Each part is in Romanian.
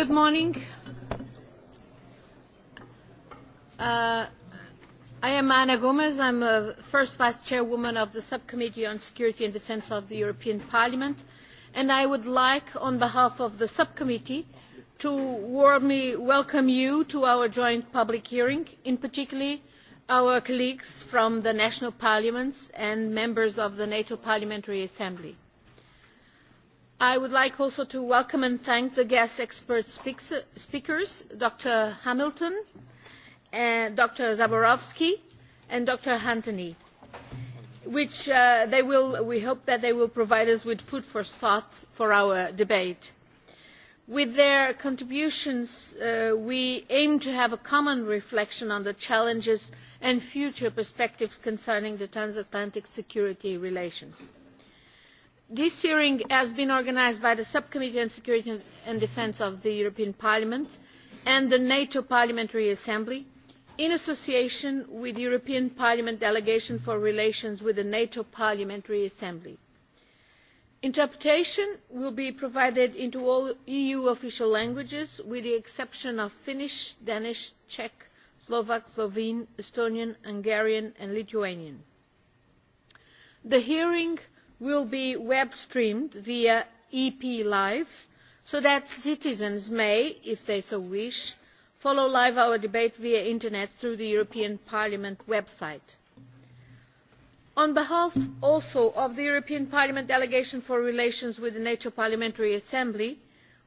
Good morning. Uh, I am Ana Gomez. I'm a first vice chairwoman of the Subcommittee on Security and Defence of the European Parliament. And I would like, on behalf of the subcommittee, to warmly welcome you to our joint public hearing, in particular our colleagues from the national parliaments and members of the NATO Parliamentary Assembly i would like also to welcome and thank the guest expert speakers dr hamilton eh, dr zborsk and dr hantony which eh, we hope that they will provide us with food for thought for our debate. with their contributions eh, we aim to have a common reflection on the challenges and future perspectives concerning the transatlantic security relations this hearing has been organised by the subcommittee on security and defence of the european parliament and the nato parliamentary assembly in association with the european parliament delegation for relations with the nato parliamentary assembly. interpretation will be provided in all eu official languages with the exception of finnish danish czech slovak slovene estonian hungarian and lithuanian. the hearing will be web streamed via ep live so that citizens may if they so wish follow live our debate via the internet through the european parliament website. on behalf also of the european parliament delegation for relations with the nato parliamentary assembly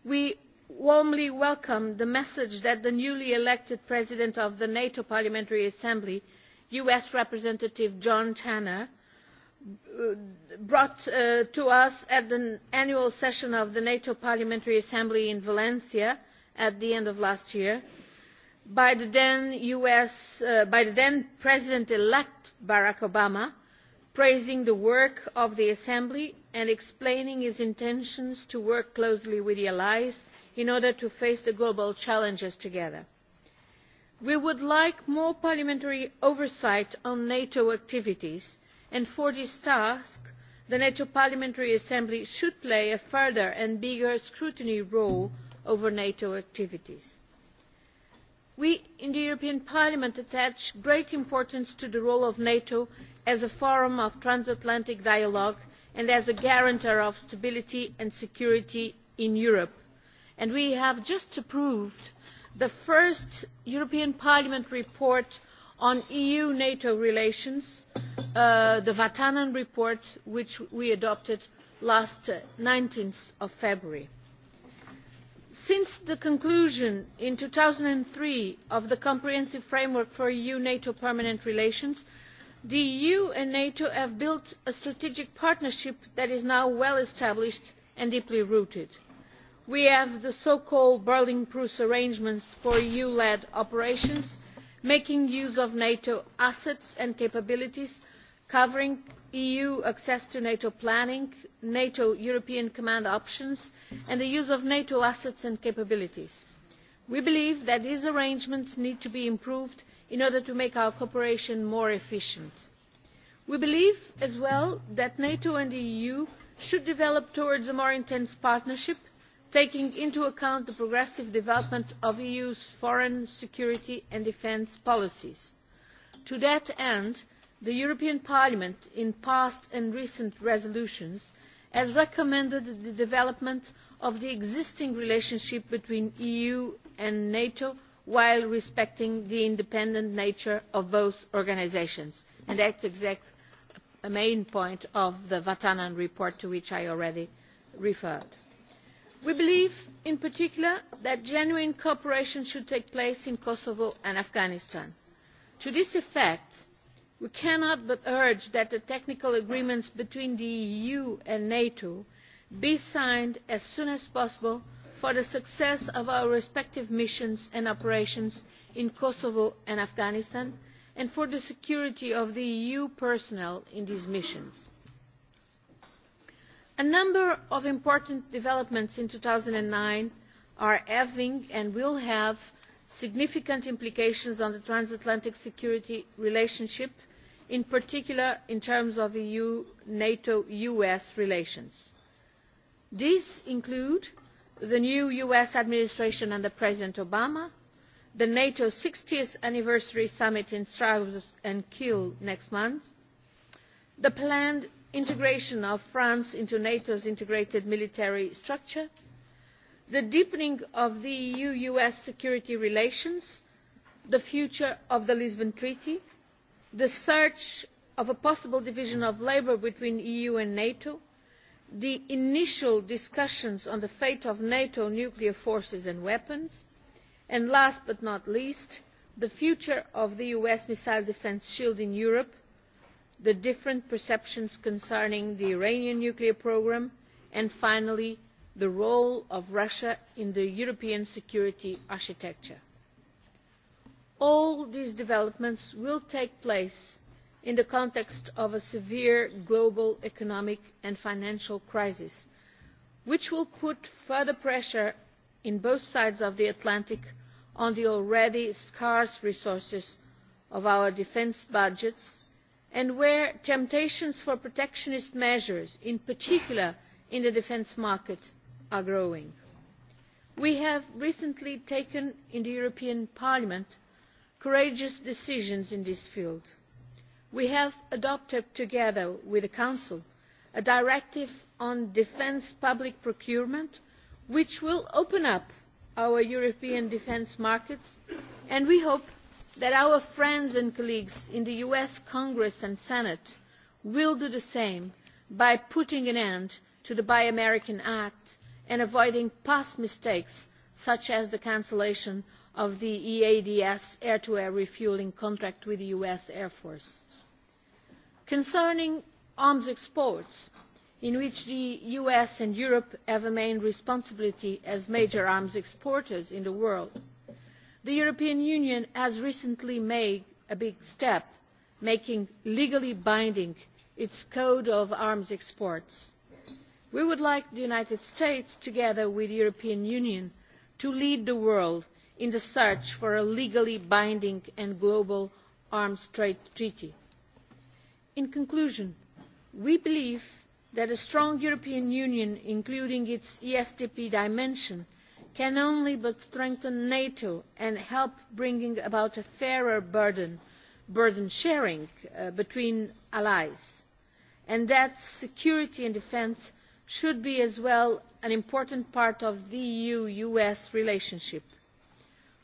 we warmly welcome the message that the newly elected president of the nato parliamentary assembly us representative john tanner brought uh, to us at the annual session of the nato parliamentary assembly in valencia at the end of last year by the then uh, president elect barack obama praising the work of the assembly and explaining his intentions to work closely with the allies in order to face the global challenges together. we would like more parliamentary oversight on nato activities and for this task the nato parliamentary assembly should play a further and bigger scrutiny role over nato activities. we in the european parliament attach great importance to the role of nato as a forum of transatlantic dialogue and as a guarantor of stability and security in europe and we have just approved the first european parliament report on eu nato relations uh, the vatanen report which we adopted last uh, nineteen february. since the conclusion in two thousand and three of the comprehensive framework for eu nato permanent relations the eu and nato have built a strategic partnership that is now well established and deeply rooted. we have the so called berlin plus arrangements for eu led operations making use of nato assets and capabilities covering eu access to nato planning nato european command options and the use of nato assets and capabilities. we believe that these arrangements need to be improved in order to make our cooperation more efficient. we believe as well that nato and the eu should develop towards a more intense partnership taking into account the progressive development of the eu's foreign security and defence policies. to that end the european parliament in past and recent resolutions has recommended the development of the existing relationship between the eu and nato while respecting the independent nature of both organisations and that is exactly the main point of the vatanen report to which i already referred we believe in particular that genuine cooperation should take place in kosovo and afghanistan. to this effect we cannot but urge that the technical agreements between the eu and nato be signed as soon as possible for the success of our respective missions and operations in kosovo and afghanistan and for the security of the eu personnel in these missions a number of important developments in two thousand and nine are having and will have significant implications on the transatlantic security relationship in particular in terms of eu nato us relations. these include the new us administration under president obama the nato sixtieth anniversary summit in strasbourg and kiel next month the planned integration of france into nato's integrated military structure the deepening of the eu us security relations the future of the lisbon treaty the search for a possible division of labour between the eu and nato the initial discussions on the fate of nato nuclear forces and weapons and last but not least the future of the us missile defence shield in europe the different perceptions concerning the iranian nuclear programme and finally the role of russia in the european security architecture. all these developments will take place in the context of a severe global economic and financial crisis which will put further pressure on both sides of the atlantic on the already scarce resources of our defence budgets and where temptations for protectionist measures in particular in the defence market are growing. we have recently taken in the european parliament courageous decisions in this field. we have adopted together with the council a directive on defence public procurement which will open up our european defence markets and we hope that our friends and colleagues in the us congress and senate will do the same by putting an end to the buy american act and avoiding past mistakes such as the cancellation of the eads air to air refuelling contract with the us air force. concerning arms exports in which the us and europe have a main responsibility as major arms exporters in the world the european union has recently made a big step making legally binding its code of arms exports. we would like the united states together with the european union to lead the world in the search for a legally binding and global arms trade treaty. in conclusion we believe that a strong european union including its esdp dimension can only but strengthen nato and help bring about a fairer burden, sharing uh, between allies and that security and defence should be as well an important part of the eu us relationship.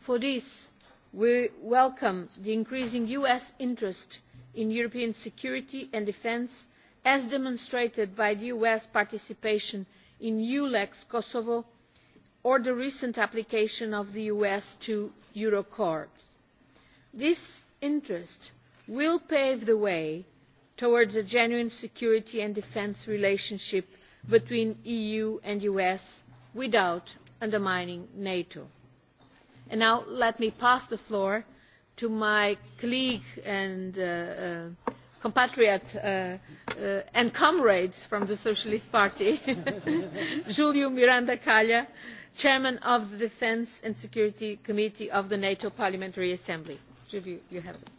for this we welcome the increasing us interest in european security and defence as demonstrated by the us participation in eulex kosovo or the recent application of the us to eurocorps. this interest will pave the way towards a genuine security and defence relationship between the eu and the us without undermining nato. And now let me pass the floor to my colleague and uh, uh, compatriot uh, uh, and comrades from the socialist party julio miranda calla chairman of the defence and security committee of the nato parliamentary assembly. julio you have it.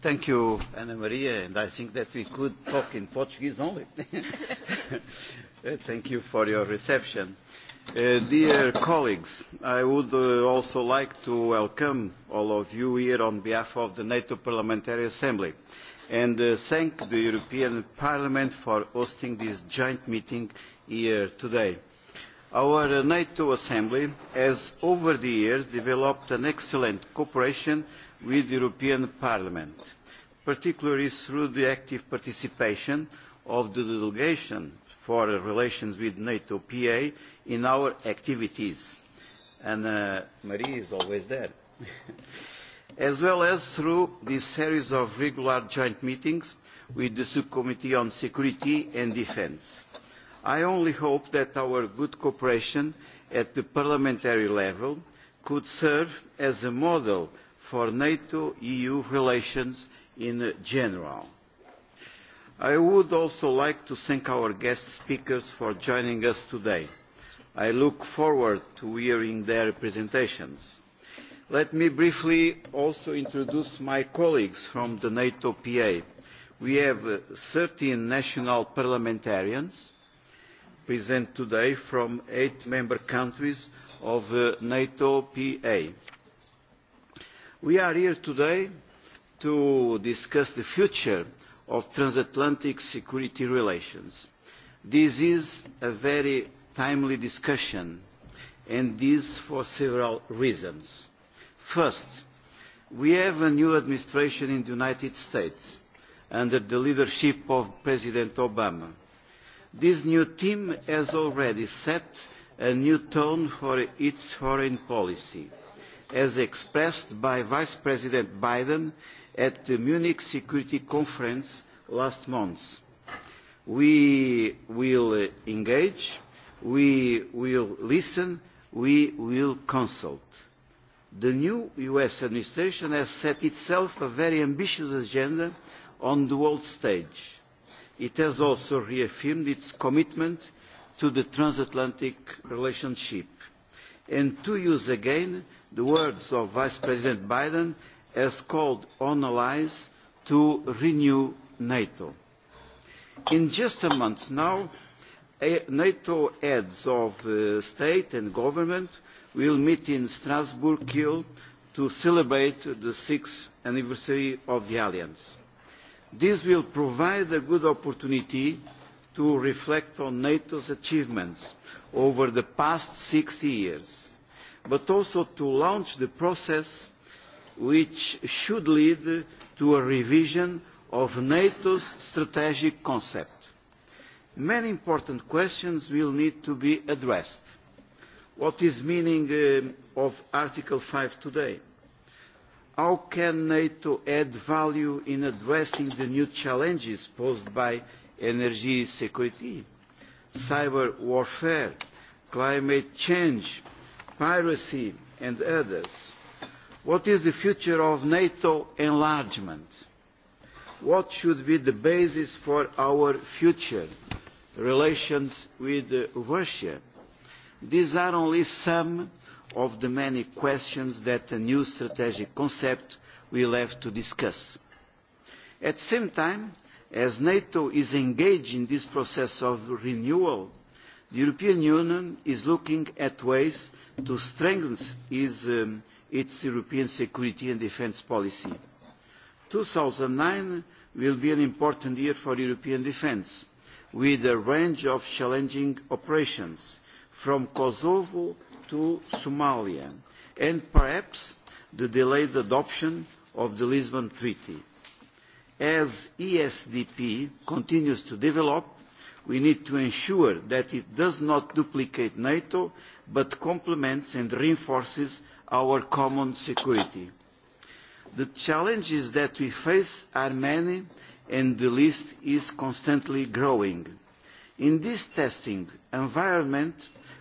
thank you anna maria and i think that we could talk in portuguese only. Uh, thank you for your reception. Uh, dear colleagues, I would uh, also like to welcome all of you here on behalf of the NATO Parliamentary Assembly and uh, thank the European Parliament for hosting this joint meeting here today. Our NATO Assembly has over the years developed an excellent cooperation with the European Parliament, particularly through the active participation of the delegation for relations with NATO PA in our activities. And uh, Marie is always there. as well as through this series of regular joint meetings with the Subcommittee on Security and Defence. I only hope that our good cooperation at the parliamentary level could serve as a model for NATO-EU relations in general I would also like to thank our guest speakers for joining us today. I look forward to hearing their presentations. Let me briefly also introduce my colleagues from the NATO PA. We have 13 uh, national parliamentarians present today from eight member countries of uh, NATO PA. We are here today to discuss the future of transatlantic security relations. This is a very timely discussion, and this for several reasons. First, we have a new administration in the United States under the leadership of President Obama. This new team has already set a new tone for its foreign policy as expressed by Vice President Biden at the Munich Security Conference last month. We will uh, engage, we will listen, we will consult. The new US administration has set itself a very ambitious agenda on the world stage. It has also reaffirmed its commitment to the transatlantic relationship and to use again the words of Vice President Biden as called on allies to renew NATO. In just a month now, NATO heads of uh, state and government will meet in Strasbourg, Kiel, to celebrate the sixth anniversary of the Alliance. This will provide a good opportunity to reflect on NATO's achievements over the past 60 years, but also to launch the process which should lead to a revision of NATO's strategic concept. Many important questions will need to be addressed. What is the meaning uh, of Article 5 today? How can NATO add value in addressing the new challenges posed by energy security, cyber warfare, climate change, piracy and others. What is the future of NATO enlargement? What should be the basis for our future relations with Russia? These are only some of the many questions that the new strategic concept will have to discuss. At the same time, As NATO is engaged in this process of renewal, the European Union is looking at ways to strengthen its, um, its European security and defence policy. 2009 will be an important year for European defence, with a range of challenging operations, from Kosovo to Somalia, and perhaps the delayed adoption of the Lisbon Treaty as ESDP continues to develop, we need to ensure that it does not duplicate NATO, but complements and reinforces our common security. The challenges that we face are many and the list is constantly growing. In this testing environment,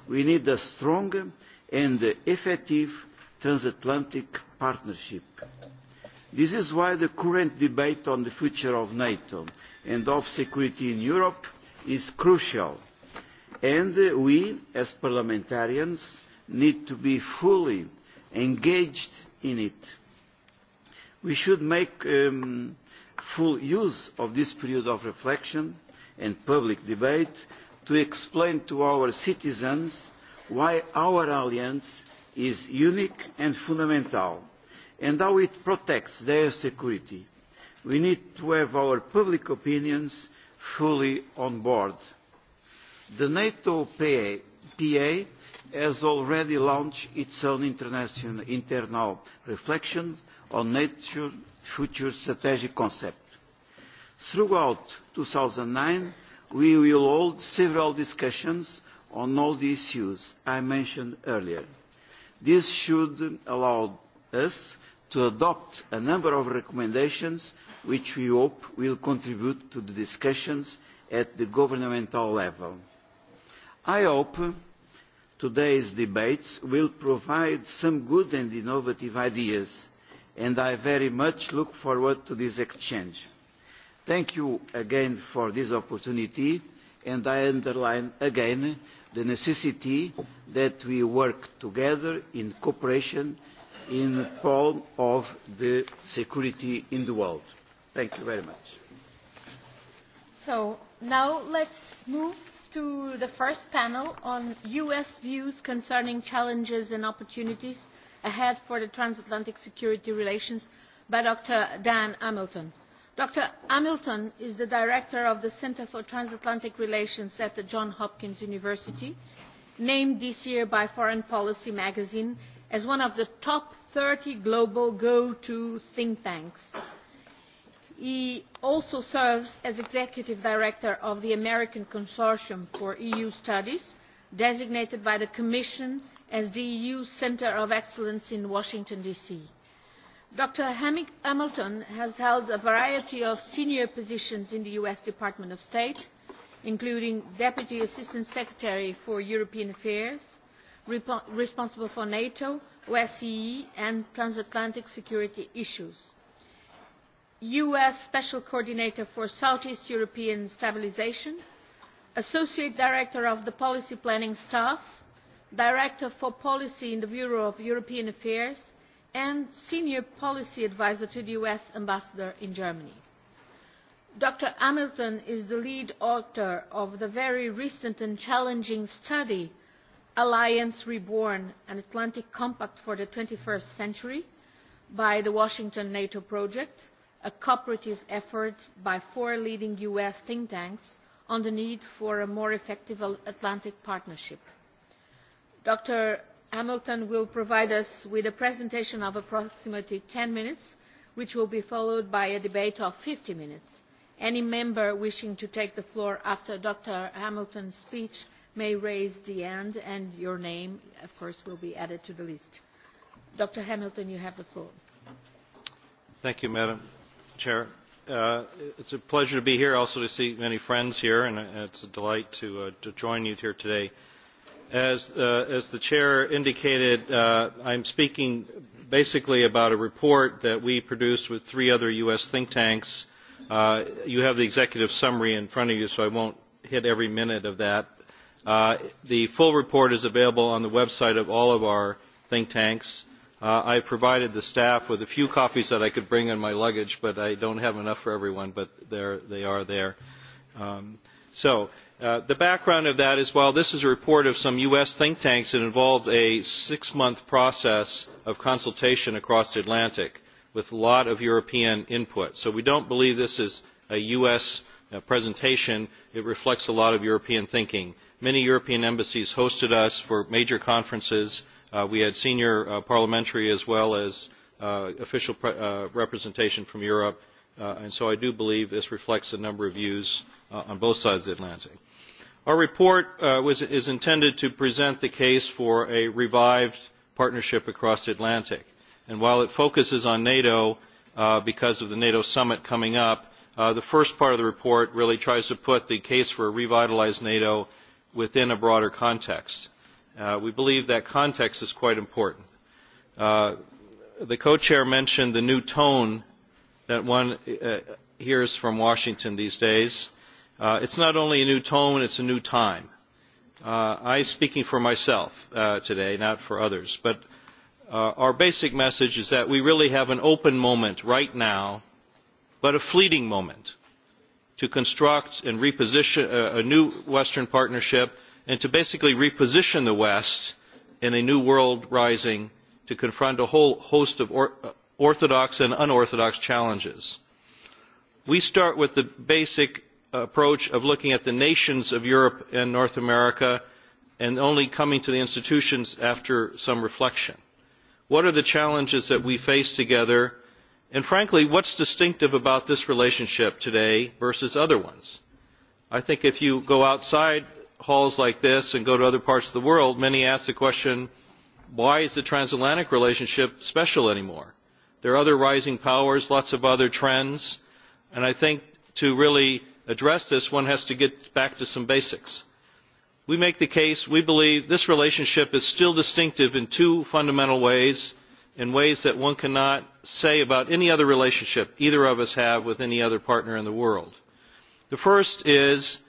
we need a strong and effective transatlantic partnership. This is why the current debate on the future of NATO and of security in Europe is crucial. And we, as parliamentarians, need to be fully engaged in it. We should make um, full use of this period of reflection and public debate to explain to our citizens why our alliance is unique and fundamental and how it protects their security. We need to have our public opinions fully on board. The NATO PA, PA has already launched its own internal reflection on NATO's future strategic concept. Throughout 2009, we will hold several discussions on all the issues I mentioned earlier. This should allow us to adopt a number of recommendations which we hope will contribute to the discussions at the governmental level. I hope today's debates will provide some good and innovative ideas and I very much look forward to this exchange. Thank you again for this opportunity and I underline again the necessity that we work together in cooperation in palm of the security in the world. Thank you very much. So now let's move to the first panel on US views concerning challenges and opportunities ahead for the transatlantic security relations by Dr. Dan Hamilton. Dr. Hamilton is the director of the Center for Transatlantic Relations at the Johns Hopkins University, named this year by Foreign Policy magazine as one of the top 30 global go-to think tanks. He also serves as Executive Director of the American Consortium for EU Studies, designated by the Commission as the EU Centre of Excellence in Washington, D.C. Dr. Hamilton has held a variety of senior positions in the U.S. Department of State, including Deputy Assistant Secretary for European Affairs, responsible for nato osce and transatlantic security issues us special coordinator for south east european stabilisation associate director of the policy planning staff director for policy in the bureau of european affairs and senior policy adviser to the us ambassador in germany. dr hamilton is the lead author of the very recent and challenging study alliance reborn an atlantic compact for the twenty first century by the washington nato project a cooperative effort by four leading us think tanks on the need for a more effective atlantic partnership. dr hamilton will provide us with a presentation of approximately ten minutes which will be followed by a debate of fifty minutes. any member wishing to take the floor after dr hamilton's speech may raise the end and your name, of course, will be added to the list. Dr. Hamilton, you have the floor. Thank you, Madam Chair. Uh, it's a pleasure to be here, also to see many friends here, and uh, it's a delight to, uh, to join you here today. As, uh, as the Chair indicated, uh, I'm speaking basically about a report that we produced with three other U.S. think tanks. Uh, you have the executive summary in front of you, so I won't hit every minute of that Uh, the full report is available on the website of all of our think tanks. Uh, I provided the staff with a few copies that I could bring in my luggage, but I don't have enough for everyone, but they are there. Um, so uh, the background of that is, while this is a report of some U.S. think tanks, it involved a six-month process of consultation across the Atlantic with a lot of European input. So we don't believe this is a U.S. Uh, presentation. It reflects a lot of European thinking many european embassies hosted us for major conferences. Uh, we had senior uh, parliamentary as well as uh, official uh, representation from europe uh, and so i do believe this reflects a number of views uh, on both sides of the atlantic. our report was, is intended to present the case for a revived partnership across the atlantic and while it focuses on nato because of the nato summit coming up the first part of the report really tries to put the case for a revitalized nato within a broader context. Uh, we believe that context is quite important. Uh, the co-chair mentioned the new tone that one uh, hears from Washington these days. Uh, it's not only a new tone, it's a new time. Uh, I'm speaking for myself uh, today, not for others, but uh, our basic message is that we really have an open moment right now, but a fleeting moment to construct and reposition uh, a, new Western partnership and to basically reposition the West in a new world rising to confront a whole host of or, uh, orthodox and unorthodox challenges. We start with the basic approach of looking at the nations of Europe and North America and only coming to the institutions after some reflection. What are the challenges that we face together And frankly, what's distinctive about this relationship today versus other ones? I think if you go outside halls like this and go to other parts of the world, many ask the question, why is the transatlantic relationship special anymore? There are other rising powers, lots of other trends, and I think to really address this, one has to get back to some basics. We make the case, we believe this relationship is still distinctive in two fundamental ways in ways that one cannot say about any other relationship either of us have with any other partner in the world. The first is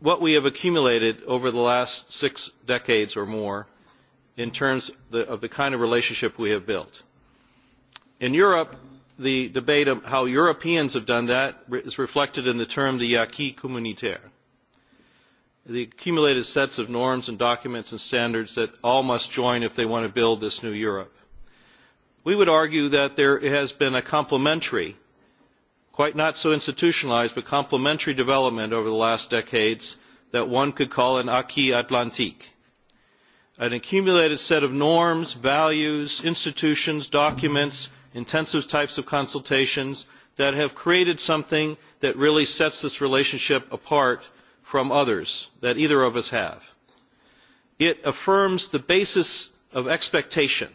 what we have accumulated over the last six decades or more in terms of the kind of relationship we have built. In Europe, the debate of how Europeans have done that is reflected in the term the acquis communautaire, the accumulated sets of norms and documents and standards that all must join if they want to build this new Europe we would argue that there has been a complementary quite not so institutionalised but complementary development over the last decades that one could call an acquis atlantique an accumulated set of norms, values, institutions, documents, intensive types of consultations that have created something that really sets this relationship apart from others that either of us have. It affirms the basis of expectation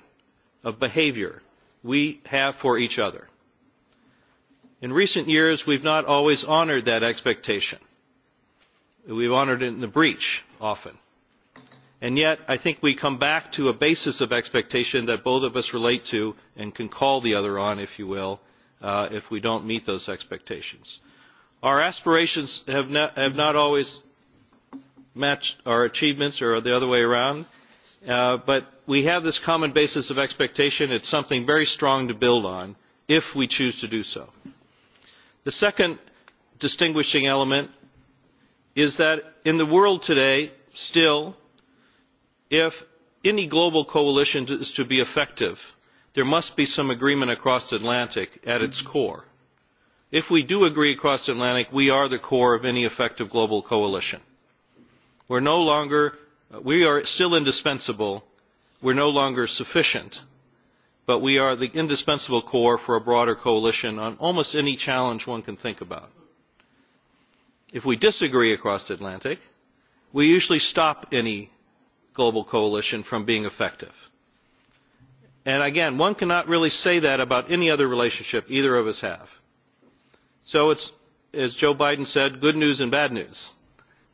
of behavior we have for each other. In recent years, we've not always honored that expectation. We've honored it in the breach often. And yet, I think we come back to a basis of expectation that both of us relate to and can call the other on, if you will, uh, if we don't meet those expectations. Our aspirations have not, have not always matched our achievements or the other way around Uh, but we have this common basis of expectation. It's something very strong to build on if we choose to do so. The second distinguishing element is that in the world today, still, if any global coalition is to be effective, there must be some agreement across the Atlantic at its mm-hmm. core. If we do agree across the Atlantic, we are the core of any effective global coalition. We're no longer Uh, we are still indispensable. We're no longer sufficient, but we are the indispensable core for a broader coalition on almost any challenge one can think about. If we disagree across the Atlantic, we usually stop any global coalition from being effective. And again, one cannot really say that about any other relationship either of us have. So it's, as Joe Biden said, good news and bad news.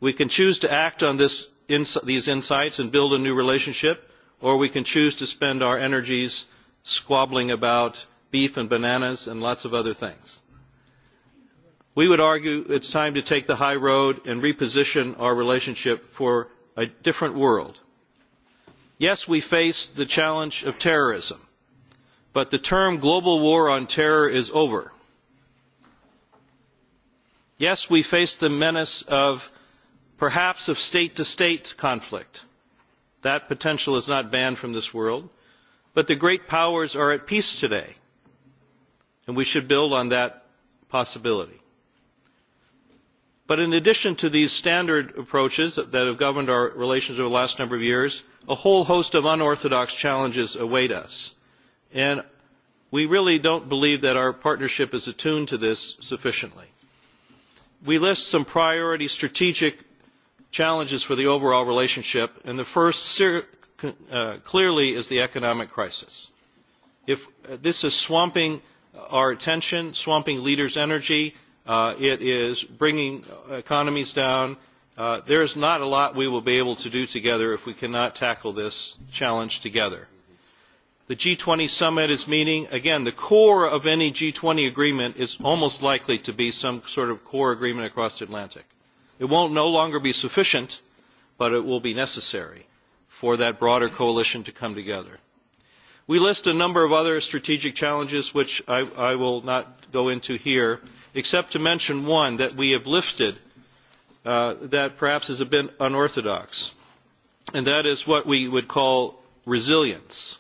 We can choose to act on this ins these insights and build a new relationship, or we can choose to spend our energies squabbling about beef and bananas and lots of other things. We would argue it's time to take the high road and reposition our relationship for a different world. Yes, we face the challenge of terrorism, but the term global war on terror is over. Yes, we face the menace of perhaps of state to state conflict. That potential is not banned from this world. But the great powers are at peace today, and we should build on that possibility. But in addition to these standard approaches that have governed our relations over the last number of years, a whole host of unorthodox challenges await us. And we really don't believe that our partnership is attuned to this sufficiently. We list some priority strategic challenges for the overall relationship, and the first uh, clearly is the economic crisis. If uh, this is swamping our attention, swamping leaders' energy, uh, it is bringing economies down. Uh, there is not a lot we will be able to do together if we cannot tackle this challenge together. The G20 summit is meeting. Again, the core of any G20 agreement is almost likely to be some sort of core agreement across the Atlantic. It won't no longer be sufficient, but it will be necessary for that broader coalition to come together. We list a number of other strategic challenges which I, I will not go into here, except to mention one that we have lifted uh, that perhaps is a bit unorthodox, and that is what we would call resilience.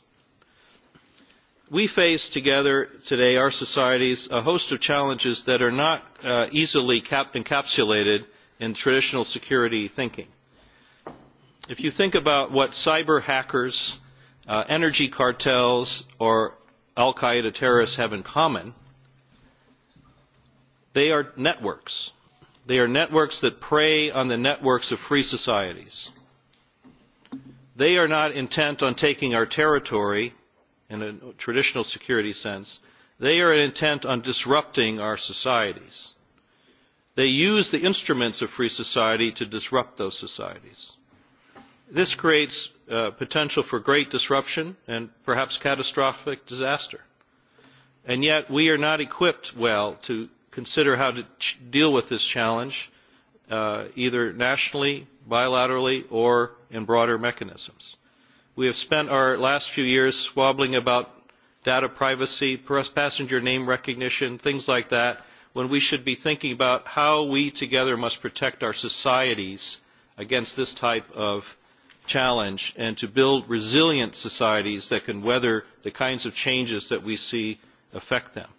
We face together today, our societies, a host of challenges that are not uh, easily cap encapsulated in traditional security thinking. If you think about what cyber hackers, uh, energy cartels, or Al Qaeda terrorists have in common, they are networks. They are networks that prey on the networks of free societies. They are not intent on taking our territory in a traditional security sense. They are intent on disrupting our societies They use the instruments of free society to disrupt those societies. This creates uh, potential for great disruption and perhaps catastrophic disaster. And yet we are not equipped well to consider how to deal with this challenge, uh, either nationally, bilaterally, or in broader mechanisms. We have spent our last few years squabbling about data privacy, passenger name recognition, things like that, when we should be thinking about how we together must protect our societies against this type of challenge and to build resilient societies that can weather the kinds of changes that we see affect them.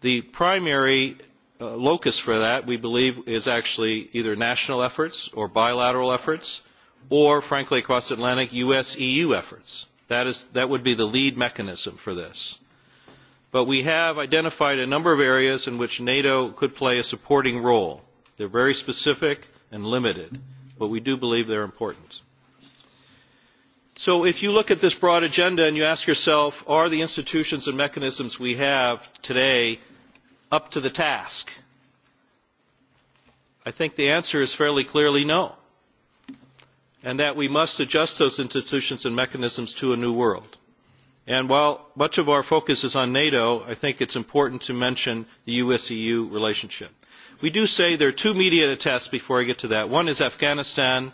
The primary uh, locus for that, we believe, is actually either national efforts or bilateral efforts or, frankly, across Atlantic U.S.-EU efforts. That, is, that would be the lead mechanism for this but we have identified a number of areas in which nato could play a supporting role. they are very specific and limited but we do believe they are important. so if you look at this broad agenda and you ask yourself are the institutions and mechanisms we have today up to the task? i think the answer is fairly clearly no and that we must adjust those institutions and mechanisms to a new world And while much of our focus is on NATO, I think it's important to mention the US-EU relationship. We do say there are two immediate tests before I get to that. One is Afghanistan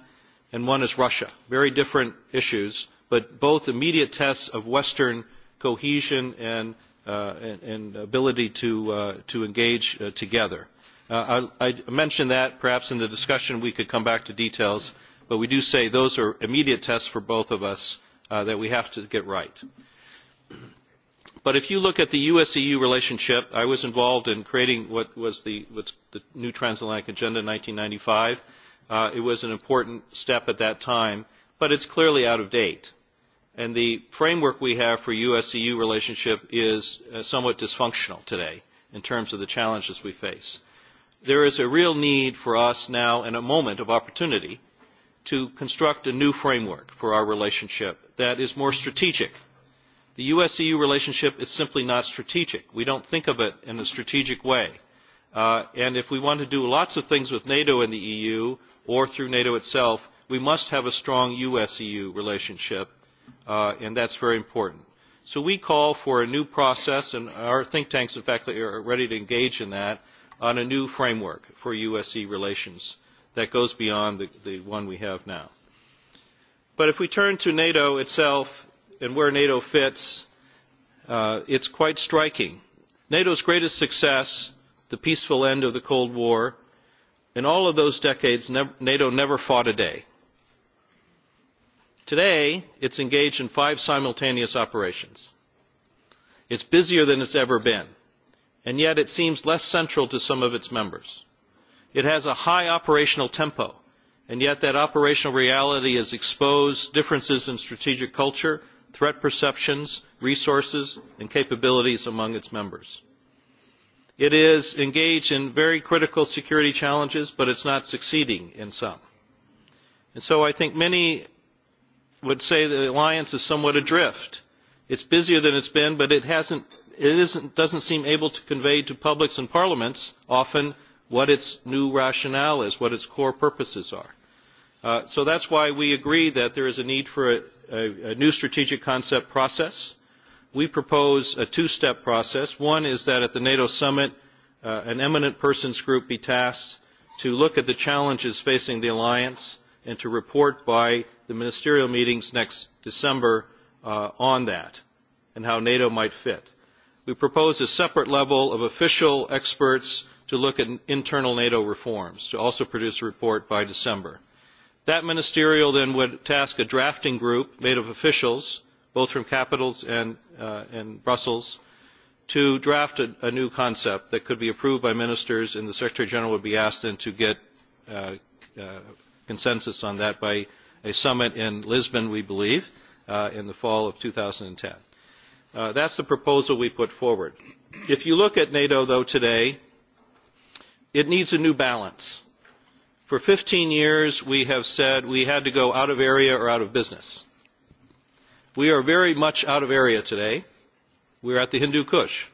and one is Russia. Very different issues, but both immediate tests of Western cohesion and, uh, and, and ability to, uh, to engage uh, together. Uh, I, I mentioned that perhaps in the discussion we could come back to details, but we do say those are immediate tests for both of us uh, that we have to get right. Uh, but if you look at the us eu relationship i was involved in creating what was the, what's the new transatlantic agenda in 1995. uh, it was an important step at that time but it's clearly out of date and the framework we have for us eu relationship is uh, somewhat dysfunctional today in terms of the challenges we face there is a real need for us now in a moment of opportunity to construct a new framework for our relationship that is more strategic the us eu relationship is simply not strategic we don't think of it in a strategic way uh, and if we want to do lots of things with nato and the eu or through nato itself we must have a strong us eu relationship uh, and that's very important so we call for a new process and our think tanks in fact are ready to engage in that on a new framework for U.S.-E.U. relations that goes beyond the, the one we have now. But if we turn to NATO itself, and where NATO fits, uh, it's quite striking. NATO's greatest success, the peaceful end of the Cold War, in all of those decades, ne NATO never fought a day. Today, it's engaged in five simultaneous operations. It's busier than it's ever been, and yet it seems less central to some of its members. It has a high operational tempo, and yet that operational reality has exposed differences in strategic culture threat perceptions, resources, and capabilities among its members. It is engaged in very critical security challenges, but it's not succeeding in some. And so I think many would say the alliance is somewhat adrift. It's busier than it's been, but it, hasn't, it isn't, doesn't seem able to convey to publics and parliaments often what its new rationale is, what its core purposes are so uh, so that's why we agree that there is a need for a, a, a new strategic concept process. We propose a two-step process. One is that at the NATO summit, uh, an eminent persons group be tasked to look at the challenges facing the alliance and to report by the ministerial meetings next December uh, on that and how NATO might fit. We propose a separate level of official experts to look at internal NATO reforms, to also produce a report by December that ministerial then would task a drafting group made of officials both from capitals and, uh, and brussels to draft a, a new concept that could be approved by ministers and the secretary general would be asked then to get uh, uh, consensus on that by a summit in lisbon we believe uh, in the fall of 2010 uh, that's the proposal we put forward if you look at nato though today it needs a new balance For 15 years, we have said we had to go out of area or out of business. We are very much out of area today. We're at the Hindu Kush.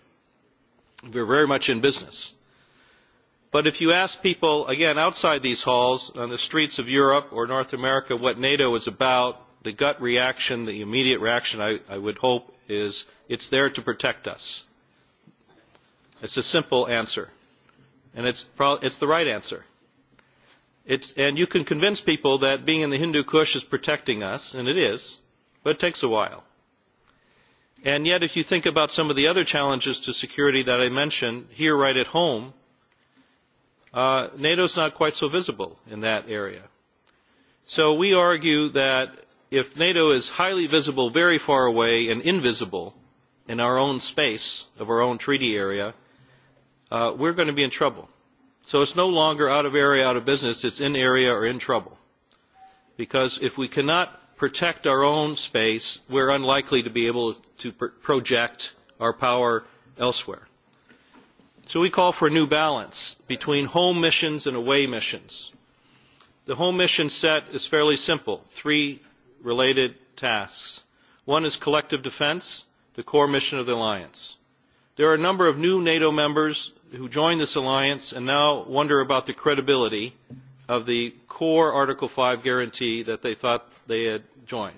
We're very much in business. But if you ask people, again, outside these halls, on the streets of Europe or North America, what NATO is about, the gut reaction, the immediate reaction, I, I would hope, is it's there to protect us. It's a simple answer. And it's, pro- it's the right answer and you can convince people that being in the Hindu Kush is protecting us, and it is, but it takes a while. And yet, if you think about some of the other challenges to security that I mentioned here right at home, uh, NATO is not quite so visible in that area. So we argue that if NATO is highly visible very far away and invisible in our own space of our own treaty area, uh, we're going to be in trouble. So it's no longer out of area, out of business. It's in area or in trouble. Because if we cannot protect our own space, we're unlikely to be able to pr project our power elsewhere. So we call for a new balance between home missions and away missions. The home mission set is fairly simple, three related tasks. One is collective defense, the core mission of the alliance there are a number of new nato members who joined this alliance and now wonder about the credibility of the core article five guarantee that they thought they had joined.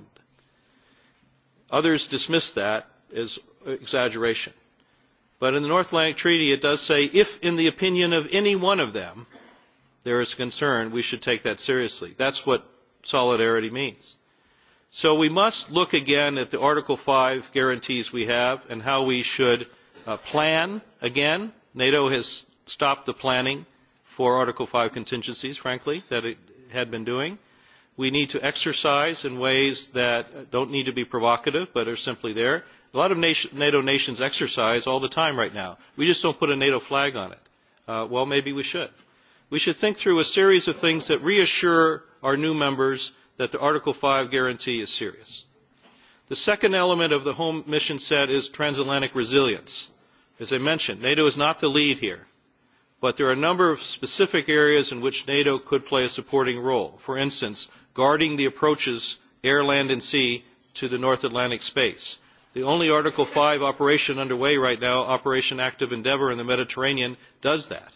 others dismiss that as exaggeration but in the north atlantic treaty it does say if in the opinion of any one of them there is concern we should take that seriously. that's what solidarity means. so we must look again at the article five guarantees we have and how we should Uh, plan again. NATO has stopped the planning for Article 5 contingencies, frankly, that it had been doing. We need to exercise in ways that don't need to be provocative, but are simply there. A lot of nation, NATO nations exercise all the time right now. We just don't put a NATO flag on it. Uh, well, maybe we should. We should think through a series of things that reassure our new members that the Article 5 guarantee is serious. The second element of the home mission set is transatlantic resilience. As I mentioned, NATO is not the lead here, but there are a number of specific areas in which NATO could play a supporting role. For instance, guarding the approaches air, land, and sea to the North Atlantic space. The only Article 5 operation underway right now, Operation Active Endeavour in the Mediterranean, does that.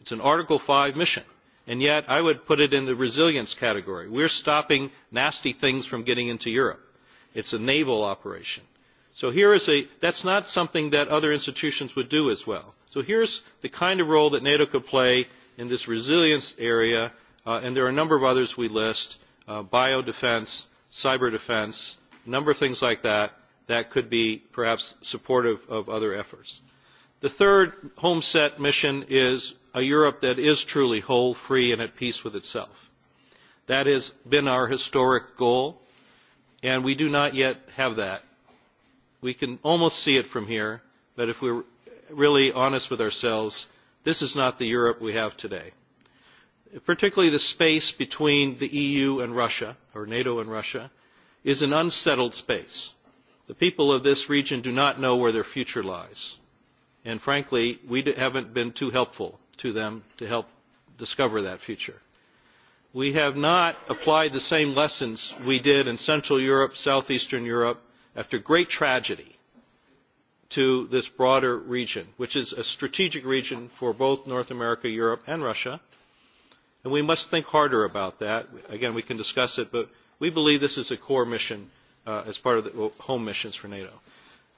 It's an Article 5 mission. And yet, I would put it in the resilience category. We're stopping nasty things from getting into Europe. It's a naval operation. So here is a, that's not something that other institutions would do as well. So here's the kind of role that NATO could play in this resilience area, uh, and there are a number of others we list, uh, biodefense, cyber defense, a number of things like that, that could be perhaps supportive of other efforts. The third home set mission is a Europe that is truly whole, free, and at peace with itself. That has been our historic goal, and we do not yet have that we can almost see it from here that if we're really honest with ourselves, this is not the Europe we have today. Particularly the space between the EU and Russia, or NATO and Russia, is an unsettled space. The people of this region do not know where their future lies. And frankly, we haven't been too helpful to them to help discover that future. We have not applied the same lessons we did in Central Europe, Southeastern Europe, after great tragedy to this broader region, which is a strategic region for both North America, Europe, and Russia. And we must think harder about that. Again, we can discuss it, but we believe this is a core mission uh, as part of the home missions for NATO.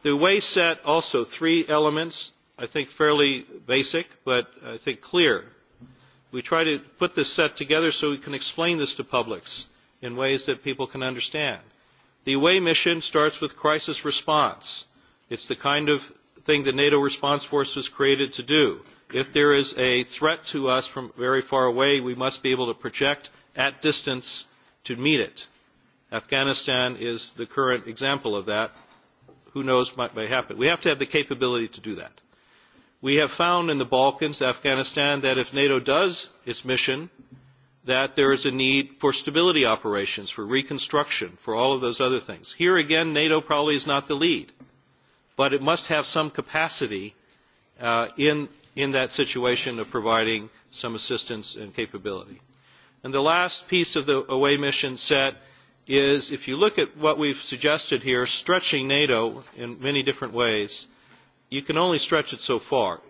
The way set also three elements, I think fairly basic, but I think clear. We try to put this set together so we can explain this to publics in ways that people can understand The away mission starts with crisis response. It's the kind of thing the NATO response force was created to do. If there is a threat to us from very far away, we must be able to project at distance to meet it. Afghanistan is the current example of that. Who knows what may happen. We have to have the capability to do that. We have found in the Balkans, Afghanistan, that if NATO does its mission, that there is a need for stability operations, for reconstruction, for all of those other things. Here again, NATO probably is not the lead, but it must have some capacity uh, in, in that situation of providing some assistance and capability. And the last piece of the away mission set is, if you look at what we've suggested here, stretching NATO in many different ways, you can only stretch it so far.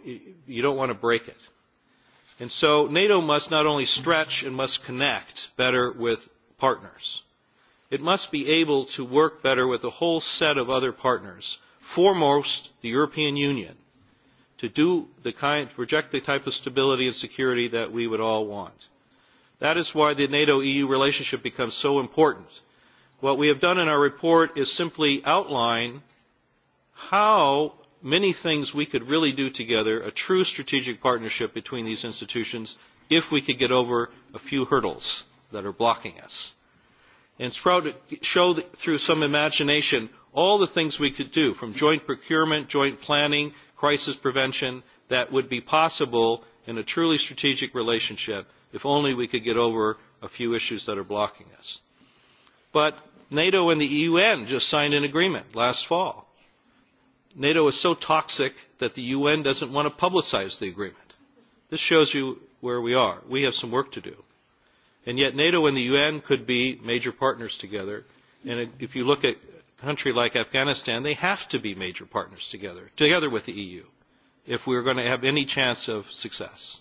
You don't want to break it. And so NATO must not only stretch and must connect better with partners, it must be able to work better with a whole set of other partners, foremost the European Union, to do the kind, project the type of stability and security that we would all want. That is why the NATO-EU relationship becomes so important. What we have done in our report is simply outline how many things we could really do together, a true strategic partnership between these institutions, if we could get over a few hurdles that are blocking us. And Sprout show through some imagination all the things we could do, from joint procurement, joint planning, crisis prevention, that would be possible in a truly strategic relationship if only we could get over a few issues that are blocking us. But NATO and the UN just signed an agreement last fall NATO is so toxic that the UN doesn't want to publicize the agreement. This shows you where we are. We have some work to do. And yet NATO and the UN could be major partners together. And if you look at a country like Afghanistan, they have to be major partners together, together with the EU, if we're going to have any chance of success.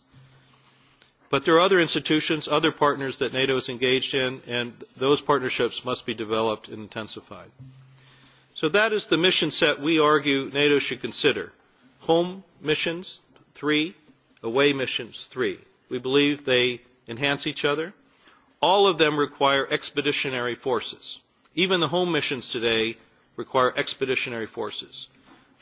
But there are other institutions, other partners that NATO is engaged in, and those partnerships must be developed and intensified. So that is the mission set we argue NATO should consider. Home missions, three. Away missions, three. We believe they enhance each other. All of them require expeditionary forces. Even the home missions today require expeditionary forces.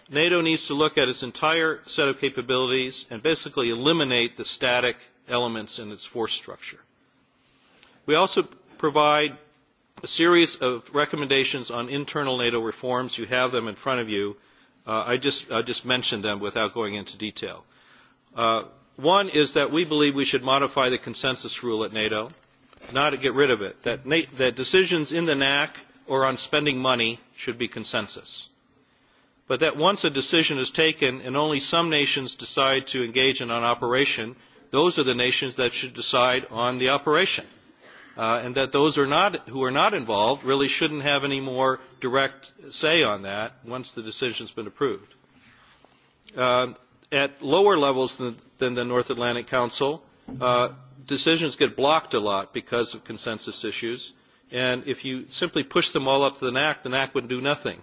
NATO needs to look at its entire set of capabilities and basically eliminate the static elements in its force structure. We also provide a series of recommendations on internal NATO reforms. You have them in front of you. Uh, I, just, I just mentioned them without going into detail. Uh, one is that we believe we should modify the consensus rule at NATO, not to get rid of it, that, NA- that decisions in the NAC or on spending money should be consensus. But that once a decision is taken and only some nations decide to engage in an operation, those are the nations that should decide on the operation uh, and that those are not, who are not involved really shouldn't have any more direct say on that once the decision's been approved. Uh, at lower levels than, than the North Atlantic Council, uh, decisions get blocked a lot because of consensus issues. And if you simply push them all up to the NAC, the NAC would do nothing.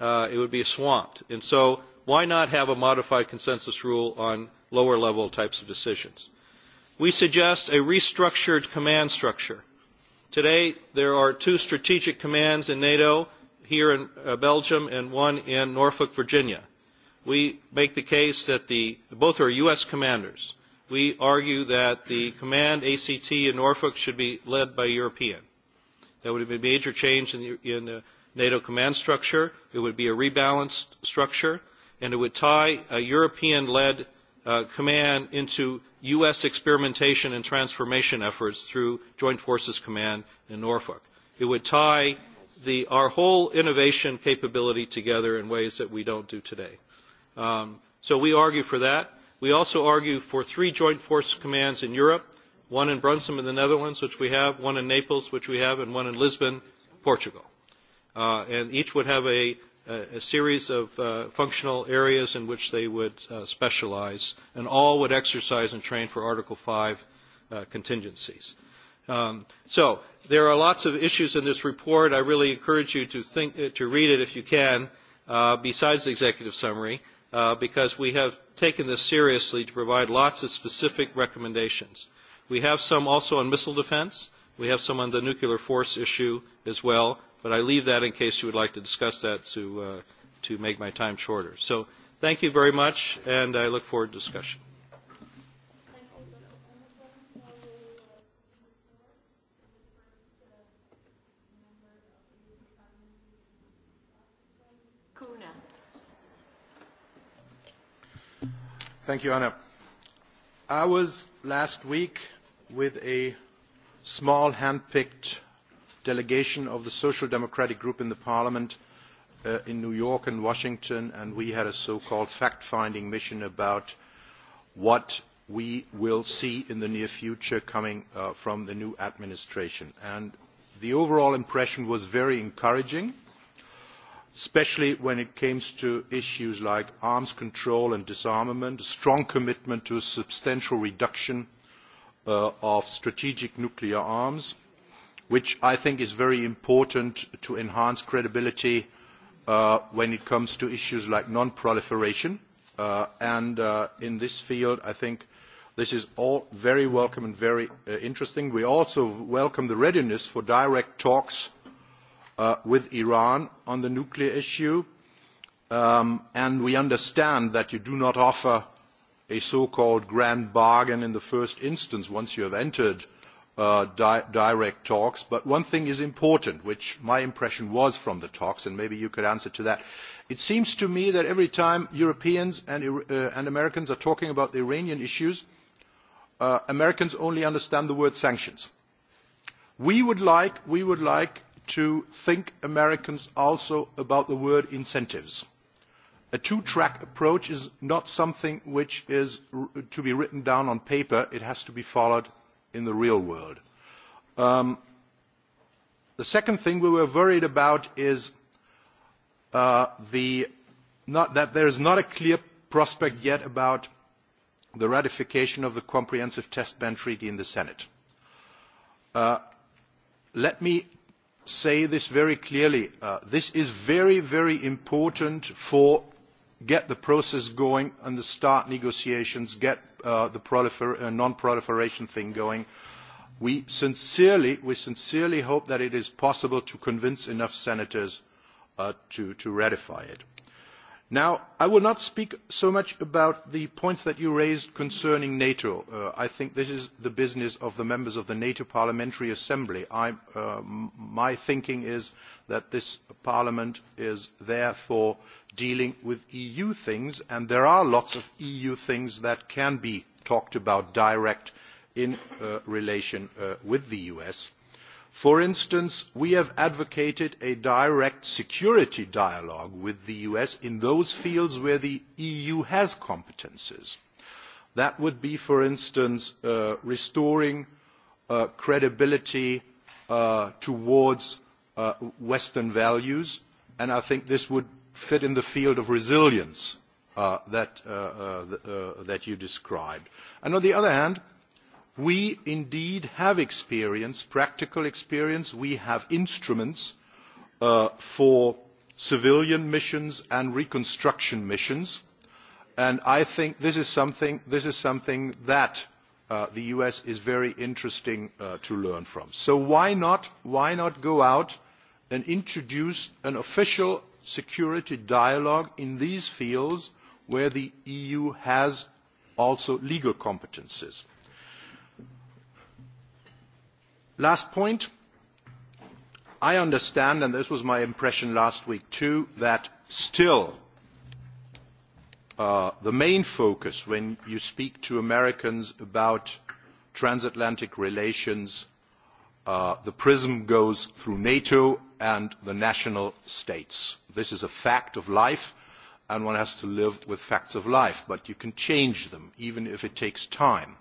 Uh, it would be swamped. And so why not have a modified consensus rule on lower level types of decisions? we suggest a restructured command structure. Today, there are two strategic commands in NATO here in uh, Belgium and one in Norfolk, Virginia. We make the case that the, both are U.S. commanders. We argue that the command ACT in Norfolk should be led by European. That would be a major change in the, in the NATO command structure. It would be a rebalanced structure, and it would tie a European-led Uh, command into U.S. experimentation and transformation efforts through Joint Forces Command in Norfolk. It would tie the, our whole innovation capability together in ways that we don't do today. Um, so we argue for that. We also argue for three Joint Force Commands in Europe, one in Brunson in the Netherlands, which we have, one in Naples, which we have, and one in Lisbon, Portugal. Uh, and each would have a a series of uh, functional areas in which they would uh, specialize, and all would exercise and train for Article 5 uh, contingencies. Um, so there are lots of issues in this report. I really encourage you to, think, uh, to read it if you can, uh, besides the executive summary, uh, because we have taken this seriously to provide lots of specific recommendations. We have some also on missile defense. We have some on the nuclear force issue as well but I leave that in case you would like to discuss that to, uh, to make my time shorter. So thank you very much, and I look forward to discussion. Thank you, Anna. I was last week with a small hand-picked delegation of the social democratic group in parliament uh, in new york and washington and we had a so called fact finding mission about what we will see in the near future coming uh, from the new administration. the overall impression was very encouraging especially when it came to issues like arms control and disarmament a strong commitment to a substantial reduction uh, of strategic nuclear arms and which i think is very important to enhance credibility uh, when it comes to issues like non proliferation uh, and uh, in this field i think this is all very welcome and very interesting. we also welcome the readiness for direct talks with iran on the nuclear issue um, and we understand that you do not offer a so called grand bargain in the first instance once you have entered Uh, di direct talks. But one thing is important, which my impression was from the talks, and maybe you could answer to that. It seems to me that every time Europeans and, uh, and Americans are talking about the Iranian issues, uh, Americans only understand the word sanctions. We would like, we would like to think Americans also about the word incentives. A two-track approach is not something which is to be written down on paper. It has to be followed in the real world. Um, the second thing we were worried about is uh, the, not, that there is not a clear prospect yet about the ratification of the Comprehensive Test Ban Treaty in the Senate. Uh, let me say this very clearly. Uh, this is very, very important for get the process going and start negotiations, get uh, the prolifer uh, non-proliferation thing going. We sincerely, we sincerely hope that it is possible to convince enough senators uh, to, to ratify it Now, i will not speak so much about the points that you raised concerning nato. Uh, i think this is the business of the members of the nato parliamentary assembly. Uh, my thinking is that this parliament is there for dealing with eu things and there are lots of eu things that can be talked about directly in uh, relation with the us for instance we have advocated a direct security dialogue with the us in those fields where the eu has competences. that would be for instance uh, restoring uh, credibility uh, towards uh, western values and i think this would fit in the field of resilience uh, that, uh, that you described. And on the other hand we indeed have experience practical experience we have instruments uh, for civilian missions and reconstruction missions and i think this is something, this is something that uh, the us is very interesting uh, to learn from. so why not, why not go out and introduce an official security dialogue in these fields where the eu has also legal competences? last point i understand and this was my impression last week too that still uh, the main focus when you speak to americans about transatlantic relations uh, the prism goes through nato and the national states. this is a fact of life and one has to live with facts of life but you can change them even if it takes time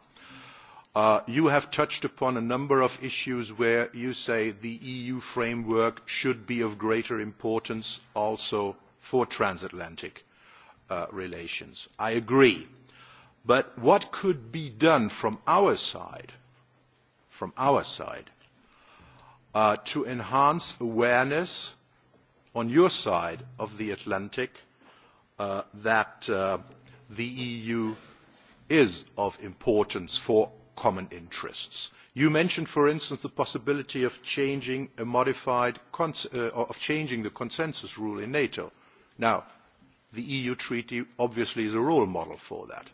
Uh, you have touched upon a number of issues where you say the EU framework should be of greater importance also for transatlantic uh, relations. I agree. But what could be done from our side, from our side, uh, to enhance awareness on your side of the Atlantic that the EU is of importance for common interests. you mentioned for instance the possibility of changing, uh, of changing the consensus rule in nato. now the eu treaty obviously is a role model for that.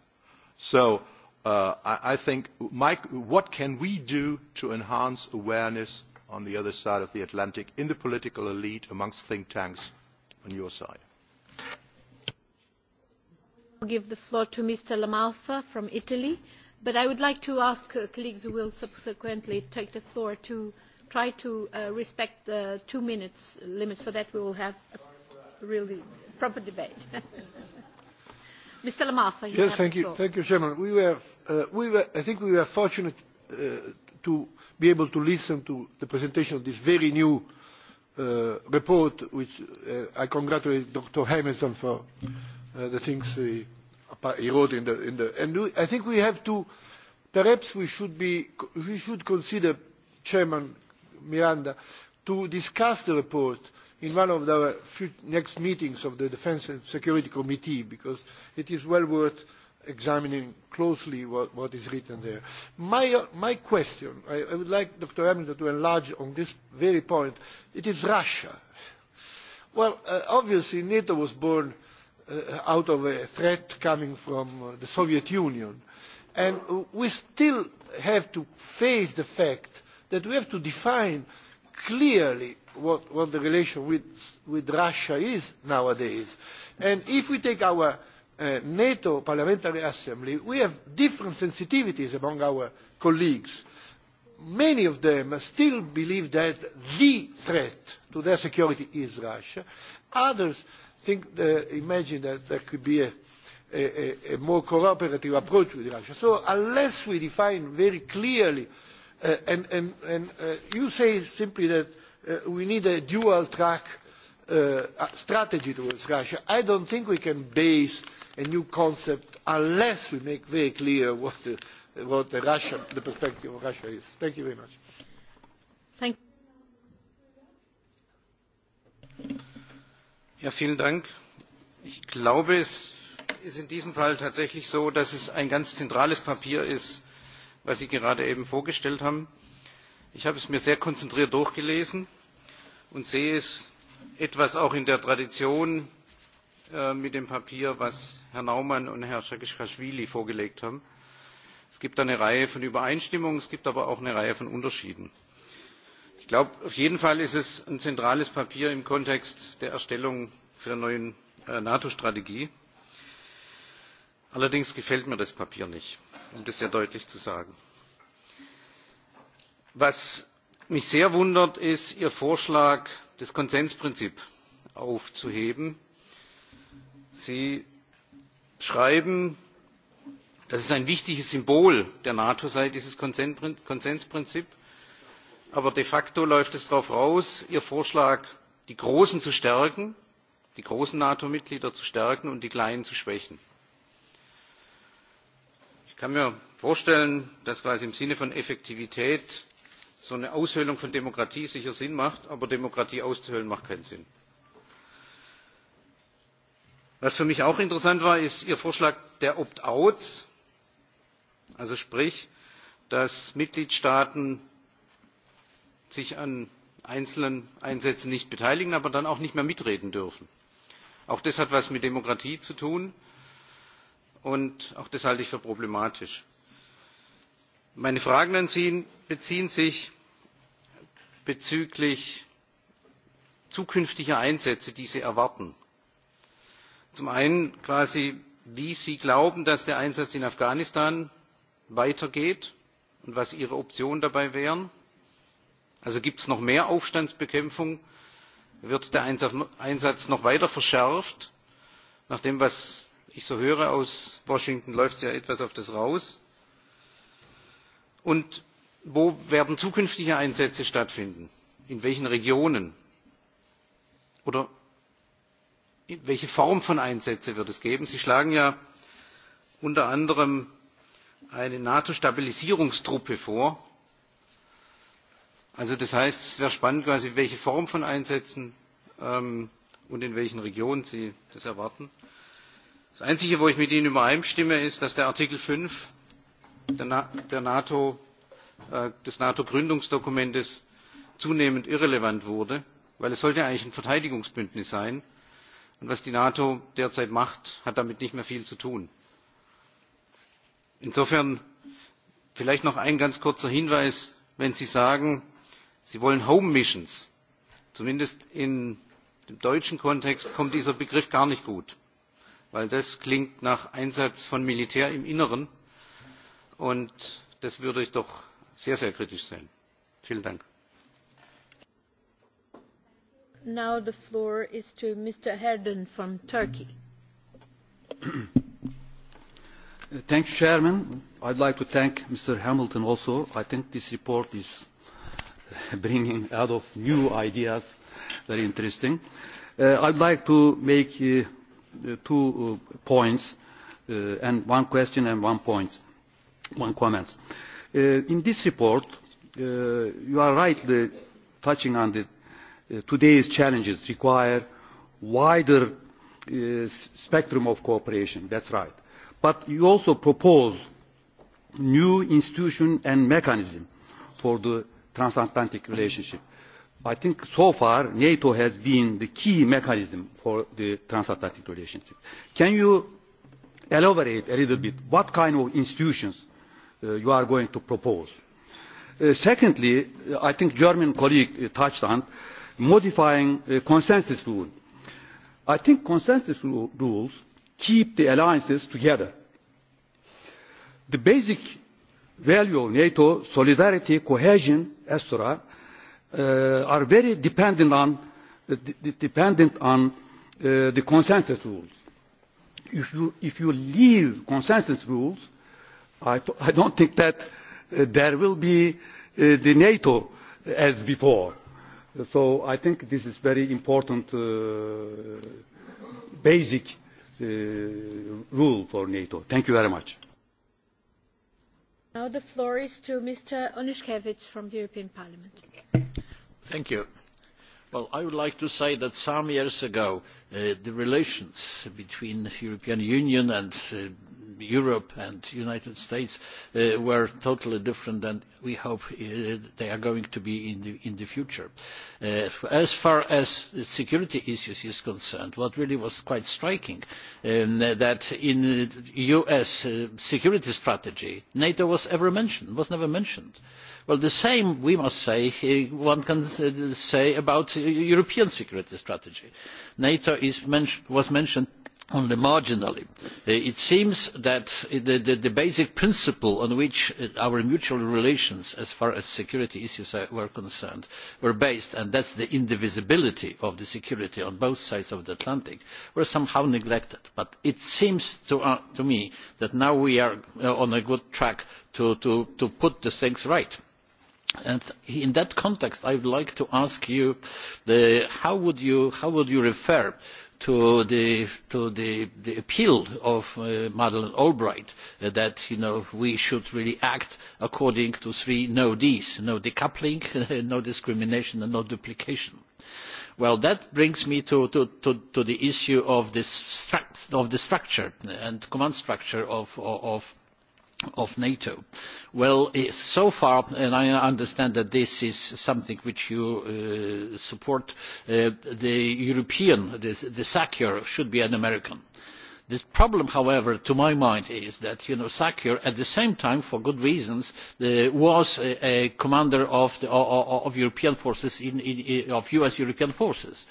so uh, I, think Mike, what can we do to enhance awareness on the other side of the atlantic in the political elite amongst think tanks on your side? I will give the floor to mr lamalfa from italy but i would like to ask uh, colleagues who will subsequently take the floor to try to uh, respect the two minute limit so that we will have a really proper debate. mr lamassoure you yes, have thank the floor. you, thank you chairman. We were, uh, we were, i think we were fortunate uh, to be able to listen to the presentation of this very new report which i congratulate dr hamilton for the things he he wrote in the, in the and i think we have to perhaps we should be we should consider chairman miranda to discuss the report in one of the next meetings of the defence and security committee because it is well worth examining closely what, what is written there. My, uh, my question, I, I would like Dr. Hamilton to enlarge on this very point, it is Russia. Well, uh, obviously NATO was born uh, Uh, out of a threat coming from uh, the soviet union and we still have to face the fact that we have to define clearly what, what the relation with, with russia is nowadays and if we take our uh, nato parliamentary assembly we have different sensitivities among our colleagues. many of them still believe that the threat to their security is russia. others think the, imagine that there could be a, a, a more cooperative approach with russia. so unless we define very clearly uh, and, and, and uh, you say simply that uh, we need a dual track uh, strategy towards russia i don't think we can base a new concept unless we make very clear what the, what the, Russia, the perspective of russia is. thank you very much. Thank vielen Dank. Ich glaube, es ist in diesem Fall tatsächlich so, dass es ein ganz zentrales Papier ist, was Sie gerade eben vorgestellt haben. Ich habe es mir sehr konzentriert durchgelesen und sehe es etwas auch in der Tradition äh, mit dem Papier, was Herr Naumann und Herr Shakishkashvili vorgelegt haben. Es gibt da eine Reihe von Übereinstimmungen, es gibt aber auch eine Reihe von Unterschieden ich glaube auf jeden fall ist es ein zentrales papier im kontext der erstellung der neuen äh, nato strategie. allerdings gefällt mir das papier nicht um das sehr deutlich zu sagen. was mich sehr wundert ist ihr vorschlag das konsensprinzip aufzuheben. sie schreiben dass es ein wichtiges symbol der nato sei dieses konsensprinzip aber de facto läuft es darauf hinaus ihr vorschlag die großen zu stärken die großen nato mitglieder zu stärken und die kleinen zu schwächen. ich kann mir vorstellen dass quasi im sinne von effektivität so eine aushöhlung von demokratie sicher sinn macht aber demokratie auszuhöhlen macht keinen sinn. was für mich auch interessant war ist ihr vorschlag der opt outs also sprich dass mitgliedstaaten sich an einzelnen Einsätzen nicht beteiligen, aber dann auch nicht mehr mitreden dürfen. Auch das hat etwas mit Demokratie zu tun und auch das halte ich für problematisch. Meine Fragen an Sie beziehen sich bezüglich zukünftiger Einsätze, die Sie erwarten. Zum einen quasi, wie Sie glauben, dass der Einsatz in Afghanistan weitergeht und was Ihre Optionen dabei wären also gibt es noch mehr aufstandsbekämpfung? wird der einsatz noch weiter verschärft? nach dem was ich so höre aus washington läuft es ja etwas auf das raus. und wo werden zukünftige einsätze stattfinden? in welchen regionen? oder welche form von einsätze wird es geben? sie schlagen ja unter anderem eine nato stabilisierungstruppe vor Also das heißt, es wäre spannend, quasi welche Form von Einsätzen ähm, und in welchen Regionen Sie das erwarten. Das Einzige, wo ich mit Ihnen übereinstimme, ist, dass der Artikel 5 der, Na der NATO, äh, des NATO-Gründungsdokumentes zunehmend irrelevant wurde, weil es sollte eigentlich ein Verteidigungsbündnis sein. Und was die NATO derzeit macht, hat damit nicht mehr viel zu tun. Insofern vielleicht noch ein ganz kurzer Hinweis, wenn Sie sagen, sie wollen home missions. zumindest in dem deutschen kontext kommt dieser begriff gar nicht gut weil das klingt nach einsatz von militär im inneren und das würde ich doch sehr sehr kritisch sehen. vielen dank. now the floor is to mr herden from turkey. thank you chairman. i'd like to thank mr hamilton also. i think this report is bringing a lot of new ideas, very interesting. Uh, I'd like to make uh, two uh, points, uh, and one question and one point, one comment. Uh, in this report, uh, you are rightly touching on the, uh, today's challenges require wider uh, spectrum of cooperation. That's right. But you also propose new institution and mechanism for the transatlantic relationship. I think so far NATO has been the key mechanism for the transatlantic relationship. Can you elaborate a little bit what kind of institutions uh, you are going to propose? Uh, secondly, uh, I think German colleague uh, touched on modifying uh, consensus rule. I think consensus rules keep the alliances together. The basic value of NATO, solidarity, cohesion, etc., uh, are very dependent on, uh, dependent on uh, the consensus rules. If you, if you leave consensus rules, I, I don't think that uh, there will be uh, the NATO as before. So I think this is very important uh, basic uh, rule for NATO. Thank you very much. Now the floor is to Mr. from European Parliament. Thank you. Well, I would like to say that some years ago, uh, the relations between the European Union and uh, Europe and United States uh, were totally different than we hope uh, they are going to be in the, future. Uh, as far as security issues is concerned, what really was quite striking was um, that in US security strategy, NATO was ever mentioned, was never mentioned. Well, the same we must say one can say about European security strategy. NATO was mentioned only marginally. Uh, it seems that the, basic principle on which uh, our mutual relations as far as security issues were concerned were based and that is the indivisibility of the security on both sides of the atlantic were somehow neglected. but it seems to, uh, me that now we are on a good track to, put things right. And in that context i would like to ask you how, would you, how would you refer to the to the, the appeal of uh, Madeleine Albright uh, that you know we should really act according to three no D's: no decoupling, no discrimination, and no duplication. Well, that brings me to, to, to, to the issue of, this of the structure and command structure of, of of nato. well eh, so far and i understand that this is something which you uh, support uh, the european the, the sacr should be an american. the problem however to my mind is that you know, sacr at the same time for good reasons uh, was a, a commander of, the, of european forces in, in, of us european forces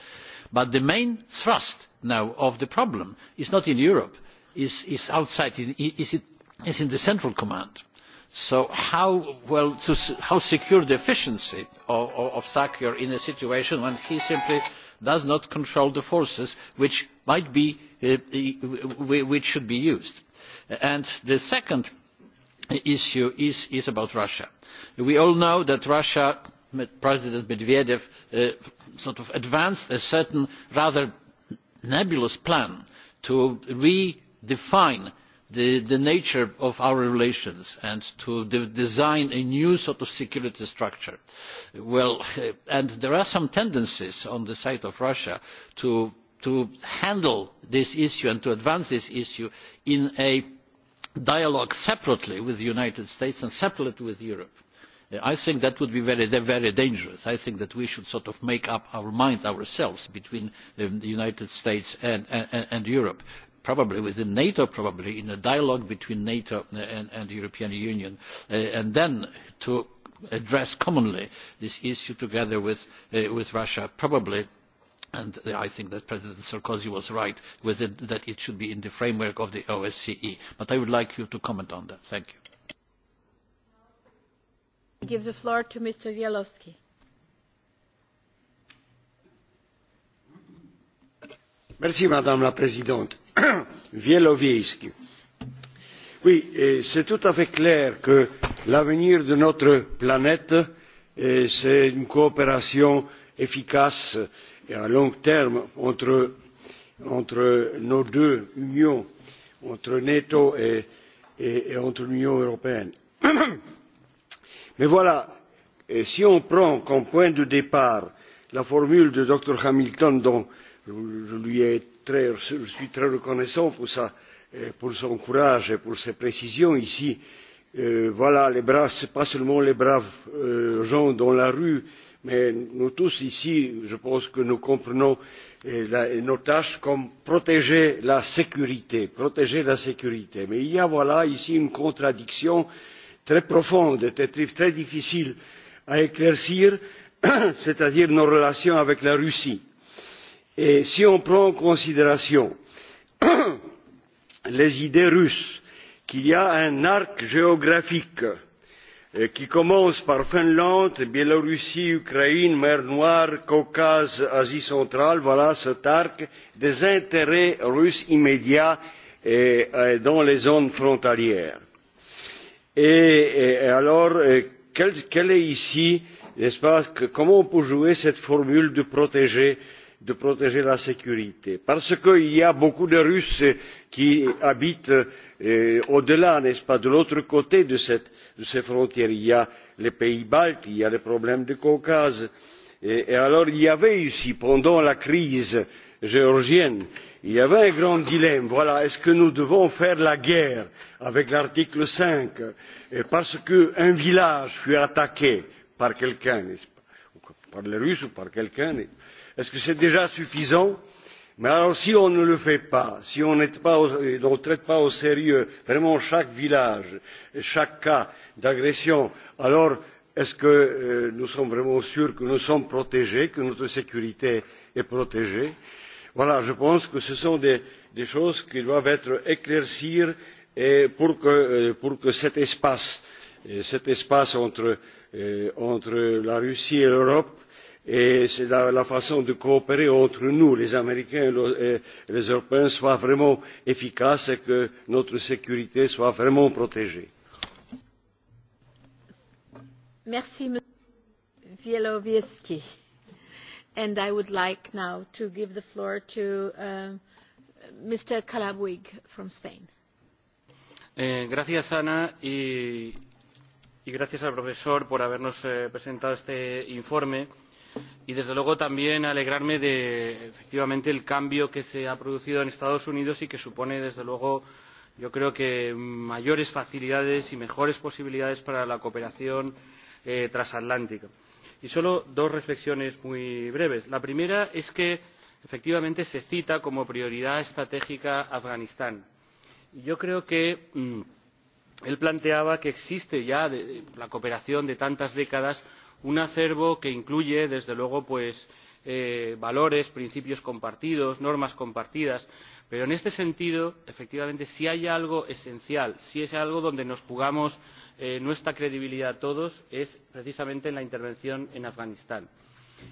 but the main thrust now of the problem is not in europe is, is outside is, is is in the central command. So how, well, to, how secure the efficiency of, of Sakir in a situation when he simply does not control the forces which might be, uh, which should be used? And the second issue is, is about Russia. We all know that Russia president medvedev uh, sort of advanced a certain rather nebulous plan to redefine the, nature of our relations and to de design a new sort of security structure. Well, and there are some tendencies on the side of Russia to, to handle this issue and to advance this issue in a dialogue separately with the United States and separately with Europe. I think that would be very, very dangerous. I think that we should sort of make up our minds ourselves between um, the United States and, and, and Europe probably within nato probably in a dialogue between nato and, and the european union uh, and then to address commonly this issue together with, uh, with russia probably and i think that president sarkozy was right it, that it should be in the framework of the osce but i would like you to comment on that. thank you. I give the floor to mr Bielowski. Merci, madame la présidente biélorusse. oui c'est tout à fait clair que l'avenir de notre planète c'est une coopération efficace et à long terme entre, entre nos deux unions entre nato et, et, et entre l'union européenne. mais voilà si on prend comme point de départ la formule de dr hamilton dont je lui ai très, je suis très reconnaissant pour, sa, euh, pour son courage et pour ses précisions ici. Euh, voilà, les bras, ce pas seulement les braves euh, gens dans la rue, mais nous tous ici, je pense que nous comprenons eh, la, nos tâches comme protéger la sécurité, protéger la sécurité. Mais il y a voilà ici une contradiction très profonde, très, très difficile à éclaircir, c'est-à-dire nos relations avec la Russie Et si on prend en considération les idées russes qu'il y a un arc géographique euh, qui commence par finlande biélorussie ukraine mer noire caucase asie centrale voilà cet arc des intérêts russes immédiats dans les zones frontalières. et alors euh, quelle est ici n'est ce pas comment on peut jouer cette formule de protéger de protéger la sécurité parce qu'il y a beaucoup de russes qui habitent euh, au delà n'est ce pas de l'autre côté de, cette, de ces frontières il y a les pays baltes il y a les problèmes du caucase et, alors il y avait aussi pendant la crise géorgienne il y avait un grand dilemme voilà est ce que nous devons faire la guerre avec l'article cinq euh, parce qu'un village fut attaqué par quelqu'un par les russes ou par quelqu'un d'autre est ce que c'est déjà suffisant? mais alors si on ne le fait pas si on ne traite pas au sérieux vraiment chaque village chaque cas d'agression alors est ce que euh, nous sommes vraiment sûrs que nous sommes protégés que notre sécurité est protégée? voilà je pense que ce sont des, des choses qui doivent être éclaircies et pour, que, euh, pour que cet espace euh, cet espace entre, euh, entre la russie et l'europe et c'est la, la façon de coopérer entre nous les américains et les européens soit vraiment efficace et que notre sécurité soit vraiment protégée. Merci, Wielowiecki. And I would like now to give the floor to uh, um, Mr. Calabwig from Spain. Eh, gracias, Ana, y, y gracias al profesor por habernos eh, presentado este informe y desde luego también alegrarme de efectivamente el cambio que se ha producido en los estados unidos y que supone desde luego yo creo que mayores facilidades y mejores posibilidades para la cooperación eh, transatlántica. y solo dos reflexiones muy breves. la primera es que efectivamente se cita como prioridad estratégica afganistán. y yo creo que mm, él planteaba que existe ya de, la cooperación de tantas décadas un acervo que incluye desde luego eh, valores principios compartidos normas compartidas pero en este sentido efectivamente si hay algo esencial si hay algo donde nos jugamos eh, nuestra credibilidad todos es precisamente en la intervención en afganistán.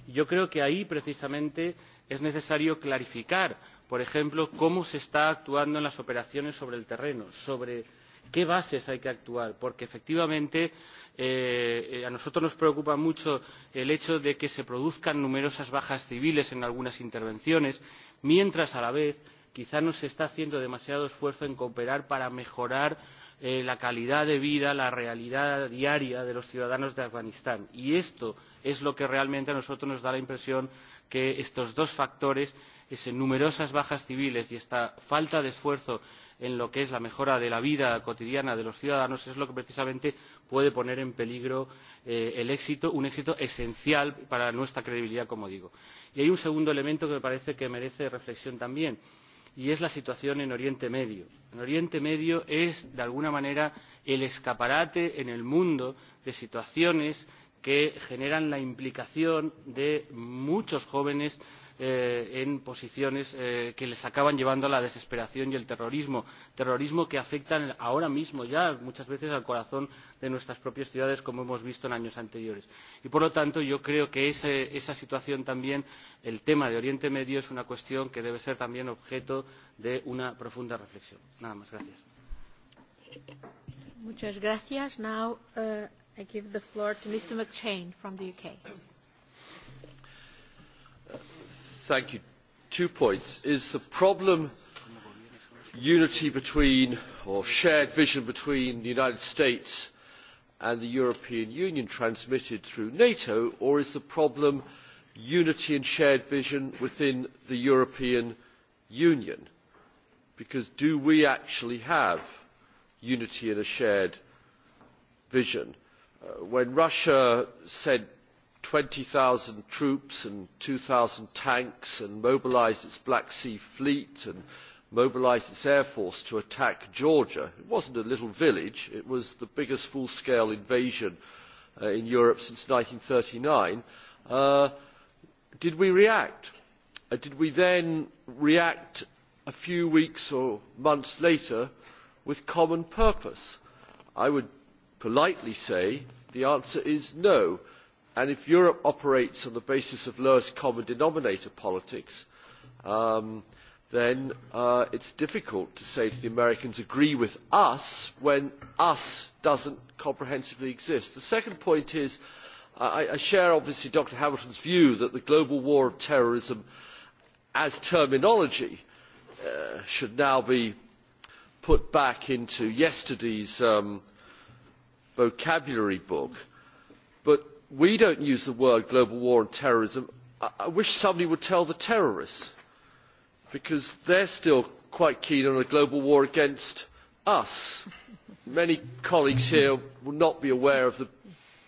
yo creo que ahí precisamente es necesario clarificar por ejemplo cómo se está actuando en las operaciones sobre el terreno sobre qué bases hay que actuar porque efectivamente eh, eh, a nosotros nos preocupa mucho el hecho de que se produzcan numerosas bajas civiles en algunas intervenciones mientras a la vez quizá no se está haciendo demasiado esfuerzo en cooperar para mejorar eh, la calidad de vida la realidad diaria de los ciudadanos de afganistán y esto es lo que realmente a nosotros nos da la impresión de que estos dos factores esas numerosas bajas civiles y esta falta de esfuerzo en lo que es la mejora de la vida cotidiana de los ciudadanos es lo que precisamente puede poner en peligro eh, el éxito un éxito esencial para nuestra credibilidad como digo. y hay un segundo elemento que me parece que merece reflexión también y es la situación en oriente medio. oriente medio es de alguna manera el escaparate en el mundo de situaciones que generan la implicación de muchos jóvenes Eh, en posiciones eh, que les acaban llevando a la desesperación y al terrorismo terrorismo que afecta ahora mismo ya muchas veces al corazón de nuestras propias ciudades como hemos visto en años anteriores. y por lo tanto yo creo que esa situación también el tema de oriente medio es una cuestión que debe ser también objeto de una profunda reflexión. nada más. gracias. Eh, two points. Is the problem unity between or shared vision between the United States and the European Union transmitted through NATO, or is the problem unity and shared vision within the European Union? Because do we actually have unity and a shared vision? Uh, when Russia said twenty zero troops and two 2,000 tanks and mobilised its Black Sea fleet and mobilised its air force to attack Georgia. It was not a little village, it was the biggest full-scale invasion uh, in Europe since one thousand nine hundred and thirty nine uh, did we react? Uh, did we then react a few weeks or months later with common purpose? I would politely say the answer is no and if europe operates on the basis of lowest common denominator politics um, then uh, it is difficult to say to the americans agree with us when us does not comprehensively exist. the second point is that uh, I share obviously Dr Hamilton's view that the global war on terrorism as terminology uh, should now be put back into yesterday's um, vocabulary book. But we do not use the words global war on terrorism. i wish somebody would tell the terrorists because they are still quite keen on a global war against us. many colleagues here will not be aware of the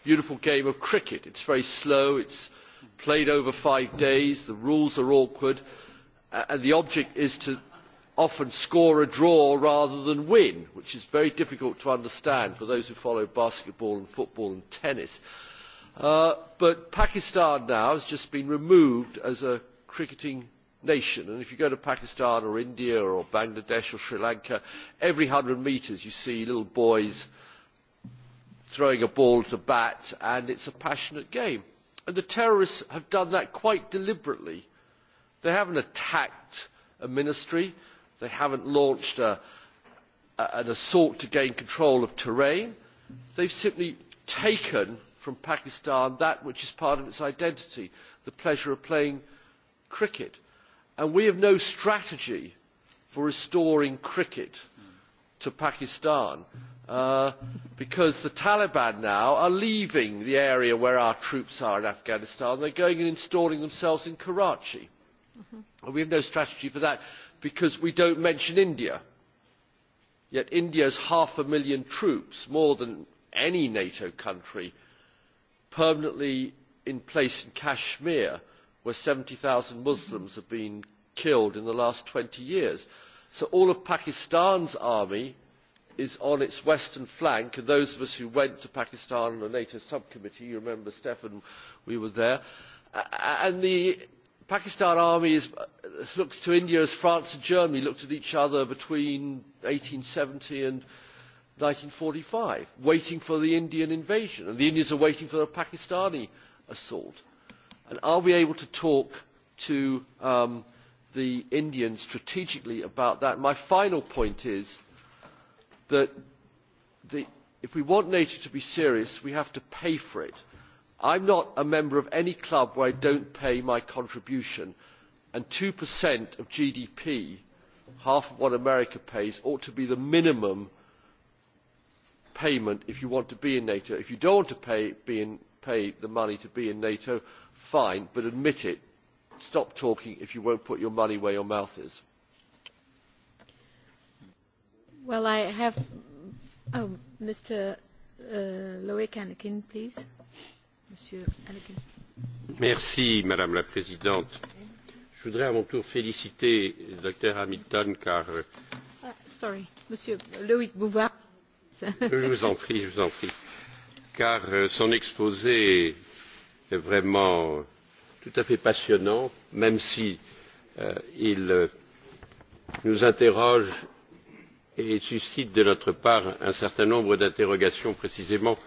beautiful game of cricket. it is very slow it is played over five days the rules are awkward and the object is to often score a draw rather than win which is very difficult to understand for those who follow basketball football and tennis. Uh, but Pakistan now has just been removed as a cricketing nation and if you go to Pakistan or India or Bangladesh or Sri Lanka, every one hundred metres you see little boys throwing a ball at a bat and it is a passionate game. the terrorists have done that quite deliberately. They have not attacked a ministry, they have not launched a, an assault to gain control of terrain, they have simply taken from Pakistan that which is part of its identity, the pleasure of playing cricket. And we have no strategy for restoring cricket to Pakistan uh, because the Taliban now are leaving the area where our troops are in Afghanistan. They're going and installing themselves in Karachi. Mm -hmm. And we have no strategy for that because we don't mention India. Yet India has half a million troops, more than any NATO country permanently in place in Kashmir, where 70,000 Muslims have been killed in the last 20 years. So all of Pakistan's army is on its western flank, and those of us who went to Pakistan on a NATO subcommittee, you remember, Stefan, we were there, and the Pakistan army is, looks to India as France and Germany looked at each other between 1870 and forty waiting for the indian invasion and the indians are waiting for the pakistani assault. And are we able to talk to um, the indians strategically about that? my final point is that the, if we want nato to be serious we have to pay for it. i am not a member of any club where i do not pay my contribution and two of gdp half of what america pays ought to be the minimum payment if you want to be in NATO. If you don't want to pay, be in, pay the money to be in NATO, fine, but admit it. Stop talking if you won't put your money where your mouth is. Well, I have... Oh, Mr. Uh, Loic Anakin, please. Monsieur Anakin. Merci, Madame la Présidente. Je voudrais à mon tour féliciter Dr. Hamilton car... Uh, sorry, Monsieur Loic Bouvard Je vous en prie, je vous en prie. Car euh, son exposé est vraiment euh, tout à fait passionnant, même si euh, il euh, nous interroge et suscite de notre part un certain nombre d'interrogations précisément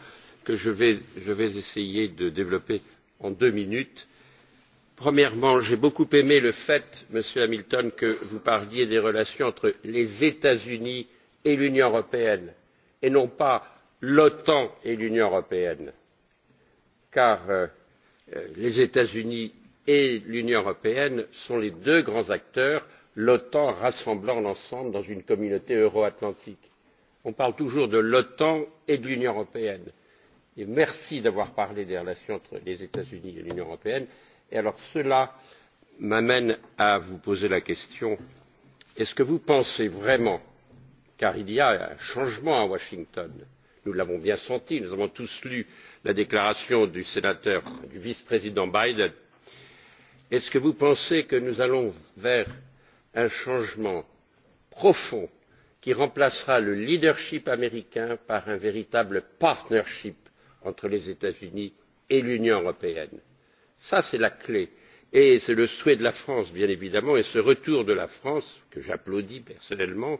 que je vais, je vais essayer de développer en deux minutes. premièrement j'ai beaucoup aimé le fait monsieur hamilton que vous parliez des relations entre les états unis et l'union européenne et non pas l'otan et l'union européenne car euh, euh, les états unis et l'union européenne sont les deux grands acteurs l'otan rassemblant l'ensemble dans une communauté euro atlantique. on parle toujours de l'otan et de l'union européenne et merci d'avoir parlé des relations entre les états unis et l'union européenne. cela m'amène à vous poser la question est ce que vous pensez vraiment car il y a un changement à washington nous l'avons bien senti nous avons tous lu la déclaration du sénateur du vice président biden est ce que vous pensez que nous allons vers un changement profond qui remplacera le leadership américain par un véritable partnership entre les états unis et l'union européenne? c'est la clé et c'est le souhait de la france bien évidemment et ce retour de la france que j'applaudis personnellement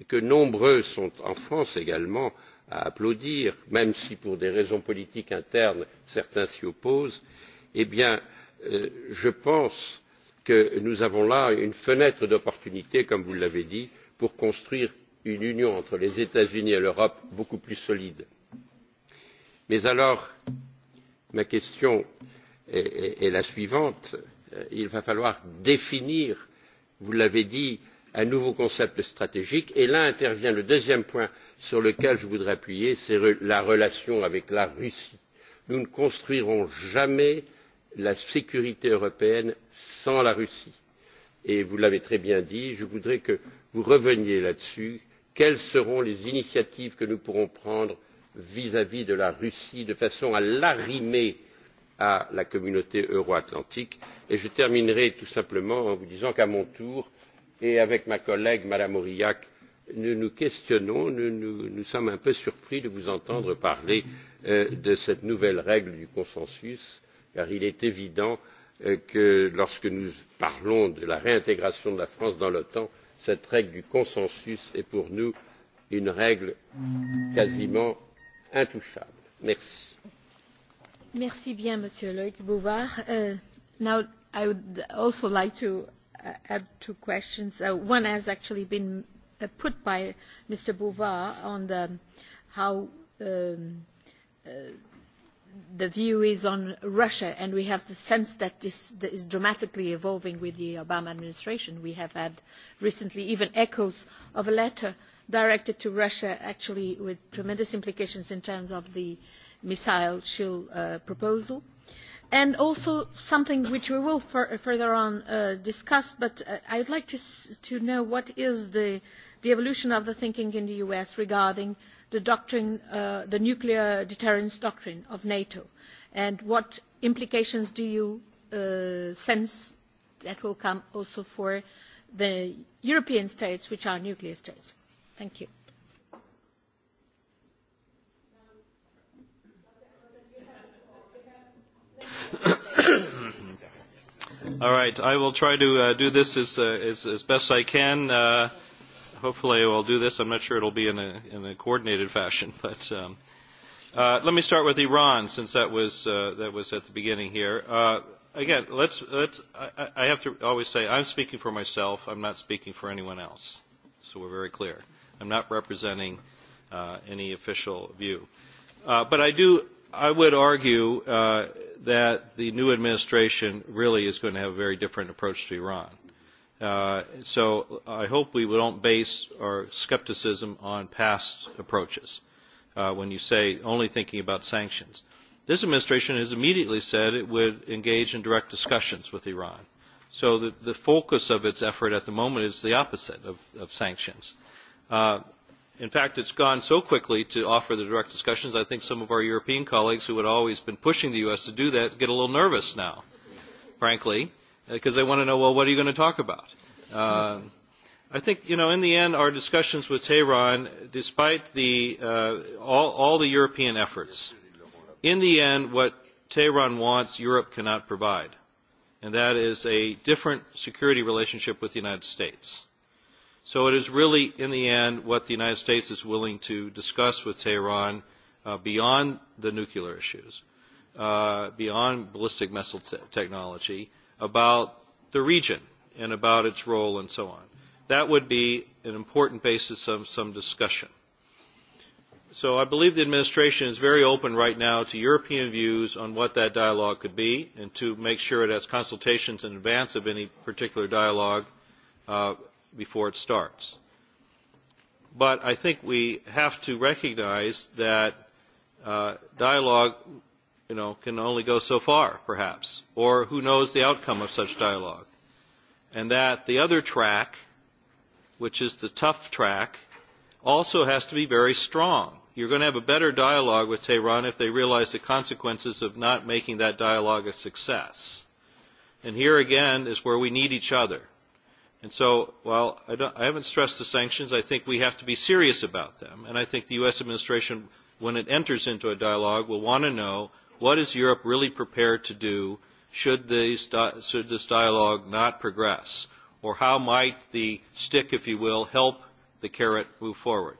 et que nombreux sont en france également à applaudir même si pour des raisons politiques internes certains s'y opposent eh bien euh, je pense que nous avons là une fenêtre d'opportunité comme vous l'avez dit pour construire une union entre les états unis et l'europe beaucoup plus solide. mais alors ma question est la suivante euh, il va falloir définir vous l'avez dit un nouveau concept stratégique et là intervient le deuxième point sur lequel je voudrais appuyer c'est la relation avec la russie. nous ne construirons jamais la sécurité européenne sans la russie et vous l'avez très bien dit je voudrais que vous reveniez là dessus quelles seront les initiatives que nous pourrons prendre vis à vis de la russie de façon à l'arrimer à la communauté euro atlantique? et je terminerai tout simplement en vous disant qu'à mon tour et avec ma collègue mme aurillac nous nous questionnons nous, sommes un peu surpris de vous entendre parler euh, de cette nouvelle règle du consensus car il est évident euh, que lorsque nous parlons de la réintégration de la france dans l'otan cette règle du consensus est pour nous une règle quasiment intouchable. merci. merci bien monsieur loïc euh, i would also like to Uh, add two questions. Uh, one has actually been uh, put by Mr. Bouvard on the, how um, uh, the view is on Russia, and we have the sense that this that is dramatically evolving with the Obama administration. We have had recently even echoes of a letter directed to Russia, actually with tremendous implications in terms of the missile shield uh, proposal and also something which we will further on uh, discuss but uh, i would like to, to know what is the, the evolution of the thinking in the us regarding the, doctrine, uh, the nuclear deterrence doctrine of nato and what implications do you uh, sense that will come also for the european states which are nuclear states? thank you. All right, I will try to uh, do this as, uh, as, as best I can. Uh, hopefully, I will do this. I'm not sure it'll be in a, in a coordinated fashion, but um, uh, let me start with Iran, since that was uh, that was at the beginning here. Uh, again, let's let's. I, I have to always say I'm speaking for myself. I'm not speaking for anyone else. So we're very clear. I'm not representing uh, any official view. Uh, but I do I would argue uh, that the new administration really is going to have a very different approach to Iran. Uh, so I hope we don't base our skepticism on past approaches uh, when you say only thinking about sanctions. This administration has immediately said it would engage in direct discussions with Iran. So the, the focus of its effort at the moment is the opposite of, of sanctions. Uh, in fact it's gone so quickly to offer the direct discussions i think some of our european colleagues who had always been pushing the us to do that get a little nervous now frankly because uh, they want to know well what are you going to talk about uh, i think you know in the end our discussions with tehran despite the uh, all, all the european efforts in the end what tehran wants europe cannot provide and that is a different security relationship with the united states So it is really, in the end, what the United States is willing to discuss with Tehran uh, beyond the nuclear issues, uh, beyond ballistic missile te technology, about the region and about its role and so on. That would be an important basis of some discussion. So I believe the administration is very open right now to European views on what that dialogue could be and to make sure it has consultations in advance of any particular dialogue uh, before it starts. But I think we have to recognize that uh, dialogue you know, can only go so far, perhaps, or who knows the outcome of such dialogue. And that the other track, which is the tough track, also has to be very strong. You're going to have a better dialogue with Tehran if they realize the consequences of not making that dialogue a success. And here again is where we need each other. And so, while I, don't, I haven't stressed the sanctions, I think we have to be serious about them. And I think the U.S. administration, when it enters into a dialogue, will want to know what is Europe really prepared to do should, these, should this dialogue not progress? Or how might the stick, if you will, help the carrot move forward?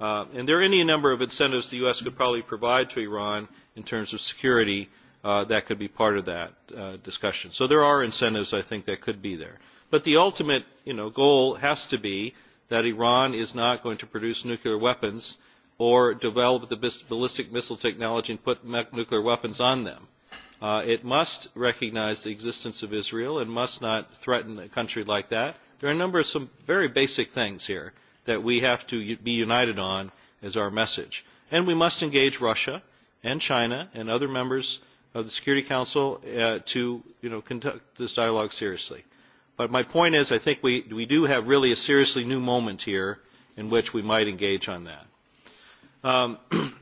Uh, and there are any number of incentives the U.S. could probably provide to Iran in terms of security uh, that could be part of that uh, discussion. So there are incentives, I think, that could be there but the ultimate you know, goal has to be that Iran is not going to produce nuclear weapons or develop the ballistic missile technology and put nuclear weapons on them. Uh, it must recognize the existence of Israel and must not threaten a country like that. There are a number of some very basic things here that we have to be united on as our message. And we must engage Russia and China and other members of the Security Council uh, to you know, conduct this dialogue seriously. But my point is, I think we, we do have really a seriously new moment here in which we might engage on that. Um,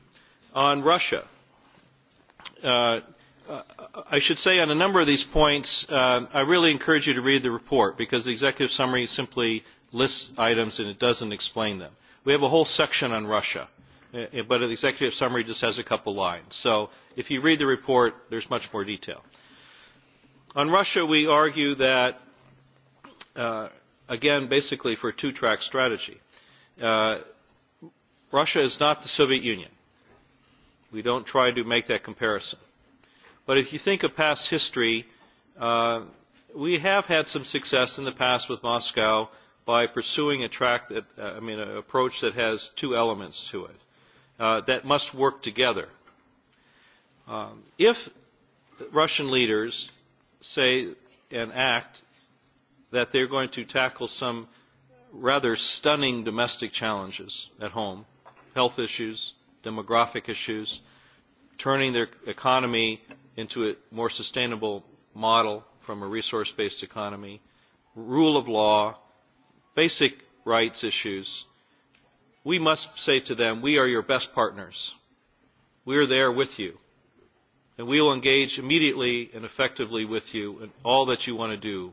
on Russia, uh, I should say on a number of these points, uh, I really encourage you to read the report because the executive summary simply lists items and it doesn't explain them. We have a whole section on Russia, uh, uh, but the executive summary just has a couple lines. So if you read the report, there's much more detail. On Russia, we argue that uh, again, basically for a two-track strategy. Uh, Russia is not the Soviet Union. We don't try to make that comparison. But if you think of past history, uh, we have had some success in the past with Moscow by pursuing a track that, uh, I mean, an approach that has two elements to it uh, that must work together. Um, if Russian leaders say and act that they're going to tackle some rather stunning domestic challenges at home, health issues, demographic issues, turning their economy into a more sustainable model from a resource-based economy, rule of law, basic rights issues, we must say to them, we are your best partners. We are there with you. And we will engage immediately and effectively with you in all that you want to do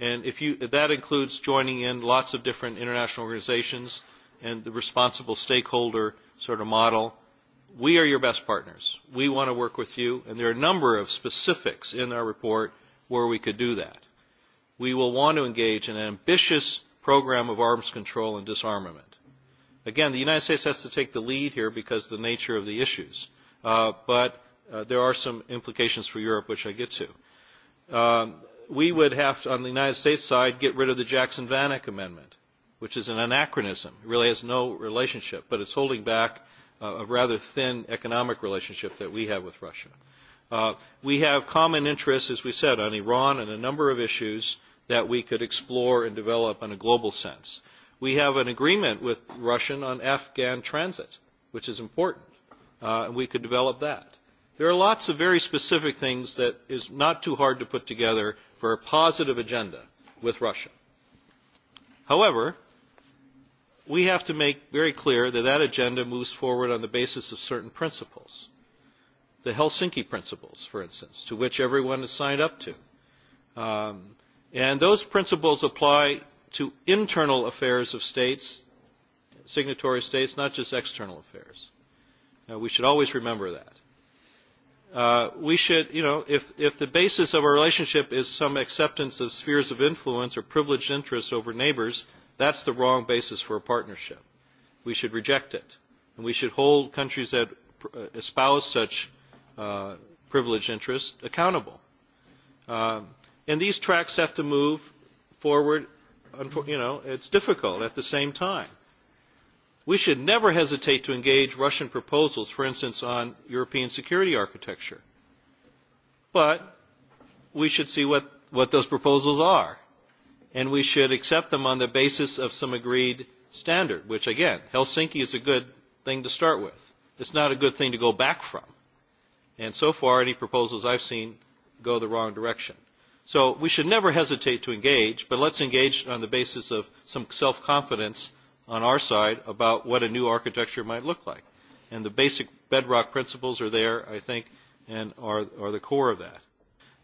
And if you, that includes joining in lots of different international organizations and the responsible stakeholder sort of model. We are your best partners. We want to work with you, and there are a number of specifics in our report where we could do that. We will want to engage in an ambitious program of arms control and disarmament. Again, the United States has to take the lead here because of the nature of the issues. Uh, but uh, there are some implications for Europe, which I get to. Um, we would have to, on the United States side, get rid of the Jackson-Vanik Amendment, which is an anachronism. It really has no relationship, but it's holding back uh, a rather thin economic relationship that we have with Russia. Uh, we have common interests, as we said, on Iran and a number of issues that we could explore and develop in a global sense. We have an agreement with Russian on Afghan transit, which is important, uh, and we could develop that. There are lots of very specific things that is not too hard to put together for a positive agenda with Russia. However, we have to make very clear that that agenda moves forward on the basis of certain principles. The Helsinki principles, for instance, to which everyone is signed up to. Um, and those principles apply to internal affairs of states, signatory states, not just external affairs. Now, we should always remember that. Uh, we should, you know, if, if the basis of our relationship is some acceptance of spheres of influence or privileged interests over neighbors, that's the wrong basis for a partnership. We should reject it. And we should hold countries that uh, espouse such uh, privileged interests accountable. Uh, and these tracks have to move forward. You know, it's difficult at the same time We should never hesitate to engage Russian proposals, for instance, on European security architecture. But we should see what, what those proposals are, and we should accept them on the basis of some agreed standard, which, again, Helsinki is a good thing to start with. It's not a good thing to go back from. And so far, any proposals I've seen go the wrong direction. So we should never hesitate to engage, but let's engage on the basis of some self-confidence on our side about what a new architecture might look like. And the basic bedrock principles are there, I think, and are, are the core of that.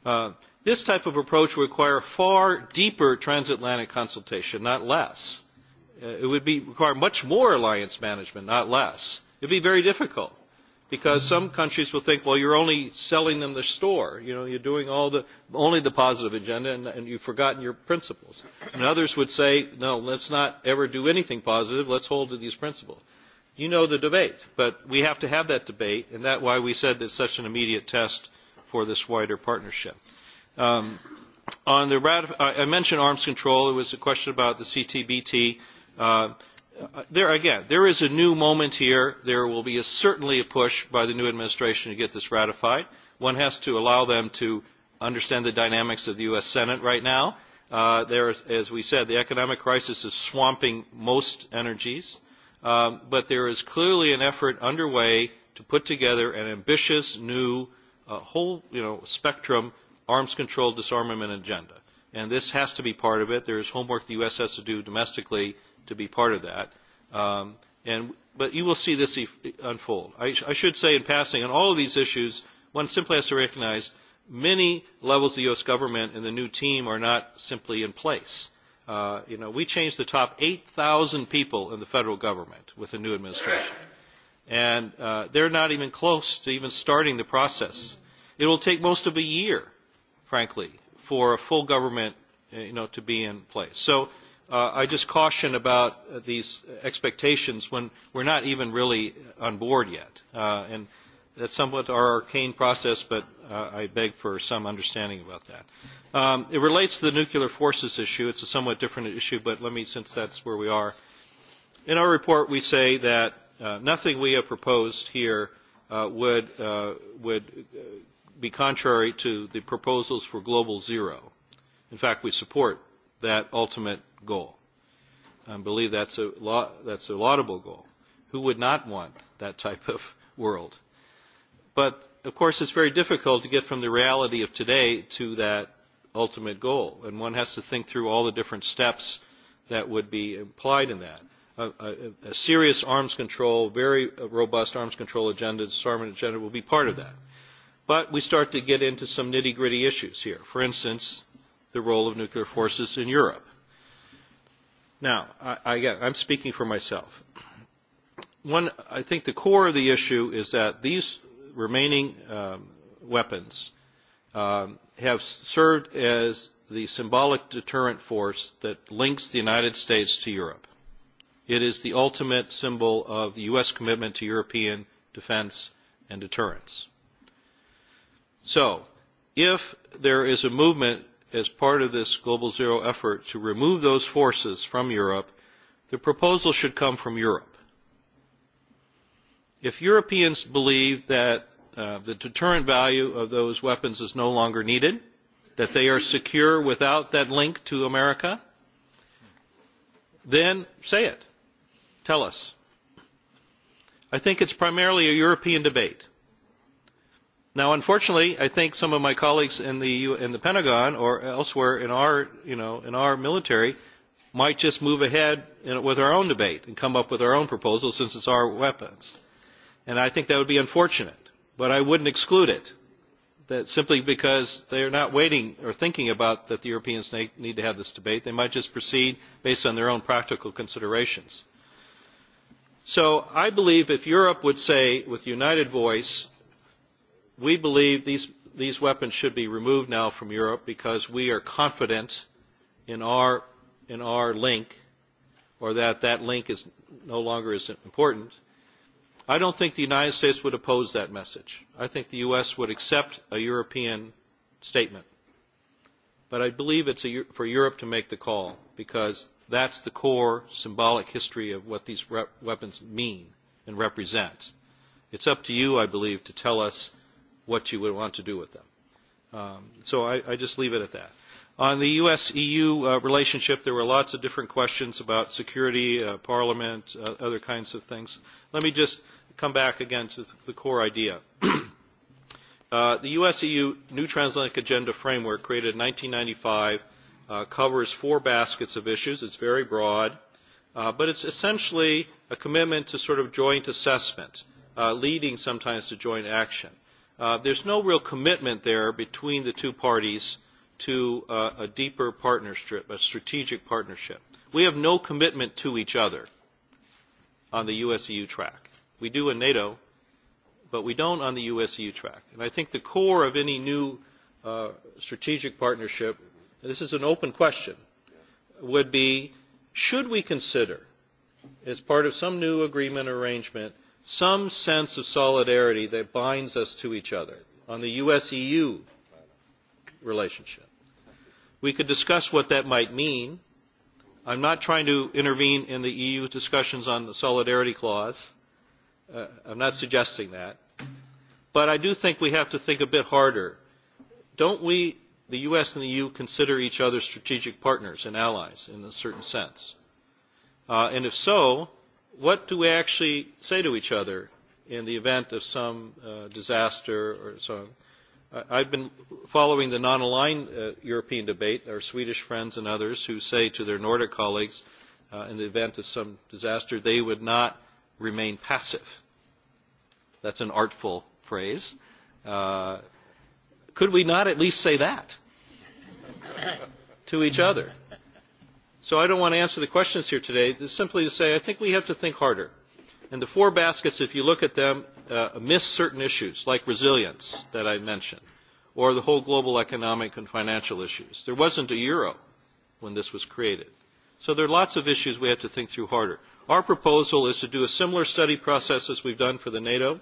Uh, this type of approach would require far deeper transatlantic consultation, not less. Uh, it would be, require much more alliance management, not less. It would be very difficult because some countries will think, well, you're only selling them the store. You know, you're doing all the only the positive agenda, and, and you've forgotten your principles. And others would say, no, let's not ever do anything positive. Let's hold to these principles. You know the debate, but we have to have that debate, and that's why we said that such an immediate test for this wider partnership. Um, on the I mentioned arms control. It was a question about the CTBT. Uh, Uh, there again, there is a new moment here. There will be a, certainly a push by the new administration to get this ratified. One has to allow them to understand the dynamics of the U.S. Senate right now. Uh, there, as we said, the economic crisis is swamping most energies, um, but there is clearly an effort underway to put together an ambitious new uh, whole, you know, spectrum arms control disarmament agenda, and this has to be part of it. There is homework the U.S. has to do domestically to be part of that. Um, and, but you will see this e unfold. I, sh I should say in passing, on all of these issues, one simply has to recognize many levels of the U.S. government and the new team are not simply in place. Uh, you know, we changed the top 8,000 people in the federal government with the new administration. And uh, they're not even close to even starting the process. It will take most of a year, frankly, for a full government uh, you know, to be in place. So Uh, I just caution about uh, these expectations when we're not even really on board yet. Uh, and that's somewhat our arcane process, but uh, I beg for some understanding about that. Um, it relates to the nuclear forces issue. It's a somewhat different issue, but let me, since that's where we are. In our report, we say that uh, nothing we have proposed here uh, would, uh, would uh, be contrary to the proposals for global zero. In fact, we support that ultimate goal. I believe that's a, la that's a laudable goal. Who would not want that type of world? But of course, it's very difficult to get from the reality of today to that ultimate goal, and one has to think through all the different steps that would be implied in that. A, a, a serious arms control, very robust arms control agenda, disarmament agenda will be part of that. But we start to get into some nitty gritty issues here. For instance, the role of nuclear forces in Europe. Now, I, again, I'm speaking for myself. One, I think the core of the issue is that these remaining um, weapons um, have served as the symbolic deterrent force that links the United States to Europe. It is the ultimate symbol of the U.S. commitment to European defense and deterrence. So, if there is a movement as part of this global zero effort to remove those forces from Europe, the proposal should come from Europe. If Europeans believe that uh, the deterrent value of those weapons is no longer needed, that they are secure without that link to America, then say it. Tell us. I think it's primarily a European debate Now, unfortunately, I think some of my colleagues in the, in the Pentagon or elsewhere in our, you know, in our military might just move ahead in, with our own debate and come up with our own proposal since it's our weapons. And I think that would be unfortunate, but I wouldn't exclude it that simply because they are not waiting or thinking about that the Europeans need to have this debate. They might just proceed based on their own practical considerations. So I believe if Europe would say with united voice, we believe these, these weapons should be removed now from Europe because we are confident in our, in our link or that that link is no longer is important. I don't think the United States would oppose that message. I think the U.S. would accept a European statement. But I believe it's a, for Europe to make the call because that's the core symbolic history of what these weapons mean and represent. It's up to you, I believe, to tell us what you would want to do with them. Um, so I, I just leave it at that. On the U.S.-EU uh, relationship, there were lots of different questions about security, uh, parliament, uh, other kinds of things. Let me just come back again to the core idea. uh, the U.S.-EU New Transatlantic Agenda Framework, created in 1995, uh, covers four baskets of issues. It's very broad, uh, but it's essentially a commitment to sort of joint assessment, uh, leading sometimes to joint action. Uh, there's no real commitment there between the two parties to uh, a deeper partnership, a strategic partnership. We have no commitment to each other on the US-EU track. We do in NATO, but we don't on the US-EU track. And I think the core of any new uh, strategic partnership, and this is an open question, would be should we consider, as part of some new agreement or arrangement, some sense of solidarity that binds us to each other on the US EU relationship. We could discuss what that might mean. I'm not trying to intervene in the EU discussions on the solidarity clause. Uh, I'm not suggesting that. But I do think we have to think a bit harder. Don't we, the US and the EU, consider each other strategic partners and allies in a certain sense? Uh, and if so, what do we actually say to each other in the event of some uh, disaster or so on? I've been following the non-aligned uh, European debate, our Swedish friends and others who say to their Nordic colleagues, uh, in the event of some disaster, they would not remain passive. That's an artful phrase. Uh, could we not at least say that to each other? so i don't want to answer the questions here today simply to say i think we have to think harder and the four baskets if you look at them uh, miss certain issues like resilience that i mentioned or the whole global economic and financial issues there wasn't a euro when this was created so there are lots of issues we have to think through harder our proposal is to do a similar study process as we've done for the nato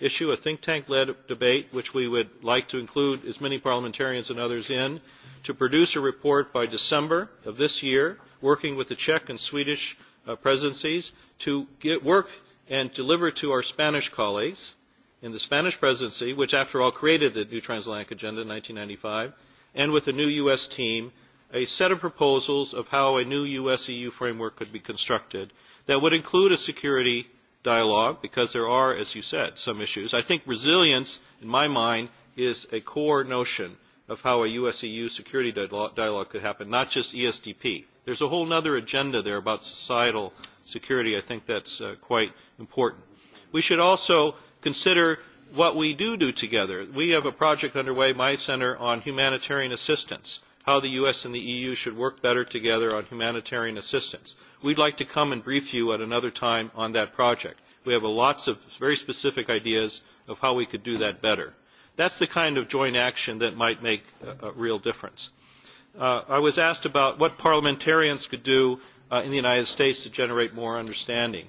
issue, a think tank led debate, which we would like to include as many parliamentarians and others in, to produce a report by December of this year, working with the Czech and Swedish uh, presidencies to get, work and deliver to our Spanish colleagues in the Spanish presidency, which after all created the new transatlantic agenda in 1995, and with a new U.S. team, a set of proposals of how a new U.S.-EU framework could be constructed that would include a security dialogue because there are, as you said, some issues. I think resilience, in my mind, is a core notion of how a US-EU security dialogue could happen, not just ESDP. There's a whole other agenda there about societal security. I think that's uh, quite important. We should also consider what we do do together. We have a project underway, my center, on humanitarian assistance how the us and the eu should work better together on humanitarian assistance. we would like to come and brief you at another time on that project. we have lots of very specific ideas of how we could do that better. that is the kind of joint action that might make a, a real difference. Uh, i was asked about what parliamentarians could do uh, in the united states to generate more understanding.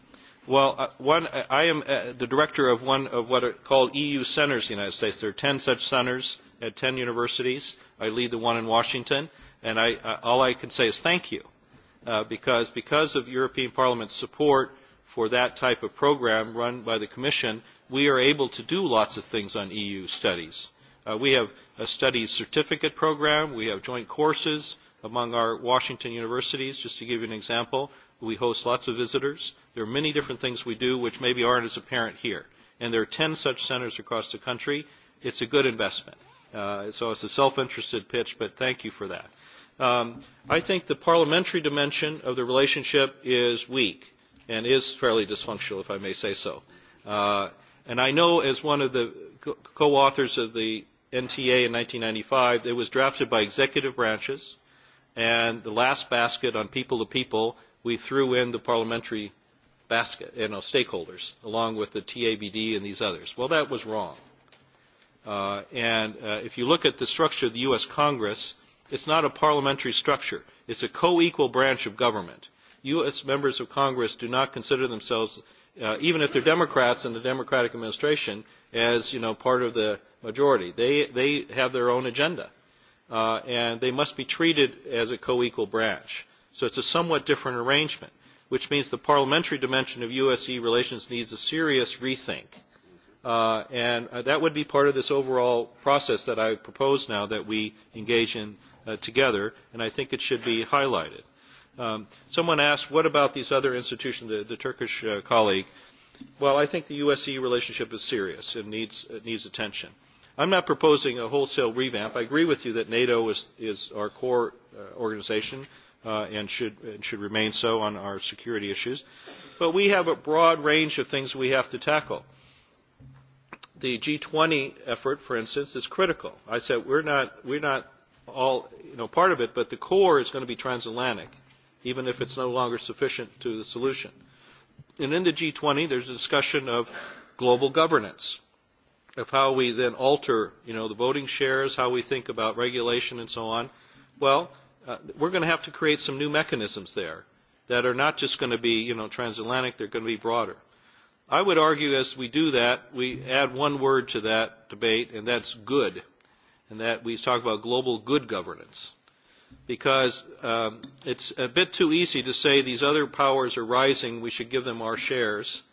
Well, uh, one, I am uh, the director of one of what are called EU centers in the United States. There are 10 such centers at 10 universities. I lead the one in Washington, and I, uh, all I can say is thank you, uh, because because of European Parliament's support for that type of program run by the Commission, we are able to do lots of things on EU studies. Uh, we have a studies certificate program. We have joint courses among our Washington universities, just to give you an example. We host lots of visitors. There are many different things we do which maybe aren't as apparent here. And there are 10 such centers across the country. It's a good investment. Uh, so it's a self-interested pitch, but thank you for that. Um, I think the parliamentary dimension of the relationship is weak and is fairly dysfunctional, if I may say so. Uh, and I know as one of the co-authors of the NTA in 1995, it was drafted by executive branches, and the last basket on people to people, we threw in the parliamentary basket, you know, stakeholders, along with the TABD and these others. Well, that was wrong. Uh, and uh, if you look at the structure of the U.S. Congress, it's not a parliamentary structure. It's a co-equal branch of government. U.S. members of Congress do not consider themselves, uh, even if they're Democrats in the Democratic administration, as you know part of the majority. They they have their own agenda, uh, and they must be treated as a co-equal branch. So it's a somewhat different arrangement, which means the parliamentary dimension of U.S.E. relations needs a serious rethink. Uh, and uh, that would be part of this overall process that I propose now that we engage in uh, together, and I think it should be highlighted. Um, someone asked, what about these other institutions, the, the Turkish uh, colleague? Well, I think the U.S.-EU relationship is serious and needs, it needs attention. I'm not proposing a wholesale revamp. I agree with you that NATO is, is our core uh, organization uh, and, should, and should remain so on our security issues. But we have a broad range of things we have to tackle the G20 effort, for instance, is critical. I said we're not we're not all you know part of it, but the core is going to be transatlantic, even if it's no longer sufficient to the solution. And in the G20, there's a discussion of global governance, of how we then alter you know the voting shares, how we think about regulation, and so on. Well, uh, we're going to have to create some new mechanisms there that are not just going to be you know transatlantic; they're going to be broader. I would argue as we do that, we add one word to that debate, and that's good, and that we talk about global good governance. Because um, it's a bit too easy to say these other powers are rising, we should give them our shares,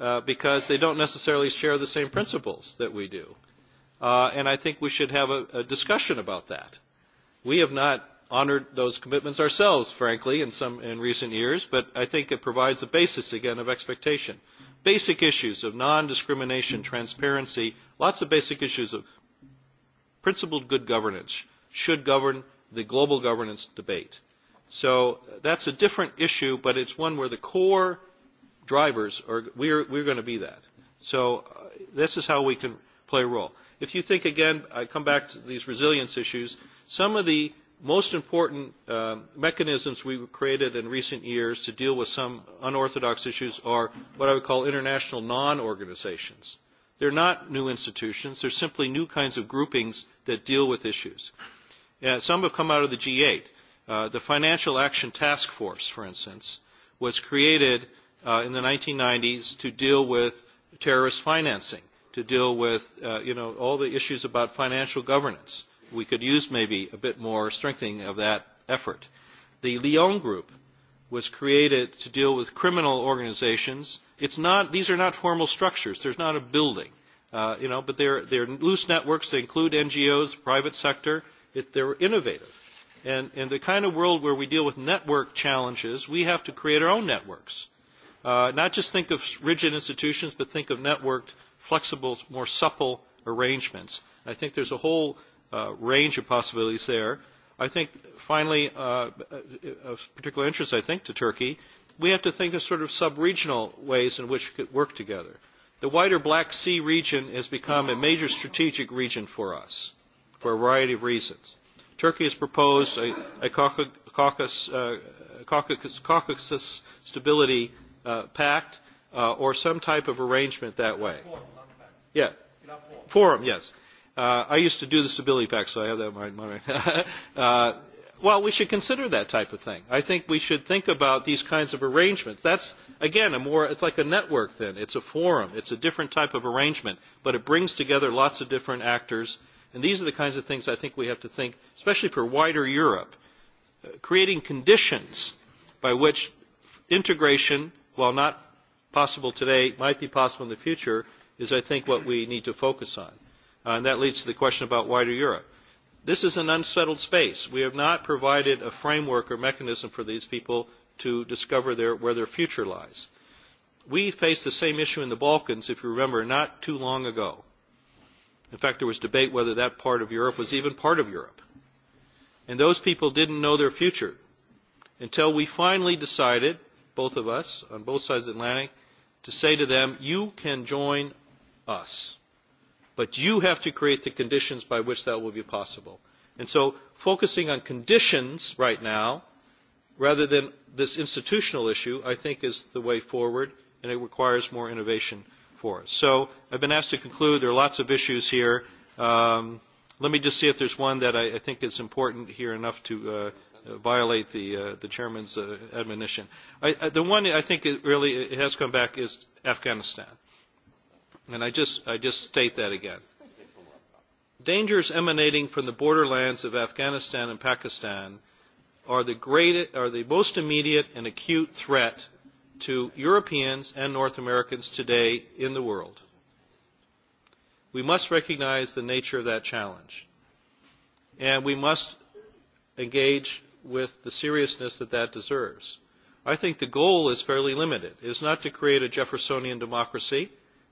uh, because they don't necessarily share the same principles that we do. Uh, and I think we should have a, a discussion about that. We have not honored those commitments ourselves, frankly, in, some, in recent years, but I think it provides a basis, again, of expectation basic issues of non-discrimination, transparency, lots of basic issues of principled good governance should govern the global governance debate. So that's a different issue, but it's one where the core drivers are, we're, we're going to be that. So uh, this is how we can play a role. If you think again, I come back to these resilience issues, some of the most important uh, mechanisms we have created in recent years to deal with some unorthodox issues are what I would call international non-organizations. They're not new institutions. They're simply new kinds of groupings that deal with issues. Uh, some have come out of the G8. Uh, the Financial Action Task Force, for instance, was created uh, in the 1990s to deal with terrorist financing, to deal with uh, you know, all the issues about financial governance. Uh, we could use maybe a bit more strengthening of that effort. The Lyon Group was created to deal with criminal organizations. It's not, these are not formal structures. There's not a building. Uh, you know, but they're, they're loose networks. They include NGOs, private sector. It, they're innovative. And in the kind of world where we deal with network challenges, we have to create our own networks. Uh, not just think of rigid institutions, but think of networked, flexible, more supple arrangements. I think there's a whole uh, range of possibilities there. I think, finally, uh, uh, of particular interest, I think, to Turkey, we have to think of sort of sub-regional ways in which we could work together. The wider Black Sea region has become a major strategic region for us for a variety of reasons. Turkey has proposed a, a Caucasus, uh, Caucasus, Caucasus Stability uh, Pact uh, or some type of arrangement that way. Forum, yeah. Forum, yes Uh, I used to do the stability pack, so I have that in mind. mind. uh, well, we should consider that type of thing. I think we should think about these kinds of arrangements. That's, again, a more, it's like a network then. It's a forum. It's a different type of arrangement, but it brings together lots of different actors. And these are the kinds of things I think we have to think, especially for wider Europe, uh, creating conditions by which integration, while not possible today, might be possible in the future, is I think what we need to focus on. Uh, and that leads to the question about wider Europe. This is an unsettled space. We have not provided a framework or mechanism for these people to discover their, where their future lies. We faced the same issue in the Balkans, if you remember, not too long ago. In fact, there was debate whether that part of Europe was even part of Europe. And those people didn't know their future until we finally decided, both of us, on both sides of the Atlantic, to say to them, you can join us but you have to create the conditions by which that will be possible. And so focusing on conditions right now, rather than this institutional issue, I think is the way forward, and it requires more innovation for us. So I've been asked to conclude. There are lots of issues here. Um, let me just see if there's one that I, I think is important here enough to uh, violate the, uh, the chairman's uh, admonition. I, I, the one I think it really it has come back is Afghanistan and I just, I just state that again. Dangers emanating from the borderlands of Afghanistan and Pakistan are the, great, are the most immediate and acute threat to Europeans and North Americans today in the world. We must recognize the nature of that challenge, and we must engage with the seriousness that that deserves. I think the goal is fairly limited. It is not to create a Jeffersonian democracy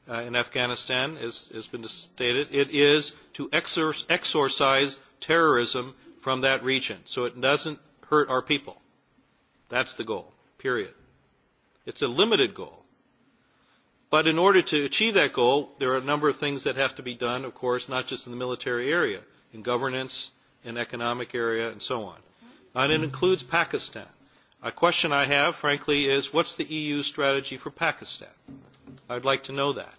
uh, in Afghanistan, as has been stated, it is to exor exorcise terrorism from that region so it doesn't hurt our people. That's the goal, period. It's a limited goal. But in order to achieve that goal, there are a number of things that have to be done, of course, not just in the military area, in governance, in economic area, and so on. And it includes Pakistan. A question I have, frankly, is what's the EU strategy for Pakistan? I'd like to know that.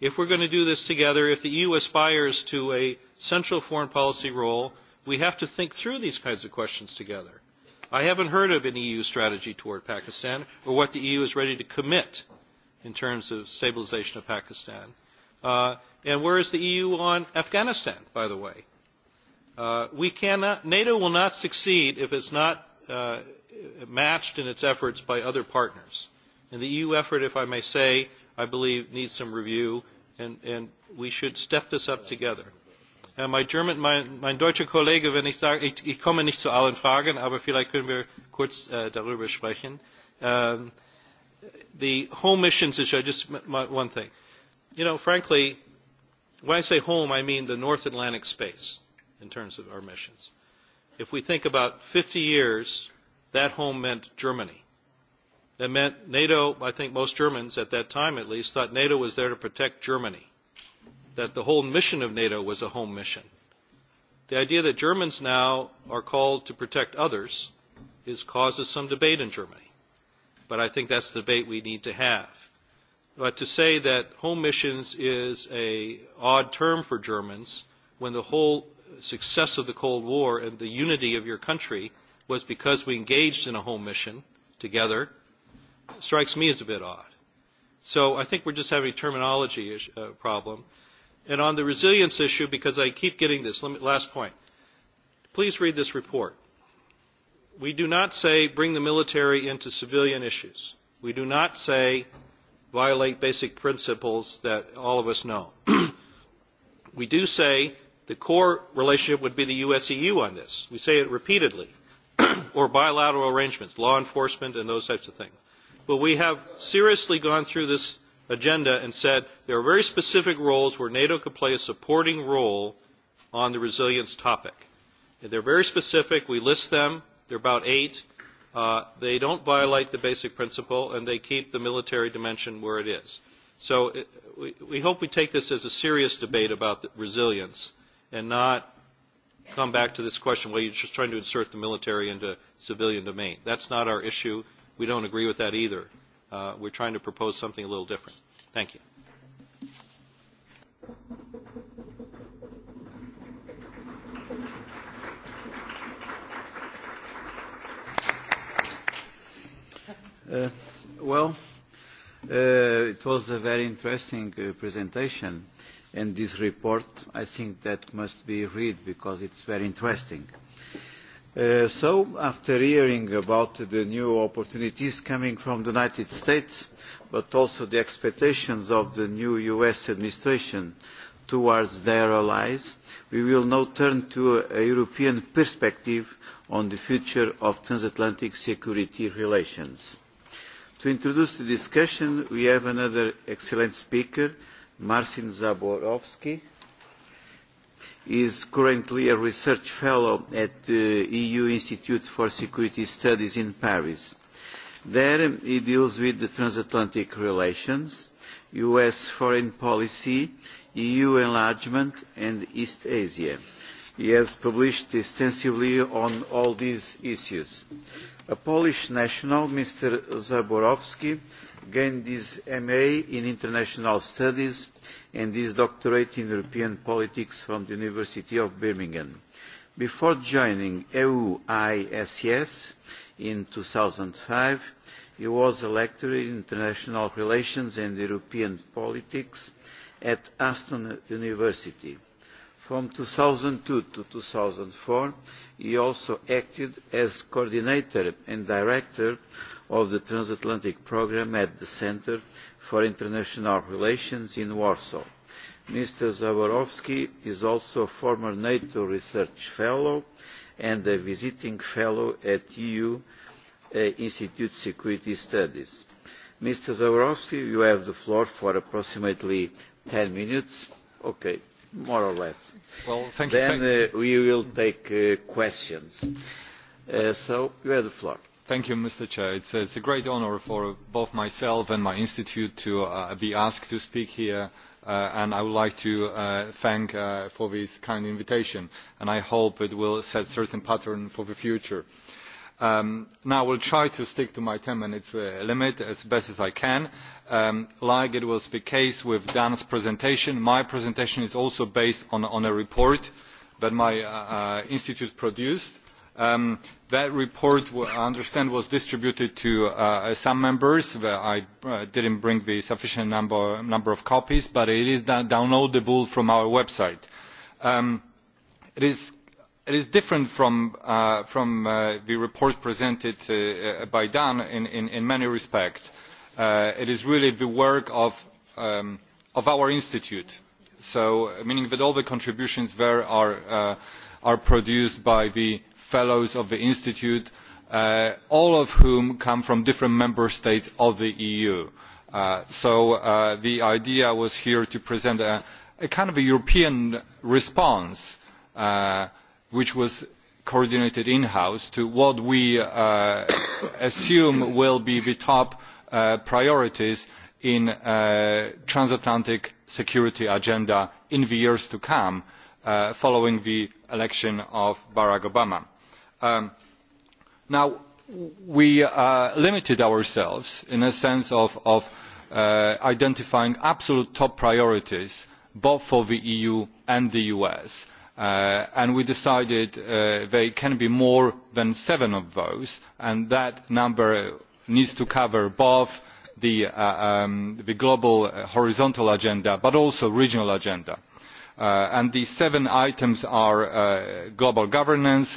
If we're going to do this together, if the EU aspires to a central foreign policy role, we have to think through these kinds of questions together. I haven't heard of an EU strategy toward Pakistan or what the EU is ready to commit in terms of stabilization of Pakistan. Uh, and where is the EU on Afghanistan, by the way? Uh, we cannot, NATO will not succeed if it's not uh, matched in its efforts by other partners. And the EU effort, if I may say, I believe needs some review, and, and we should step this up together. Uh, äh, my German, mein, mein deutscher Kollege, wenn ich sage, ich, ich komme nicht zu allen Fragen, aber vielleicht können wir kurz äh, darüber sprechen. Um, the home missions issue, I just my, one thing. You know, frankly, when I say home, I mean the North Atlantic space in terms of our missions. If we think about 50 years, that home meant Germany that meant NATO, I think most Germans at that time at least, thought NATO was there to protect Germany, that the whole mission of NATO was a home mission. The idea that Germans now are called to protect others is causes some debate in Germany. But I think that's the debate we need to have. But to say that home missions is a odd term for Germans when the whole success of the Cold War and the unity of your country was because we engaged in a home mission together strikes me as a bit odd. So I think we're just having a terminology issue, uh, problem. And on the resilience issue, because I keep getting this, let me, last point. Please read this report. We do not say bring the military into civilian issues. We do not say violate basic principles that all of us know. we do say the core relationship would be the US-EU on this. We say it repeatedly, or bilateral arrangements, law enforcement and those types of things. But we have seriously gone through this agenda and said there are very specific roles where NATO could play a supporting role on the resilience topic. They're very specific. We list them. They're about eight. Uh, they don't violate the basic principle, and they keep the military dimension where it is. So it, uh, we, we hope we take this as a serious debate about the resilience and not come back to this question, well, you're just trying to insert the military into civilian domain. That's not our issue. We don't agree with that either. Uh, we're trying to propose something a little different. Thank you. Uh, well, uh, it was a very interesting uh, presentation, and this report, I think that must be read because it's very interesting. Uh, so after hearing about the new opportunities coming from the united states but also the expectations of the new us administration towards their allies we will now turn to a european perspective on the future of transatlantic security relations. to introduce the discussion we have another excellent speaker marcin zborsk is currently a research fellow at the uh, EU Institute for Security Studies in Paris. There he deals with the transatlantic relations, US foreign policy, EU enlargement and East Asia He has published extensively on all these issues. A Polish national, Mr. Zaborowski, gained his MA in International Studies and his doctorate in European politics from the University of Birmingham. Before joining EUISS in 2005, he was a lecturer in international relations and European politics at Aston University. From 2002 to 2004, he also acted as coordinator and director of the transatlantic program at the Center for International Relations in Warsaw. Mr. Zaborowski is also a former NATO Research Fellow and a visiting fellow at EU uh, Institute Security Studies. Mr. Zaborowski, you have the floor for approximately 10 minutes. Okay more or less. Well, thank you. Then uh, we will take uh, questions. Uh, so you have the floor. Thank you, Mr. Chair. It's, uh, it's a great honor for both myself and my institute to uh, be asked to speak here. Uh, and I would like to uh, thank uh, for this kind invitation. And I hope it will set certain pattern for the future. Uh, Um, now i will try to stick to my ten minute uh, limit as best as i can. as um, like it was the case with dan's presentation my presentation is also based on, a report that my uh, uh, institute produced. Um, that report i understand was distributed to some members i did not bring the sufficient number, number of copies but it is downloadable from our website. it is it is different from, uh, from uh, the report presented uh, uh by Dan in, in, in many respects. Uh, it is really the work of, um, of our institute, so meaning that all the contributions there are, uh, are produced by the fellows of the institute, all of whom come from different member states of the EU. so the idea was here to present a, a kind of a European response which was coordinated in house to what we uh, assume will be the top uh, priorities in the uh, transatlantic security agenda in the years to come uh, following the election of barack obama. Um, now we uh, limited ourselves in a sense of, of identifying absolute top priorities both for the eu and the us Uh, and we decided uh, there can be more than seven of those and that number needs to cover both the, uh, um, global horizontal agenda but also the regional agenda. And the seven items are global governance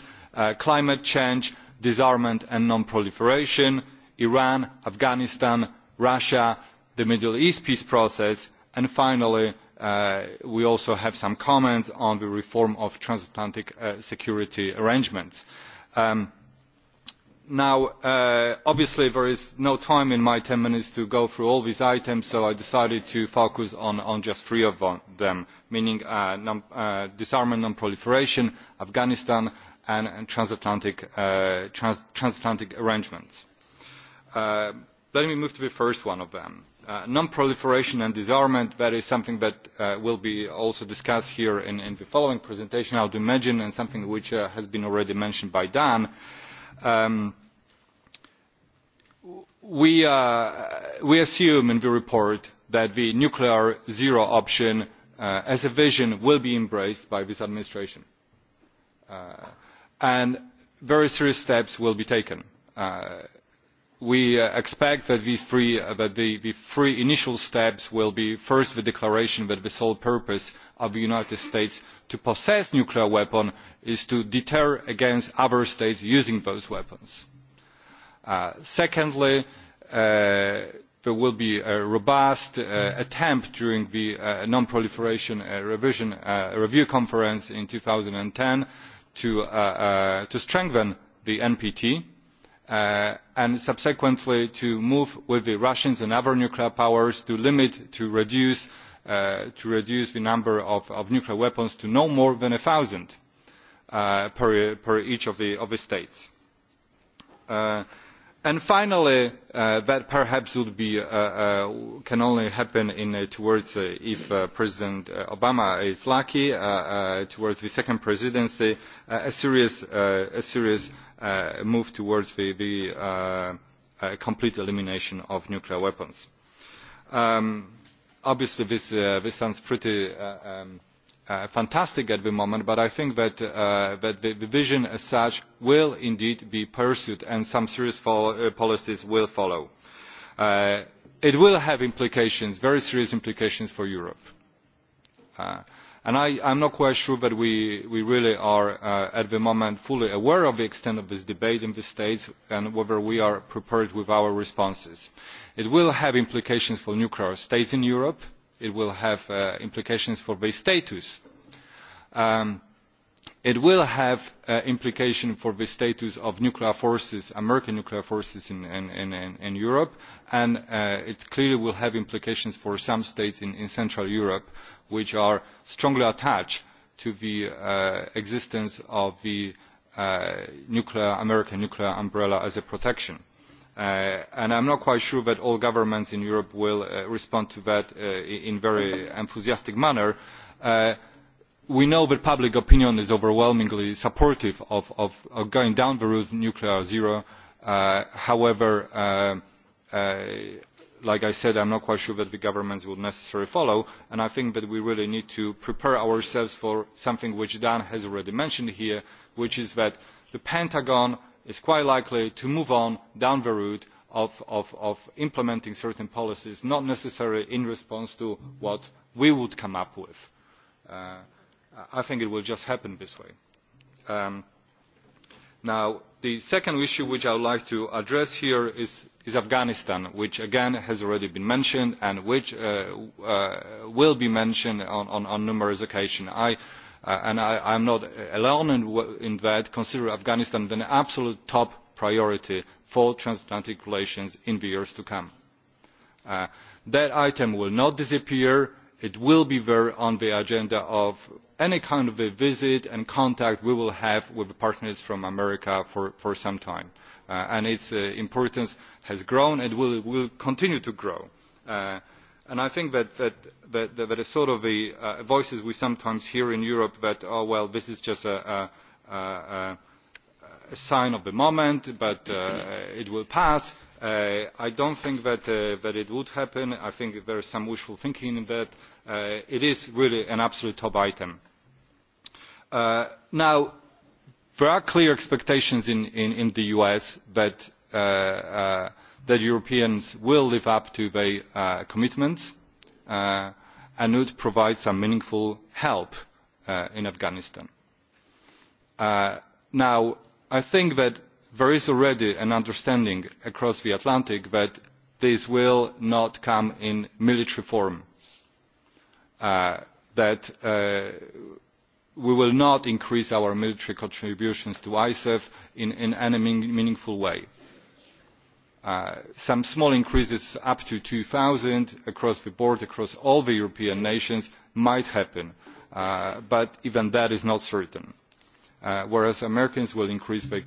climate change disarmament and non proliferation iran afghanistan russia the middle east peace process and finally Uh, we also have some comments on the reform of transatlantic uh, security arrangements. Um, now, uh, obviously there is no time in my ten minutes to go through all these items so i decided to focus on, just three of them meaning disarmament non proliferation afghanistan and, transatlantic arrangements. let me move to the first one of them Uh, non proliferation and disarmament that is something that uh, will be also discussed here in, the following presentation i would imagine and something which uh, has been already mentioned by dan. Um, we, we assume in the report that the nuclear zero option as a vision will be embraced by this administration and very serious steps will be taken we uh, expect that, uh, the, three initial steps will be first the declaration that the sole purpose of the united states to possess nuclear weapon is to deter against other states using those weapons. Uh, secondly there will be a robust attempt during the non proliferation revision, review conference in two thousand and ten to strengthen the npt Uh, and subsequently to move with the russians and other nuclear powers to limit to reduce, uh, to reduce the number of, of nuclear weapons to no more than a thousand uh, per, per each of the, of the states. Uh, and finally uh, that perhaps uh, uh, can only happen towards if president obama is lucky towards the second presidency a serious, move towards the, complete elimination of nuclear weapons. Um, obviously this, sounds pretty um, fantastic at the moment but i think that, uh, that the vision as such will indeed be pursued and some serious uh, policies will follow. Uh, it will have implications very serious implications for europe and i am not quite sure that we really are at the moment fully aware of the extent of this debate in the states and whether we are prepared with our responses. it will have implications for nuclear states in europe it will have uh, implications for the status. Um, it will have uh, implications for the status of nuclear forces, American nuclear forces in, in, in, in Europe, and uh, it clearly will have implications for some states in, in Central Europe, which are strongly attached to the uh, existence of the uh, nuclear, American nuclear umbrella as a protection and uh, and I'm not quite sure that all governments in Europe will uh, respond to that uh, in in very enthusiastic manner. we know that public opinion is overwhelmingly supportive of, going down the route of nuclear zero. however, like I said, I'm not quite sure that the governments will necessarily follow. And I think that we really need to prepare ourselves for something which Dan has already mentioned here, which is that the Pentagon is quite likely to move on down the route of, implementing certain policies not necessarily in response to what we would come up with. Uh, I think it will just happen this way. Um, now, the second issue which I would like to address here is, Afghanistan, which again has already been mentioned and which uh, uh, will be mentioned on, numerous occasions. Uh, and i am not alone in, that consider afghanistan an absolute top priority for transatlantic relations in the years to come. Uh, that item will not disappear it will be there on the agenda of any kind of visit and contact we will have with partners from america for, some time uh, and its importance has grown and will continue to grow and i think that the sort of the uh, voices we sometimes hear in europe that oh well this is just a, sign of the moment but uh, it will pass i uh, i don't think that it would happen i think there is some wishful thinking in that it is really an absolute top item now there are clear expectations in, the us that that Europeans will live up to their uh, commitments uh, and would provide some meaningful help uh, in Afghanistan. now, I think that there is already an understanding across the Atlantic that this will not come in military form, that we will not increase our military contributions to ISAF in any meaningful way Uh, some small increases up to two thousand across the board across all the european nations might happen uh, but even that is not certain uh, whereas americans will increase their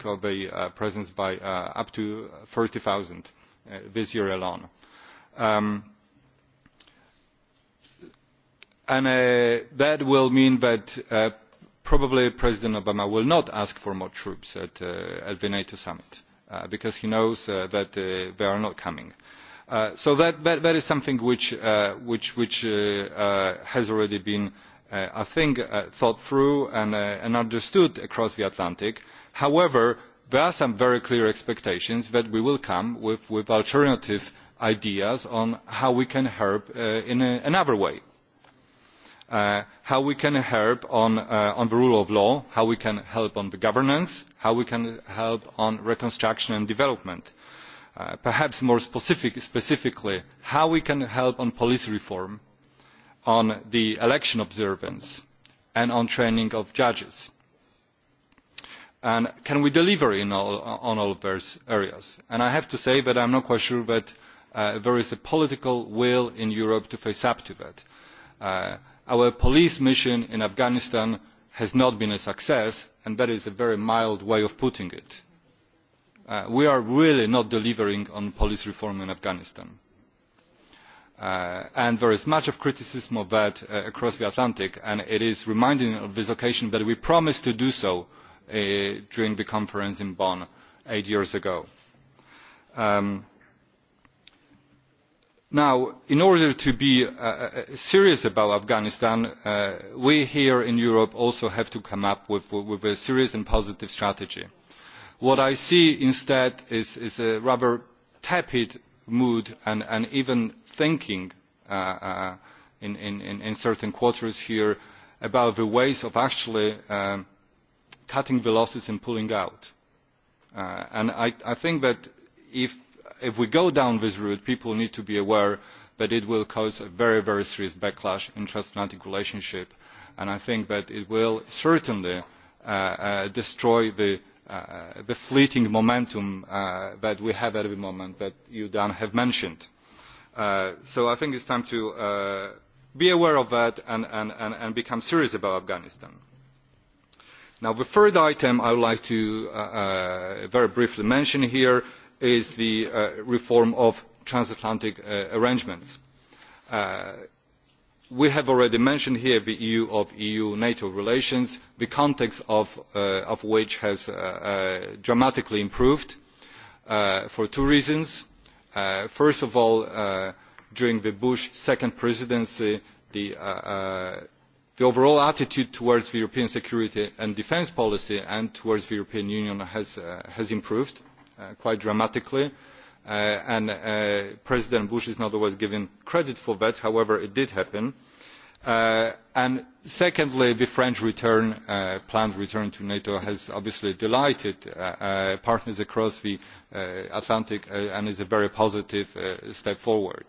presence by up to thirty zero this year alone. Um, and that will mean that probably president obama will not ask for more troops at, at the nato summit Uh, because he knows uh, that uh, they are not coming. Uh, so that, that, that is something which, uh, which, which uh, uh, has already been, uh, I think, uh, thought through and, uh, and understood across the Atlantic. However, there are some very clear expectations that we will come with, with alternative ideas on how we can help uh, in a, another way Uh, how we can help uh, on, the rule of law how we can help on governance how we can help on reconstruction and development uh, perhaps more specifically how we can help on police reform on the election observance and on training of judges. And can we deliver on all those areas? And i have to say that i am not quite sure that there is a political will in europe to face up to that our police mission in afghanistan has not been a success and that is a very mild way of putting it. Uh, we are really not delivering on police reform in afghanistan uh, and there is much of criticism of that uh, across the atlantic and it is reminding on this occasion that we promised to do so during the conference in bonn eight years ago. Um, Now, in order to be uh, uh, serious about Afghanistan, uh, we here in Europe also have to come up with, a serious and positive strategy. What I see instead is, a rather tepid mood and, even thinking in, certain quarters here about the ways of actually um, cutting the losses and pulling out. and I, I think that if if we go down this route people need to be aware that it will cause a very very serious backlash in the transatlantic relationship and i think that it will certainly uh, uh, destroy uh, the, fleeting momentum that we have at the moment that you Dan have mentioned. so I think it's time to be aware of that and, become serious about Afghanistan. Now the third item I would like to very briefly mention here is the uh, reform of transatlantic uh, arrangements. Uh, we have already mentioned here the eu of eu nato relations the context of, which has dramatically improved for two reasons. first of all during the bush second presidency the, overall attitude towards european security and defence policy and towards the european union has improved Uh, quite dramatically uh, and uh, president bush is not always given credit for that however it did happen. And secondly the french return, planned return to nato has obviously delighted partners across the atlantic and is a very positive step forward.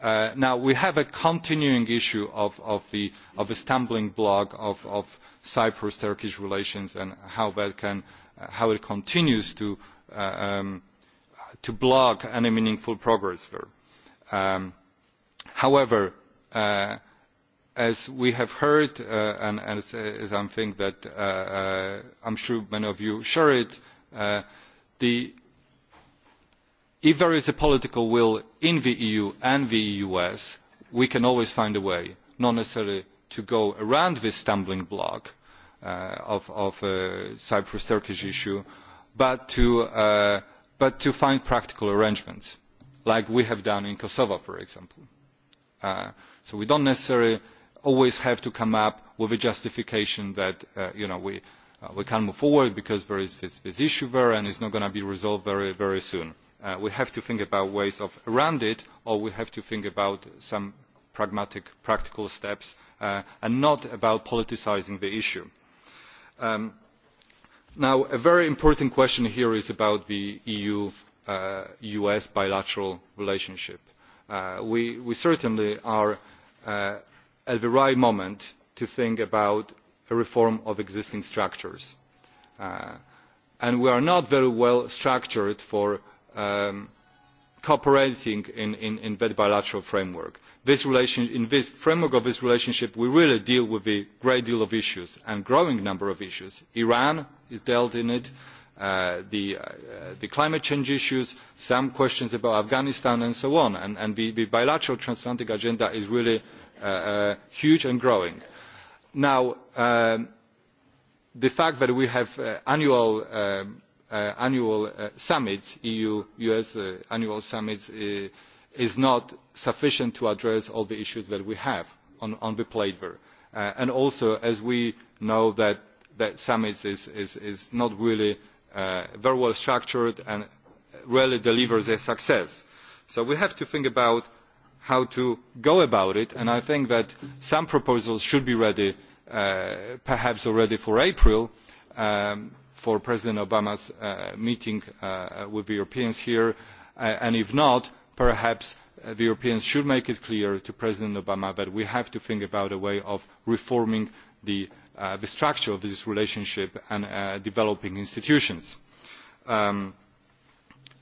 Uh, now we have a continuing issue of, of, the, of stumbling block of, of cyprus turkish relations and how, that can, uh, how it continues to Uh, um, to block any meaningful progress there. Um, however, uh, as we have heard, uh, and, and as, uh, as I think that uh, uh, I'm sure many of you share it, uh, the, if there is a political will in the EU and the US, we can always find a way, not necessarily to go around this stumbling block uh, of, of uh, Cyprus-Turkish issue, but to, uh, but to find practical arrangements, like we have done in Kosovo, for example. Uh, so we don't necessarily always have to come up with a justification that uh, you know, we, uh, we can't move forward because there is this, this issue there and it's not going to be resolved very, very soon. Uh, we have to think about ways of around it or we have to think about some pragmatic, practical steps uh, and not about politicising the issue. Um, Now, a very important question here is about the EU US uh, bilateral relationship. Uh, we, certainly are uh, at the right moment to think about a reform of existing structures. and we are not very well structured for um, cooperating in, that bilateral framework. This in the framework of this relationship we really deal with a great deal of issues and a growing number of issues. iran is dealt in it uh, uh, the, climate change issues some questions about afghanistan and so on and, the, bilateral transatlantic agenda is really uh, huge and growing. now um, the fact that we have annual um, Uh, uh, uh, annual summits eu us annual summits is not sufficient to address all the issues that we have on, the plate there. and also as we know that, that summits is, not really very well structured and rarely delivers a success. so we have to think about how to go about it and i think that some proposals should be ready perhaps already for april um, for president obama's uh, meeting uh, with the europeans here uh, and if not perhaps uh, the europeans should make it clear to president obama that we have to think about a way of reforming the, uh, the structure of this relationship and developing institutions. Um,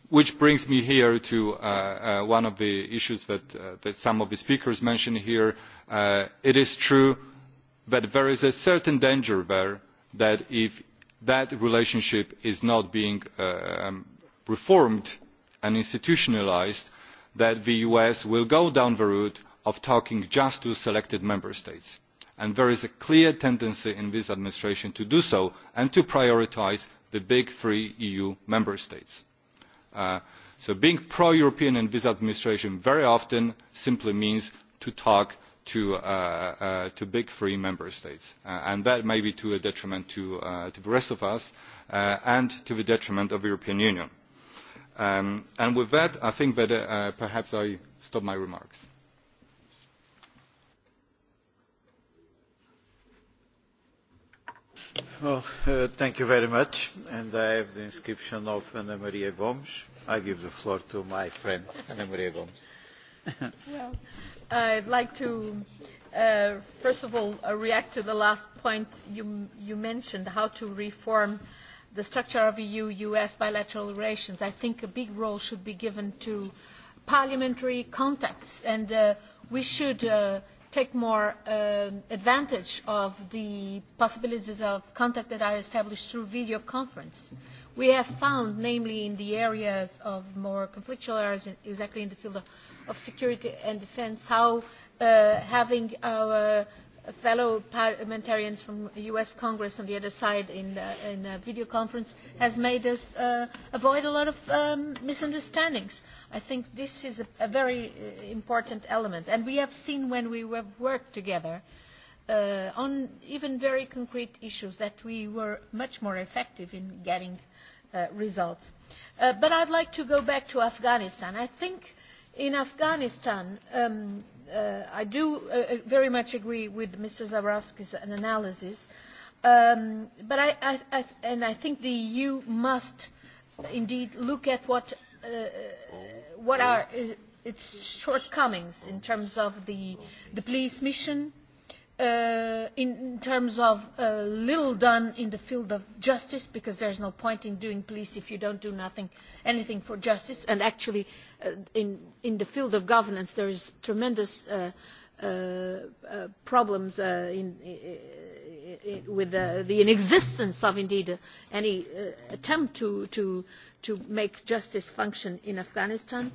which brings me here to uh, uh, one of the issues that, uh, that some of the speakers mentioned here. it is true that there is a certain danger there that if that relationship is not being uh, um, reformed and institutionalised that the us will go down the route of talking just to selected member states and there is a clear tendency in this administration to do so and to prioritise the big three eu member states. Uh, so being pro european in this administration very often simply means to talk to, uh, uh, to big free member states. Uh, and that may be to a detriment to, uh, to the rest of us and to the detriment of the European Union. Um, and with that, I think that perhaps I stop my remarks. Well, uh, thank you very much. And I have the inscription of Ana Maria Gomes. I give the floor to my friend, Ana Maria Gomes. well, I'd like to, uh, first of all, uh, react to the last point you, you mentioned, how to reform the structure of EU-US bilateral relations. I think a big role should be given to parliamentary contacts, and uh, we should uh, take more uh, advantage of the possibilities of contact that are established through video conference. Mm -hmm we have found, namely in the areas of more conflictual areas, exactly in the field of, of security and defence, how uh, having our fellow parliamentarians from US Congress on the other side in, uh, in a video conference has made us uh, avoid a lot of um, misunderstandings. I think this is a, a very uh, important element. And we have seen when we have worked together uh, on even very concrete issues that we were much more effective in getting uh, Uh, results. Uh, but i would like to go back to afghanistan. i think in afghanistan um, uh, i do very much agree with mr zagorowski's analysis um, but and i think the eu must indeed look at what, what are its shortcomings in terms of the, police mission Uh, in terms of uh, little done in the field of justice because there is no point in doing police if you do not do anything for justice and actually uh, in, the field of governance there are tremendous problems with the inexistence of uh, any attempt to, make justice function in afghanistan.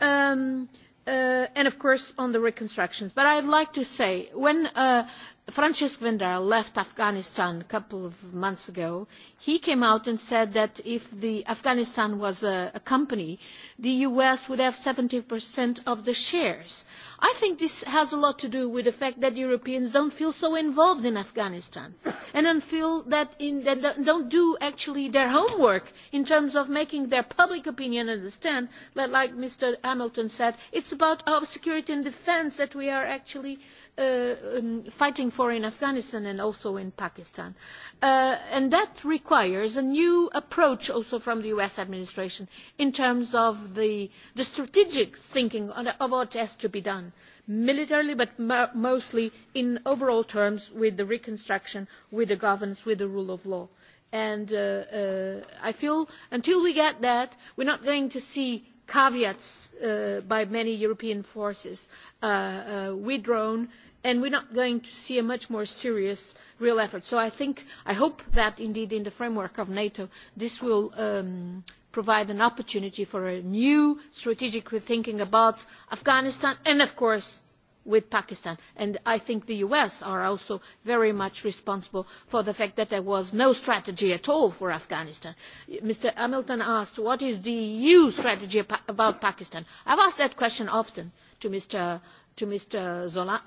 Um, Uh, and of course on the reconstructions. but i would like to say when uh, Francesc Vendera left Afghanistan a couple of months ago. He came out and said that if Afghanistan was a, a, company, the US would have 70% of the shares. I think this has a lot to do with the fact that Europeans don't feel so involved in Afghanistan and don't feel that, in, that don't do actually their homework in terms of making their public opinion understand that, like Mr. Hamilton said, it's about our security and defence that we are actually Uh, um, fighting for in afghanistan and also in pakistan uh, and that requires a new approach also from the us administration in terms of the strategic thinking of what has to be done militarily but mostly in overall terms with the reconstruction with the governance with the rule of law. Uh, i feel that until we get that we are not going to see caveats uh, by many European forces uh, uh, withdrawn, and we're not going to see a much more serious real effort. So I think, I hope that indeed in the framework of NATO this will um, provide an opportunity for a new strategic rethinking about Afghanistan and of course with pakistan and i think the us are also very much responsible for the fact that there was no strategy at all for afghanistan. mr hamilton asked what is the eu strategy about pakistan? i have asked that question often to mr to Mr.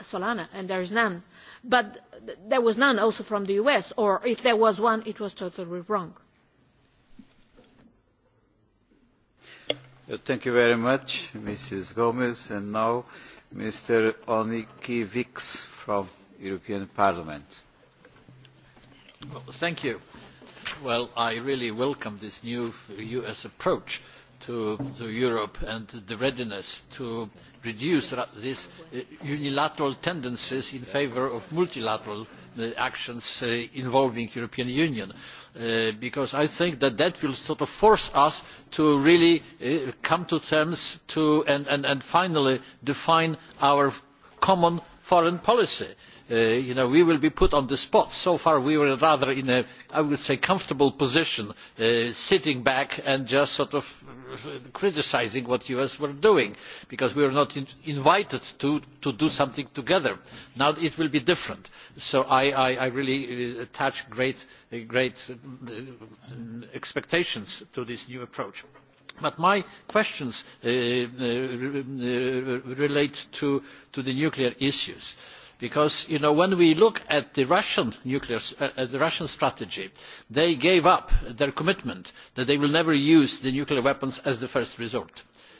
Solana, and there is none. But there was none also from the US, or if there was one, it was totally wrong. Thank you very much, Mrs. Gomez. And now Mr. Oniki from European Parliament. thank you. Well, I really welcome this new US approach to, to Europe and the readiness to reduce these uh, unilateral tendencies in favour of multilateral uh, actions uh, involving the European Union. Uh, because I think that that will sort of force us to really uh, come to terms to, and, and, and finally define our common foreign policy. Uh, you know, we will be put on the spot. So far we were rather in a, I would say, comfortable position, sitting back and just sort of criticising what the us were doing because we were not invited to, to do something together. now it will be different so i, really uh, attach great, uh, great uh, expectations to this new approach. but my questions relate to, to the nuclear issues because you know, when we look at the Russian nuclear, uh, uh, the Russian strategy, they gave up their commitment that they will never use the nuclear weapons as the first resort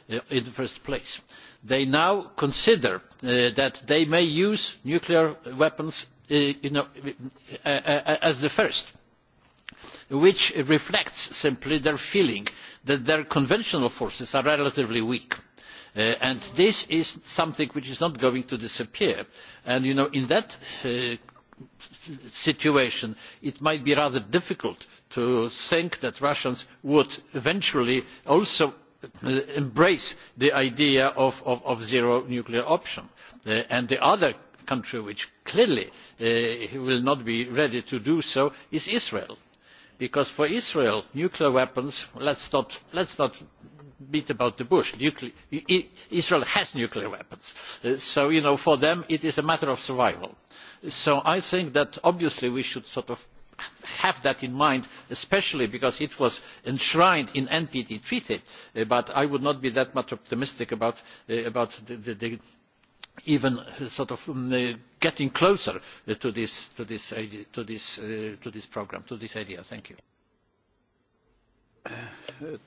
uh, in the first place. They now consider uh, that they may use nuclear weapons uh, you know, uh, as the first which reflects simply their feeling that their conventional forces are relatively weak Uh, and this is something which is not going to disappear and in that uh, situation it might be rather difficult to think that russians would eventually also uh, embrace the idea of, a zero nuclear option and the other country which clearly will not be ready to do so is israel because for israel nuclear weapons let us not beat about the bush israel has nuclear weapons uh, so you know, for them it is a matter of survival. so i think that obviously we should sort of have that in mind especially because it was enshrined in the npt treaty uh, but i would not be that much optimistic about, uh, the even uh, sort of um, uh, getting closer to this to this to this uh, to this program to this idea thank you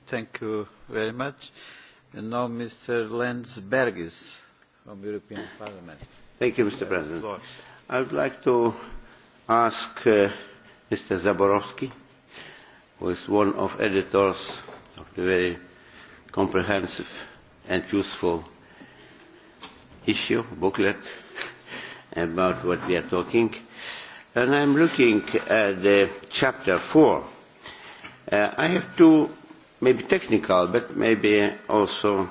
thank you very much and now mr landsbergis from the european parliament thank you mr president i would like to ask uh, mr zaborowski who is one of editors of the very comprehensive and useful issue, booklet, about what we are talking. And I'm looking at uh, chapter 4. Uh, I have two, maybe technical, but maybe also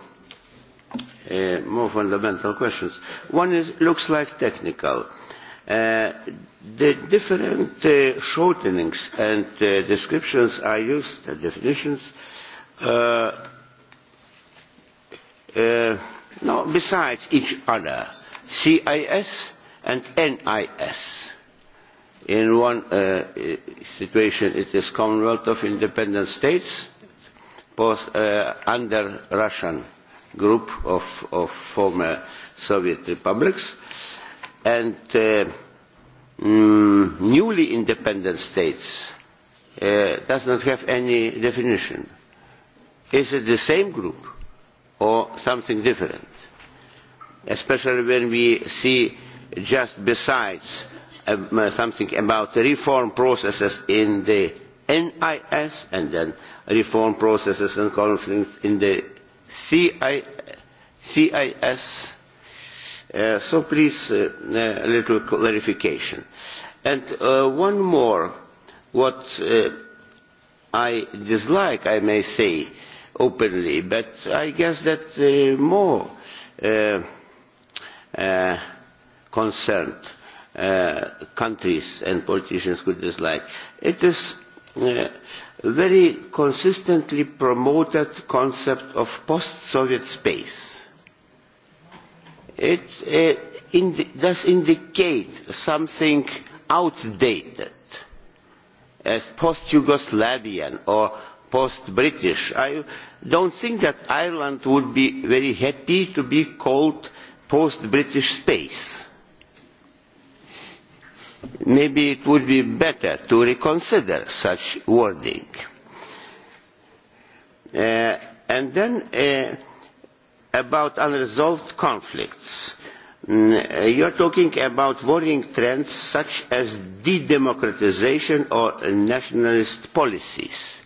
uh, more fundamental questions. One is, looks like technical. Uh, the different uh, shortenings and uh, descriptions are used, the definitions, uh, uh, Now, besides each other, CIS and NIS. In one uh, situation, it is Commonwealth of Independent States, both uh, under Russian group of, of former Soviet republics, and uh, mm, newly independent states uh, does not have any definition. Is it the same group? or something different, especially when we see just besides um, uh, something about reform processes in the NIS and then reform processes and conflicts in the CI, CIS. Uh, so please, uh, uh, a little clarification. And uh, one more, what uh, I dislike, I may say, openly, but I guess that uh, more uh, uh, concerned uh, countries and politicians could dislike. It is uh, very consistently promoted concept of post-Soviet space. It uh, indi does indicate something outdated as post-Yugoslavian or post british. i do not think that ireland would be very happy to be called post british space. maybe it would be better to reconsider such wording. Uh, and then uh, about unresolved conflicts mm, uh, you are talking about worrying trends such as de democratisation or nationalist policies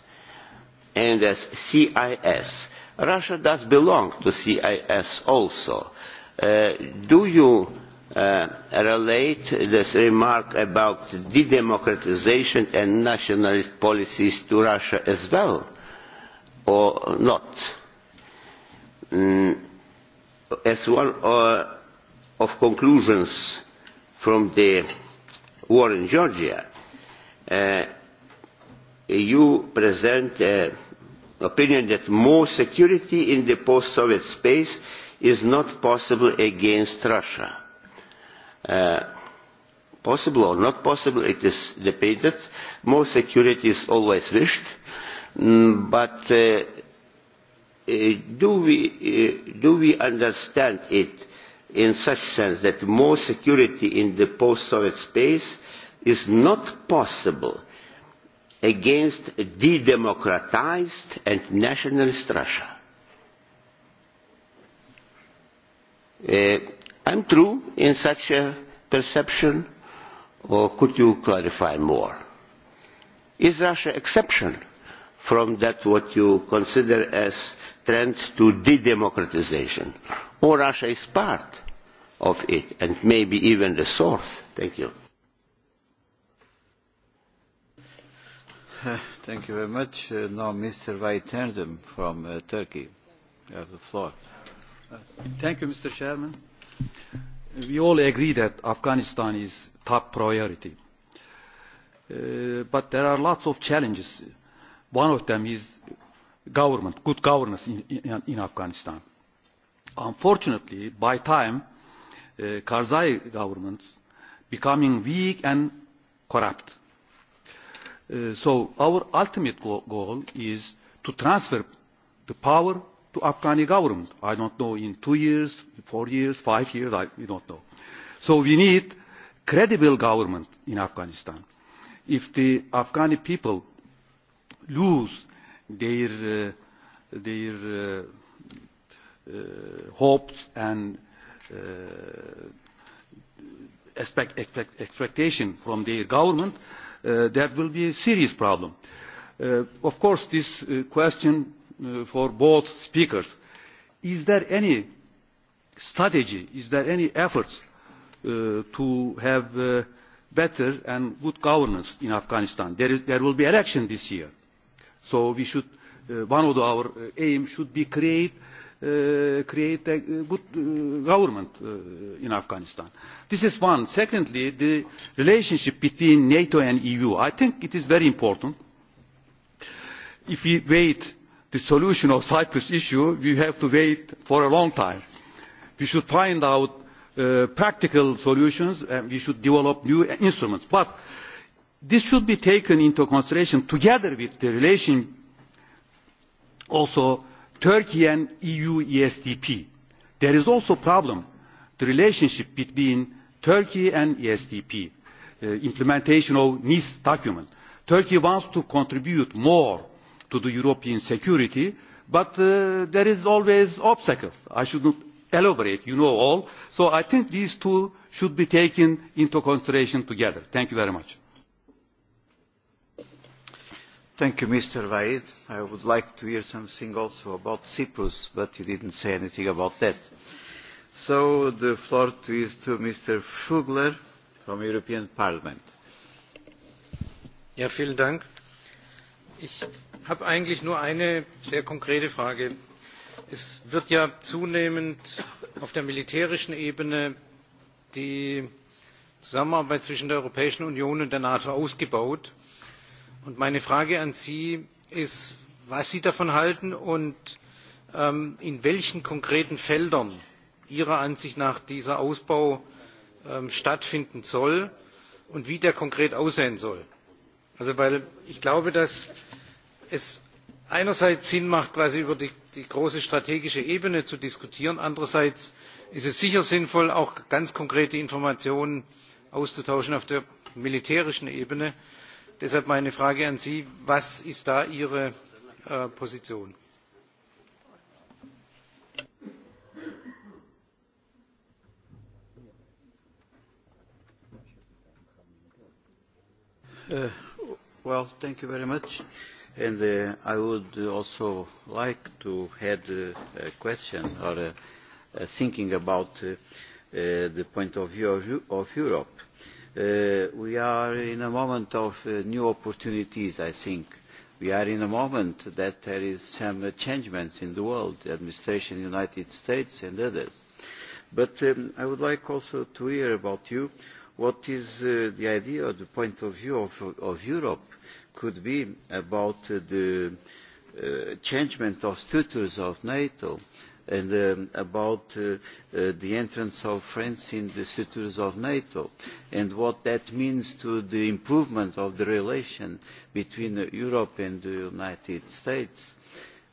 and as CIS. Russia does belong to CIS also. Uh, do you uh, relate this remark about the democratization and nationalist policies to Russia as well, or not? Mm, as one uh, of conclusions from the war in Georgia, uh, you present a opinion that more security in the post-Soviet space is not possible against Russia. Uh, possible or not possible, it is debated. More security is always wished, mm, but uh, uh, do, we, uh, do we understand it in such sense that more security in the post-Soviet space is not possible against de-democratized and nationalist Russia. Uh, I'm true in such a perception, or could you clarify more? Is Russia exception from that what you consider as trend to de-democratization? Or Russia is part of it, and maybe even the source? Thank you. Thank you very much. Uh, now, Mr. Vaitendam from uh, Turkey. You have the floor. Uh, thank you, Mr. Chairman. We all agree that Afghanistan is top priority. Uh, but there are lots of challenges. One of them is government, good governance in, in, in Afghanistan. Unfortunately, by time, uh, Karzai governments becoming weak and corrupt Uh, so our ultimate go goal is to transfer the power to Afghani government. I don't know in two years, four years, five years, I we don't know. So we need credible government in Afghanistan. If the Afghani people lose their, uh, their uh, uh, hopes and uh, expect, expect, expectation from their government, Uh, that will be a serious problem. Uh, of course this uh, question for both speakers is there any strategy is there any effort to have better and good governance in afghanistan? there, is, there will be elections election this year so we should, one of our aims should be to create uh, create a good uh, government uh, in Afghanistan. This is one. Secondly, the relationship between NATO and EU. I think it is very important. If we wait the solution of Cyprus issue, we have to wait for a long time. We should find out uh, practical solutions and we should develop new instruments. But this should be taken into consideration together with the relation also Turkey and EU ESDP. There is also a problem, the relationship between Turkey and ESDP, uh, implementation of Nice document. Turkey wants to contribute more to the European security, but uh, there is always obstacles. I should not elaborate, you know all. So I think these two should be taken into consideration together. Thank you very much. Thank you, Mr. Vaid. I would like to hear something also about Cyprus, but you didn't say anything about that. So the floor is to Mr. Fugler from European Parliament. Ja, vielen Dank. Ich habe eigentlich nur eine sehr konkrete Frage. Es wird ja zunehmend auf der militärischen Ebene die Zusammenarbeit zwischen der Europäischen Union und der NATO ausgebaut Und meine Frage an Sie ist, was Sie davon halten und ähm, in welchen konkreten Feldern Ihrer Ansicht nach dieser Ausbau ähm, stattfinden soll und wie der konkret aussehen soll. Also, weil ich glaube, dass es einerseits Sinn macht, quasi über die, die große strategische Ebene zu diskutieren, andererseits ist es sicher sinnvoll, auch ganz konkrete Informationen auszutauschen auf der militärischen Ebene Deshalb meine Frage an Sie, was ist da Ihre äh, Position? Uh, well, thank you very much. And uh, I would also like to add uh, a question or uh, a, uh, thinking about uh, uh, the point of view of, of Europe. Uh, we are in a moment of uh, new opportunities, I think. We are in a moment that there is some uh, changements in the world, the administration in the United States and others. But um, I would like also to hear about you what is uh, the idea or the point of view of, of Europe could be about uh, the uh, changement of structures of NATO and um, about uh, uh, the entrance of France in the structures of NATO and what that means to the improvement of the relation between Europe and the United States.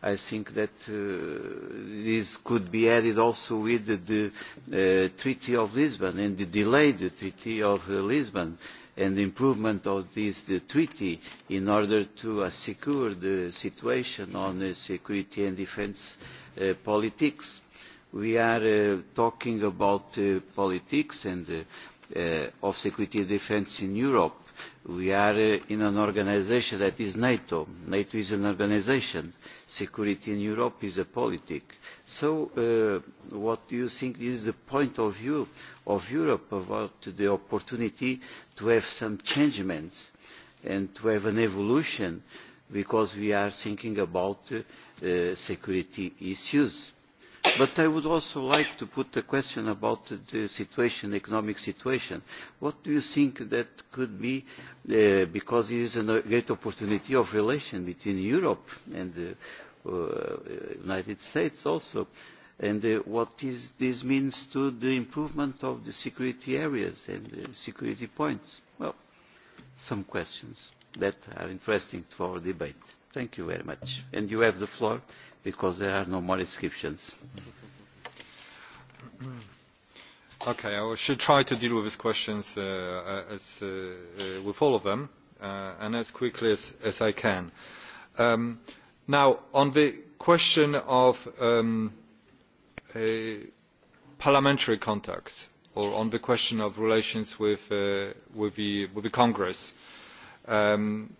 I think that uh, this could be added also with the, Treaty of Lisbon and the delay the Treaty of Lisbon and improvement of this treaty in order to secure the situation on security and defence uh, politics. We are uh, talking about uh, politics and uh, of security and defence in Europe we are uh, in an organisation that is NATO. NATO is an organisation. Security in Europe is a politic. So uh, what do you think is the point of view of Europe about the opportunity to have some changements and to have an evolution because we are thinking about uh, uh, security issues? But I would also like to put a question about the situation, economic situation. What do you think that could be, uh, because it is a great opportunity of relation between Europe and the uh, United States also, and uh, what is, this means to the improvement of the security areas and the security points? Well, some questions that are interesting for debate. Thank you very much. And you have the floor because there are no more inscriptions. Okay, I should try to deal with these questions uh, uh, as, uh, uh, with all of them uh, and as quickly as, as I can. Um, now, on the question of um, uh, parliamentary contacts or on the question of relations with, uh, with, the, with the Congress, um,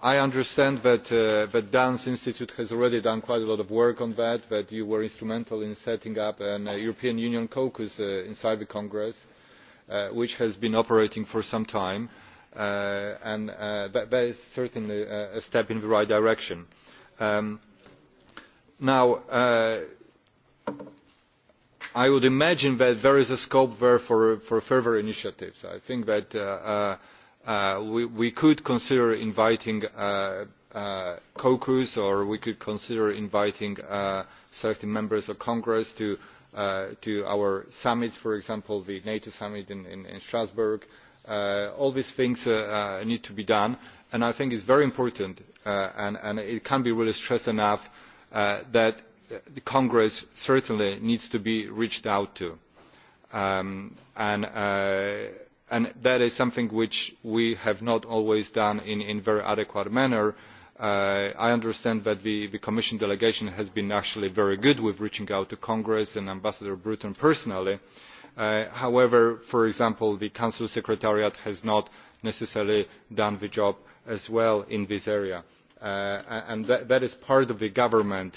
i understand that uh, the dance institute has already done quite a lot of work on that that you were instrumental in setting up a uh, european union caucus uh, inside the congress which has been operating for some time and that, is certainly a step in the right direction. Um, now i would imagine that there is a scope there for further initiatives. i think that Uh, we, could consider inviting uh, uh, caucus or we could consider inviting certain members of congress to, our summits for example the nato summit in, strasbourg. all these things need to be done and i think it is very important and, it cannot be really stressed enough that congress certainly needs to be reached out to. Um, and, and that is something which we have not always done in a very adequate manner. Uh, i understand that the, commission delegation has been actually very good with reaching out to congress and ambassador bruton personally. Uh, however for example the council secretariat has not necessarily done the job as well in this area uh, and that is part of the government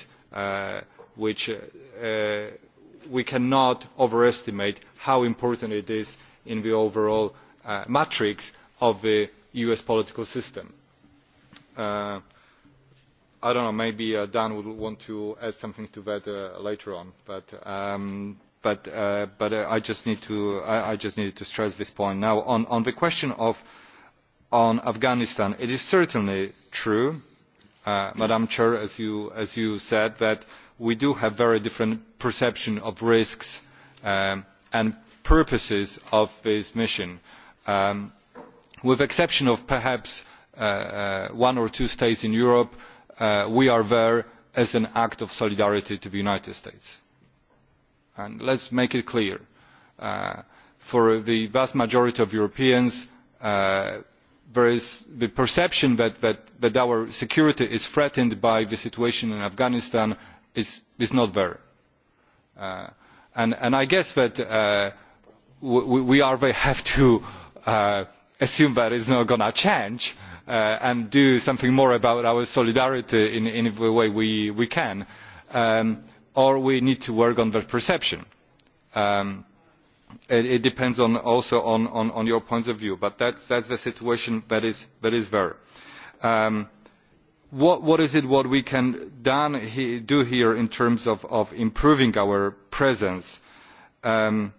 which we cannot overestimate how important it is in the overall uh, matrix of the us political system. Uh, i do not know maybe uh, dan would want to add something to that later on but, um, i just need to needed to stress this point. now on, the question of afghanistan it is certainly true madam chair as you, said that we do have very different perceptions of risks um, and purposes of this mission um, with the exception of perhaps uh, uh, one or two states in europe uh, we are there as an act of solidarity to the united states. and let us make it clear for the vast majority of europeans there is the perception that, our security is threatened by the situation in afghanistan is, is not there. and, i guess that we are have to uh, assume that it's not going to change uh, and do something more about our solidarity in, any the way we, we can, um, or we need to work on that perception. Um, it, it depends on also on, on, on your points of view, but that's, that's the situation that is, that is there. Um, what, what is it what we can done, he, do here in terms of, of improving our presence? Um,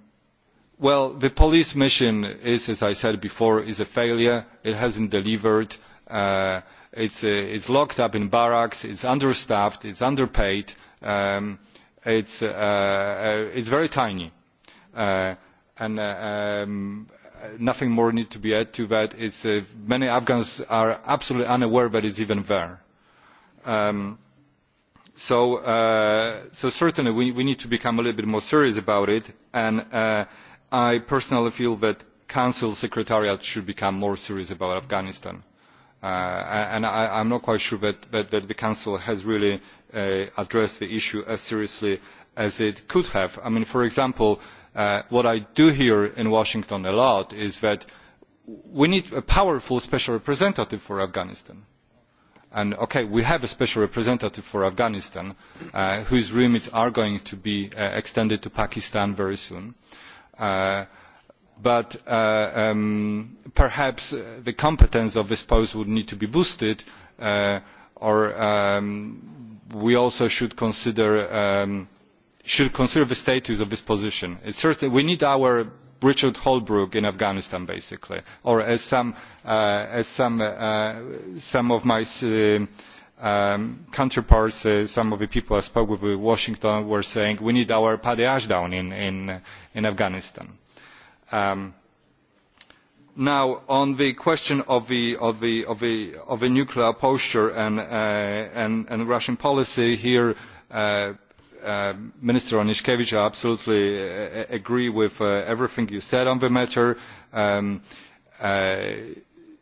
well the police mission is as i said before a failure it has not delivered uh, it uh, is locked up in barracks it is understaffed it is underpaid um, it is uh, uh very tiny uh, and uh, um, nothing more needs to be added to that. It's, many afghans are absolutely unaware that it is even there. Um, so, so certainly we, we need to become a little bit more serious about it and i personally feel that the council secretariat should become more serious about afghanistan uh, and i am not quite sure that, the council has really uh, addressed the issue as seriously as it could have. I mean, for example uh, what i do hear in washington a lot is that we need a powerful special representative for afghanistan. And, okay, we have a special representative for afghanistan whose remits are going to be extended to pakistan very soon Uh, but uh, um, perhaps uh, the competence of this post would need to be boosted or um, we also should consider um, should consider the status of this position. It's certain, we need our Richard Holbrooke in Afghanistan, basically, or as some, as some, some of my uh, um, counterparts, uh, some of the people I spoke with in Washington were saying we need our Paddy Ashdown in, in, in Afghanistan. Um, now, on the question of the, of the, of the, of the nuclear posture and, uh, and, and Russian policy, here uh, Uh, Minister Onishkevich, I absolutely uh, agree with uh, everything you said on the matter. Um, uh,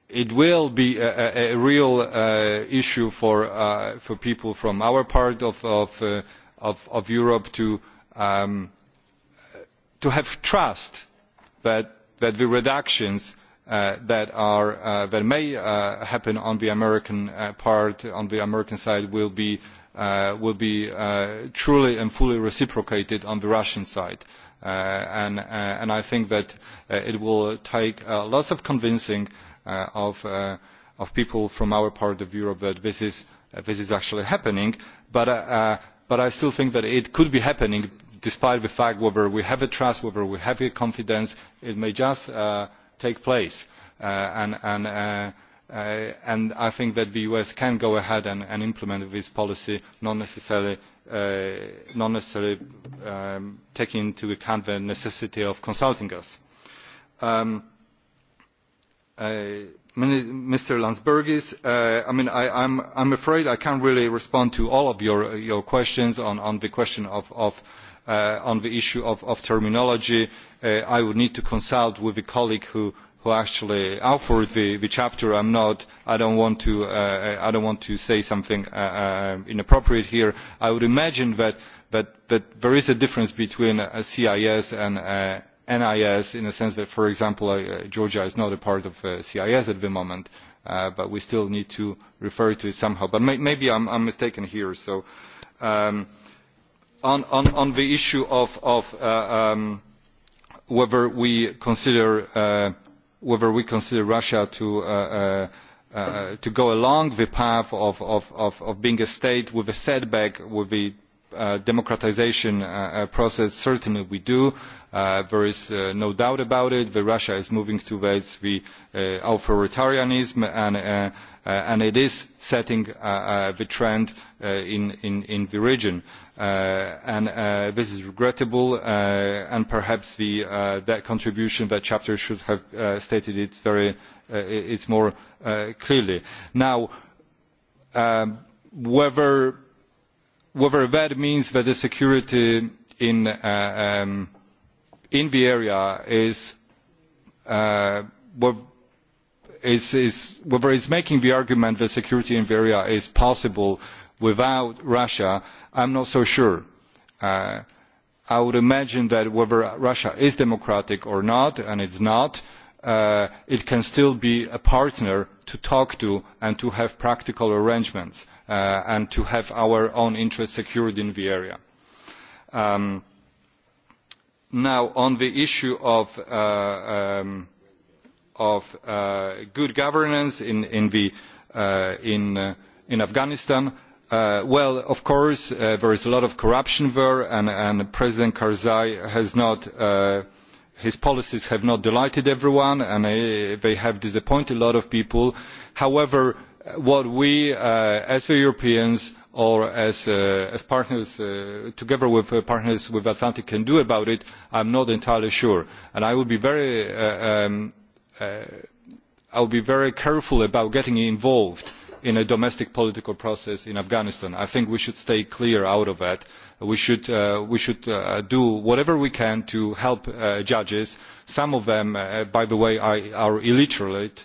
it will be a, a real uh, issue for, uh, for people from our part of, of, uh, of, of Europe to, um, to have trust that, that the reductions uh, that, are, uh, that may uh, happen on the American uh, part, on the American side, will be, uh, will be uh, truly and fully reciprocated on the Russian side. Uh, and, uh, and I think that uh, it will take uh, lots of convincing uh, Uh, of, uh, of people from our part of europe that this is, uh, this is actually happening but, but i still think that it could be happening despite the fact whether we have trust whether we have confidence it may just take place and, and Uh, and i think that the us can go ahead and, and implement this policy not necessarily, uh, not necessarily um, taking into account the necessity of consulting us. Um, Uh, Mr. Landsbergis, uh, I am afraid I cannot really respond to all of your, uh, questions on, the question of, on the issue of, terminology. I would need to consult with the colleague who, actually authored the, chapter. I do not want to say something inappropriate here. I would imagine that, there is a difference between CIS and nis in the sense that for example uh, georgia is not a part of uh, cis at the moment uh, but we still need to refer to it somehow. but may maybe I'm I'm mistaken here. So, um, on, on, on the issue of, of um, whether we consider whether we consider Russia to uh, uh, uh, to go along the path of, of, of, of being a state with a setback, with the uh, democratization uh, uh, process certainly we do uh, there is uh, no doubt about it that russia is moving towards the uh, authoritarianism and uh, uh, and it is setting uh, uh, the trend uh, in, in, in the region. Uh, and uh, this is regrettable uh, and perhaps the, uh, that contribution, that chapter should have uh, stated it very, uh, it's more uh, clearly. Now, um, whether whether that means that the security in, uh, um, in the area is, uh, is, is whether it's making the argument that security in the area is possible without russia I'm not so sure. Uh, i would imagine that whether russia is democratic or not and it's not, uh, it can still be a partner to talk to and to have practical arrangements uh, and to have our own interests secured in the area. Um, now on the issue of, uh, um, of uh, good governance in, in, the, in, in afghanistan Uh, well of course uh, there is a lot of corruption there and, and president karzai has not uh, his policies have not delighted everyone and they have disappointed a lot of people. however what we uh, as europeans or as, uh, partners uh, together with partners partners with atlantic can do about it i am not entirely sure and i would be very um, be very careful about getting involved in a domestic political process in afghanistan. i think we should stay clear out of that we should, uh, we should uh, do whatever we can to help uh, judges. Some of them, uh, by the way, are, are illiterate.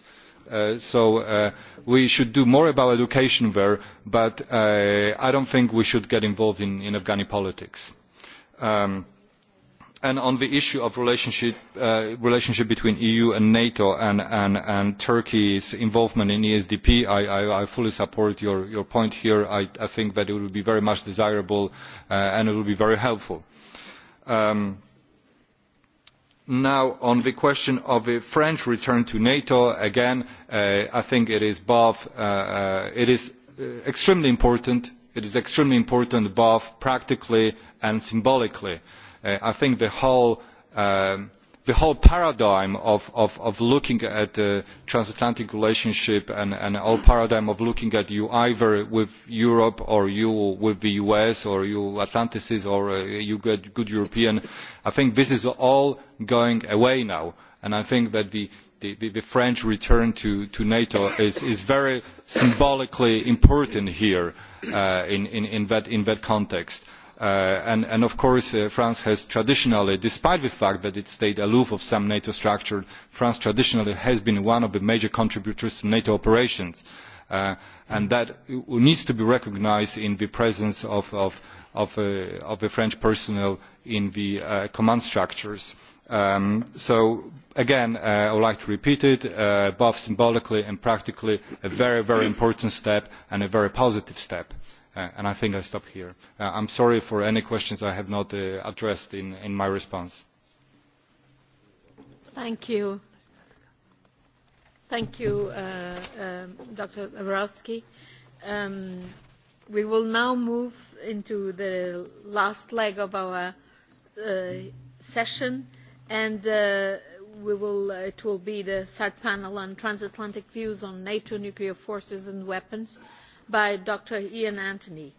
Uh, so uh, we should do more about education there, but I don't think we should get involved in, in Afghani politics. Um, and on the issue of the uh, relationship, between the eu and nato and, turkey's involvement in the esdp I, fully support your, point here. I, think that it would be very much desirable uh, and it would be very helpful. Um, now on the question of the french return to nato again uh, i think it is extremely important it is extremely important both practically and symbolically. Uh, i think the whole um, paradigm of, looking at the transatlantic relationship and the whole paradigm of looking at you either with europe or you with the us or you atlanticist or uh, you good, good european i think this is all going away now and i think that the, french return to, nato is, very symbolically important here uh, in that context. Uh, and, of course uh, france has traditionally despite the fact that it stayed aloof from some nato structures, france traditionally has been one of the major contributors to nato operations uh, and that needs to be recognised in the presence of, the french personnel in the command structures. Um, so again i would like to repeat it both symbolically and practically a very very important step and a very positive step. Uh, and I think I stop here. Uh, I'm sorry for any questions I have not uh, addressed in, in my response. Thank you. Thank you, uh, um, Dr. Dabrowski. Um, we will now move into the last leg of our uh, session, and uh, we will, uh, it will be the third panel on transatlantic views on NATO nuclear forces and weapons by Dr. Ian Anthony.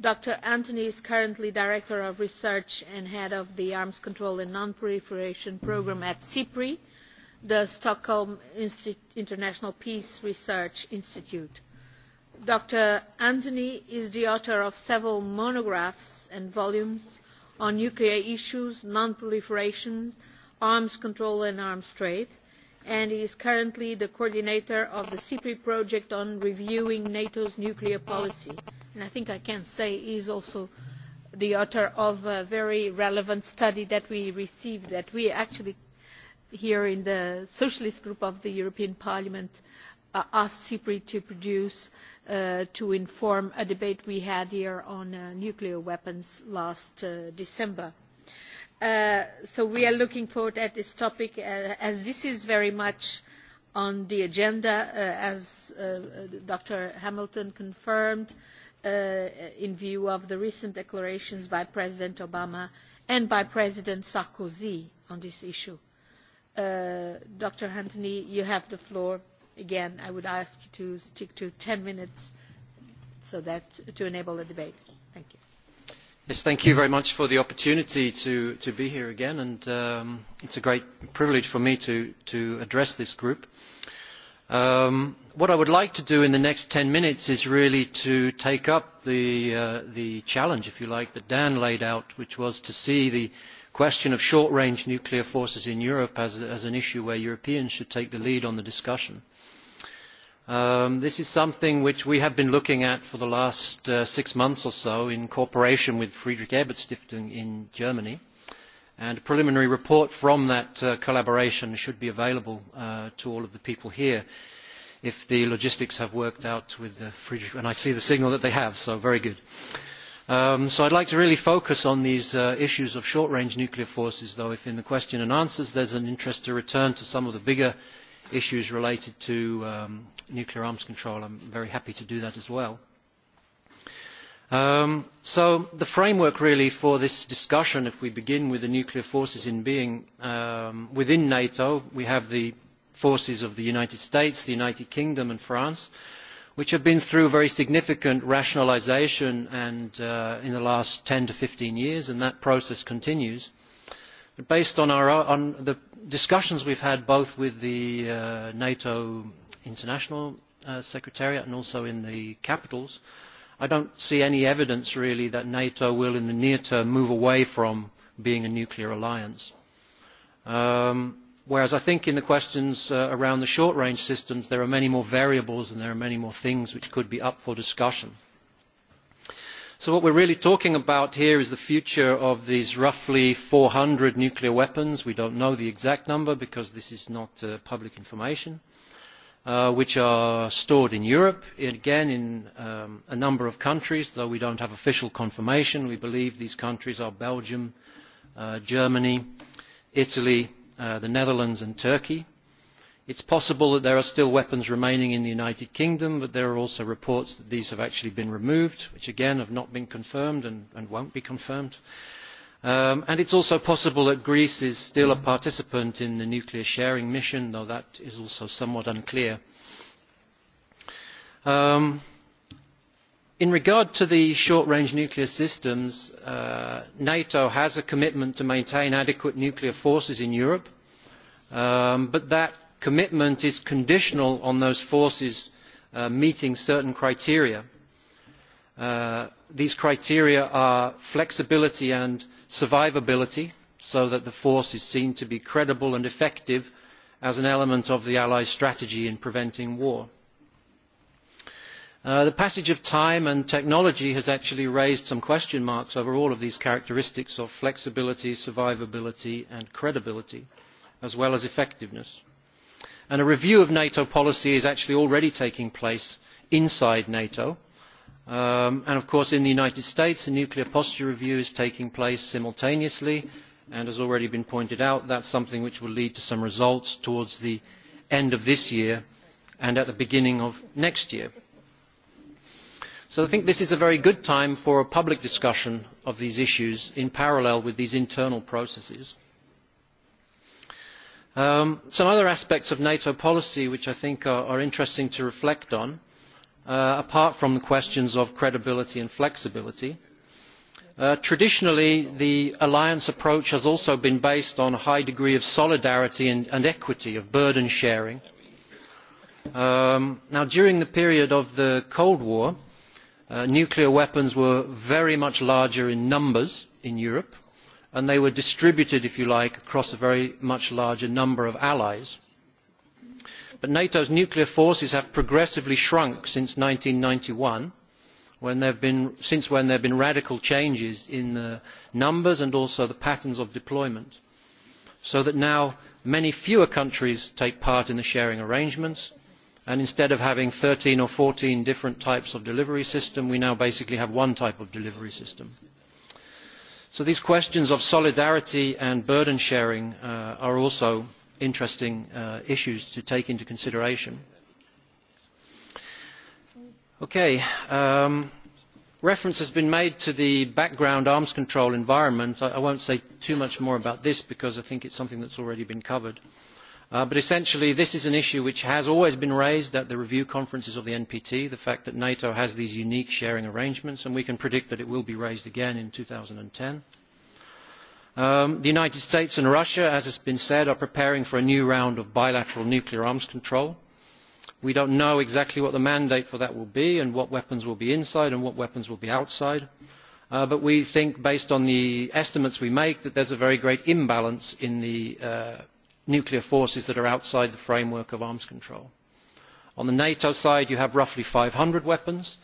Dr. Anthony is currently Director of Research and Head of the Arms Control and Non-Proliferation Programme at CIPRI, the Stockholm Insti International Peace Research Institute. Dr. Anthony is the author of several monographs and volumes on nuclear issues, non-proliferation, arms control and arms trade, and he is currently the coordinator of the cipri project on reviewing nato's nuclear policy and i think i can say he is also the author of a very relevant study that we received that we actually here in the socialist group of the european parliament uh, asked cipri to produce uh, to inform a debate we had here on uh, nuclear weapons last uh, december. Uh, so we are looking forward at this topic uh, as this is very much on the agenda uh, as dr hamilton confirmed in view of the recent declarations by president obama and by president sarkozy on this issue. dr hantony you have the floor. again i would ask you to stick to ten minutes so that, to enable the debate. thank you thank you very much for the opportunity to, be here again, and um, it is a great privilege for me to, address this group. Um, what I would like to do in the next ten minutes is really to take up uh, the, challenge, if you like, that Dan laid out, which was to see the question of short-range nuclear forces in Europe as an issue where Europeans should take the lead on the discussion Um, this is something which we have been looking at for the last uh, six months or so in cooperation with Friedrich Ebert Stiftung in Germany. And a preliminary report from that uh, collaboration should be available uh, to all of the people here if the logistics have worked out with the uh, Friedrich. And I see the signal that they have, so very good. Um, so I'd like to really focus on these uh, issues of short-range nuclear forces, though, if in the question and answers there's an interest to return to some of the bigger issues related to um, nuclear arms control. I'm very happy to do that as well. Um, so the framework really for this discussion, if we begin with the nuclear forces in being um, within NATO, we have the forces of the United States, the United Kingdom and France, which have been through very significant rationalisation uh, in the last 10 to 15 years, and that process continues based on, the discussions we have had both with the uh, nato international uh, secretariat and also in the capitals i do not see any evidence really that nato will in the near term move away from being a nuclear alliance um, whereas i think in the questions uh, around the short range systems there are many more variables and there are many more things which could be up for discussion. So what we are really talking about here is the future of these roughly 400 nuclear weapons. We don't know the exact number because this is not uh, public information. Uh, which are stored in Europe, again in um, a number of countries, though we don't have official confirmation. We believe these countries are Belgium, uh, Germany, Italy, uh, the Netherlands and Turkey it is possible that there are still weapons remaining in the united kingdom but there are also reports that these have actually been removed which again have not been confirmed and, will not be confirmed. Um, and it is also possible that greece is still a participant in the nuclear sharing mission though that is also somewhat unclear. Um, in regard to the short range nuclear systems uh, nato has a commitment to maintain adequate nuclear forces in europe um, but that commitment is conditional on those forces uh, meeting certain criteria. Uh, these criteria are flexibility and survivability so that the force is seen to be credible and effective as an element of the allies' strategy in preventing war. Uh, the passage of time and technology has actually raised some question marks over all of these characteristics of flexibility survivability and credibility as well as effectiveness and a review of nato policy is actually already taking place inside nato um, and of course in the united states a nuclear posture review is taking place simultaneously and as has already been pointed out that is something which will lead to some results towards the end of this year and at the beginning of next year. so i think this is a very good time for a public discussion of these issues in parallel with these internal processes. Um, some other aspects of nato policy which i think are, interesting to reflect on uh, apart from the questions of credibility and flexibility uh, traditionally the alliance approach has also been based on a high degree of solidarity and, equity of burden sharing. Um, now, during the period of the cold war uh, nuclear weapons were very much larger in numbers in europe and they were distributed if you like across a very much larger number of allies. but nato's nuclear forces have progressively shrunk since one thousand nine hundred and ninety one since when there have been radical changes in the numbers and also the patterns of deployment so that now many fewer countries take part in the sharing arrangements and instead of having thirteen or fourteen different types of delivery system we now basically have one type of delivery system so these questions of solidarity and burden sharing uh, are also interesting uh, issues to take into consideration. Okay, um, reference has been made to the background arms control environment. I, I won't say too much more about this because I think it's something that's already been covered. Uh, Uh, but essentially this is an issue which has always been raised at the review conferences of the npt the fact that nato has these unique sharing arrangements and we can predict that it will be raised again in. two thousand and ten um, the united states and russia as has been said are preparing for a new round of bilateral nuclear arms control. we do not know exactly what the mandate for that will be and what weapons will be inside and what weapons will be outside uh, but we think based on the estimates we make that there is a very great imbalance in the uh, nuclear forces that are outside the framework of arms control. On the NATO side, you have roughly 500 weapons,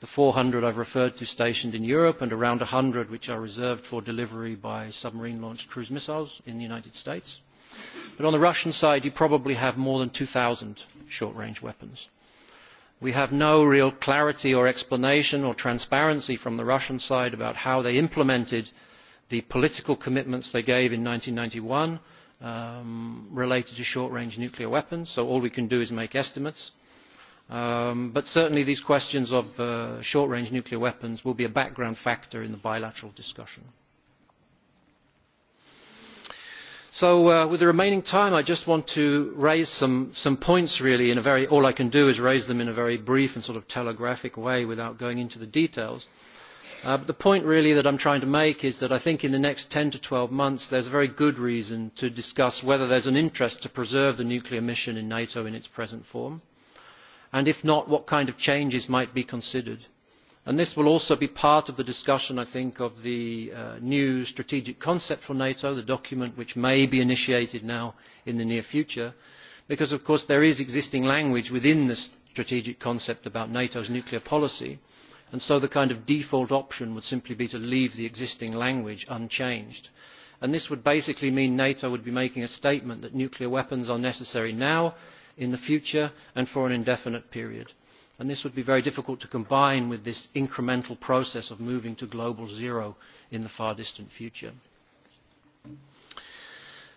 the 400 I've referred to stationed in Europe, and around 100 which are reserved for delivery by submarine-launched cruise missiles in the United States. But on the Russian side, you probably have more than 2,000 short-range weapons. We have no real clarity or explanation or transparency from the Russian side about how they implemented the political commitments they gave in 1991 Um, related to short-range nuclear weapons, so all we can do is make estimates. Um, but certainly these questions of uh, short-range nuclear weapons will be a background factor in the bilateral discussion. So uh, with the remaining time, I just want to raise some, some points really in a very, all I can do is raise them in a very brief and sort of telegraphic way without going into the details. Uh, Uh, the point really that i am trying to make is that i think in the next ten to twelve months there is very good reason to discuss whether there is an interest to preserve the nuclear mission in nato in its present form and if not what kind of changes might be considered. And this will also be part of the discussion i think of the uh, new strategic concept for nato the document which may be initiated now in the near future because of course there is existing language within the strategic concept about nato's nuclear policy and so the kind of default option would simply be to leave the existing language unchanged. this would basically mean nato would be making a statement that nuclear weapons are necessary now in the future and for an indefinite period. And this would be very difficult to combine with this incremental process of moving to global zero in the far distant future.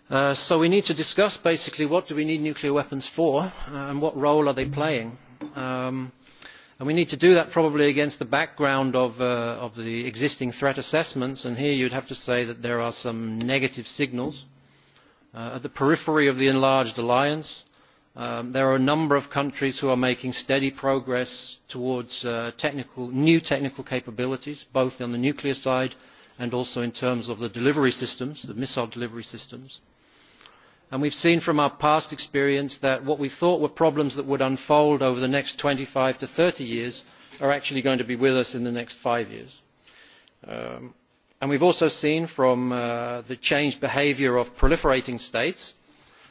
Uh, so we need to discuss basically what do we need nuclear weapons for uh, and what role are they playing. Um, And we need to do that probably against the background of, uh, the existing threat assessments. And here you would have to say that there are some negative signals. Uh, at the periphery of the enlarged alliance, um, there are a number of countries who are making steady progress towards uh, technical, new technical capabilities, both on the nuclear side and also in terms of the delivery systems, the missile delivery systems and we have seen from our past experience that what we thought were problems that would unfold over the next twenty five to thirty years are actually going to be with us in the next five years. Um, we have also seen from uh, the changed behaviour of proliferating states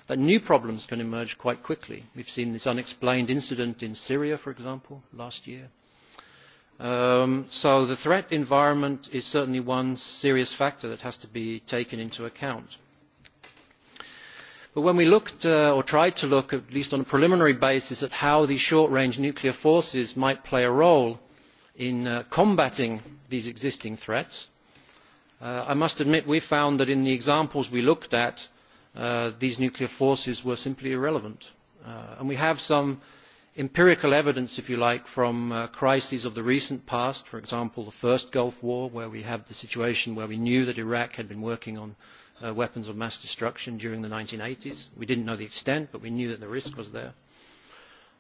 that new problems can emerge quite quickly. we have seen this unexplained incident in syria for example last year. Um, so the threat environment is certainly one serious factor that has to be taken into account but when we looked uh, or tried to look at least on a preliminary basis at how these short range nuclear forces might play a role in uh, combating these existing threats uh, i must admit we found that in the examples we looked at these nuclear forces were simply irrelevant and we have some empirical evidence if you like from crises of the recent past for example the first gulf war where we have the situation where we knew that iraq had been working on uh, weapons of mass destruction during the 1980s. We didn't know the extent, but we knew that the risk was there.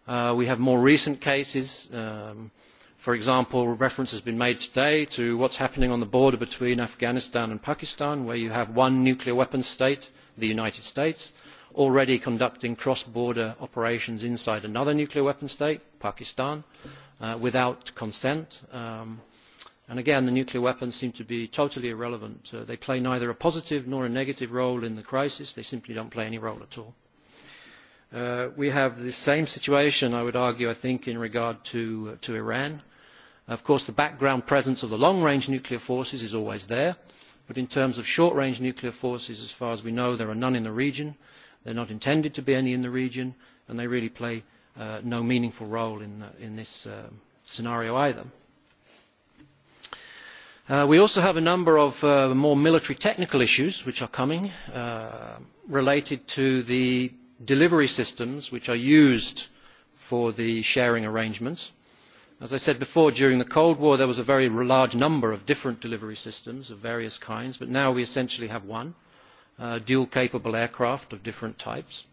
Uh, we have more recent cases. Um, for example, reference has been made today to what's happening on the border between Afghanistan and Pakistan, where you have one nuclear weapons state, the United States, already conducting cross-border operations inside another nuclear weapons state, Pakistan, uh, without consent. Um, And again, the nuclear weapons seem to be totally irrelevant. Uh, they play neither a positive nor a negative role in the crisis. They simply do not play any role at all. Uh, we have the same situation, I would argue, in regard uh, to, Iran. Of course, the background presence of the long-range nuclear forces is always there. But in terms of short-range nuclear forces, as far as we know, there are none in the region. there are not intended to be any in the region, and they really play no meaningful role in this um, scenario either Uh, we also have a number of uh, more military technical issues which are coming uh, related to the delivery systems which are used for the sharing arrangements. As I said before, during the Cold War there was a very large number of different delivery systems of various kinds, but now we essentially have one, dual-capable aircraft of different types.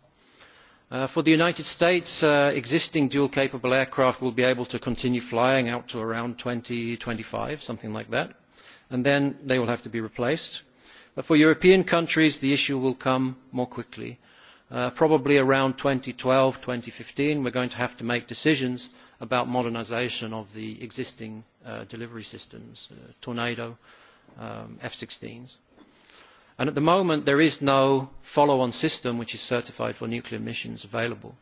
for the United States, existing dual-capable aircraft will be able to continue flying out to around 2025, something like that and then they will have to be replaced. But for European countries, the issue will come more quickly. Uh, probably around 2012, 2015, we're going to have to make decisions about modernisation of the existing uh, delivery systems, uh, Tornado, um, F-16s. And at the moment, there is no follow-on system which is certified for nuclear missions available.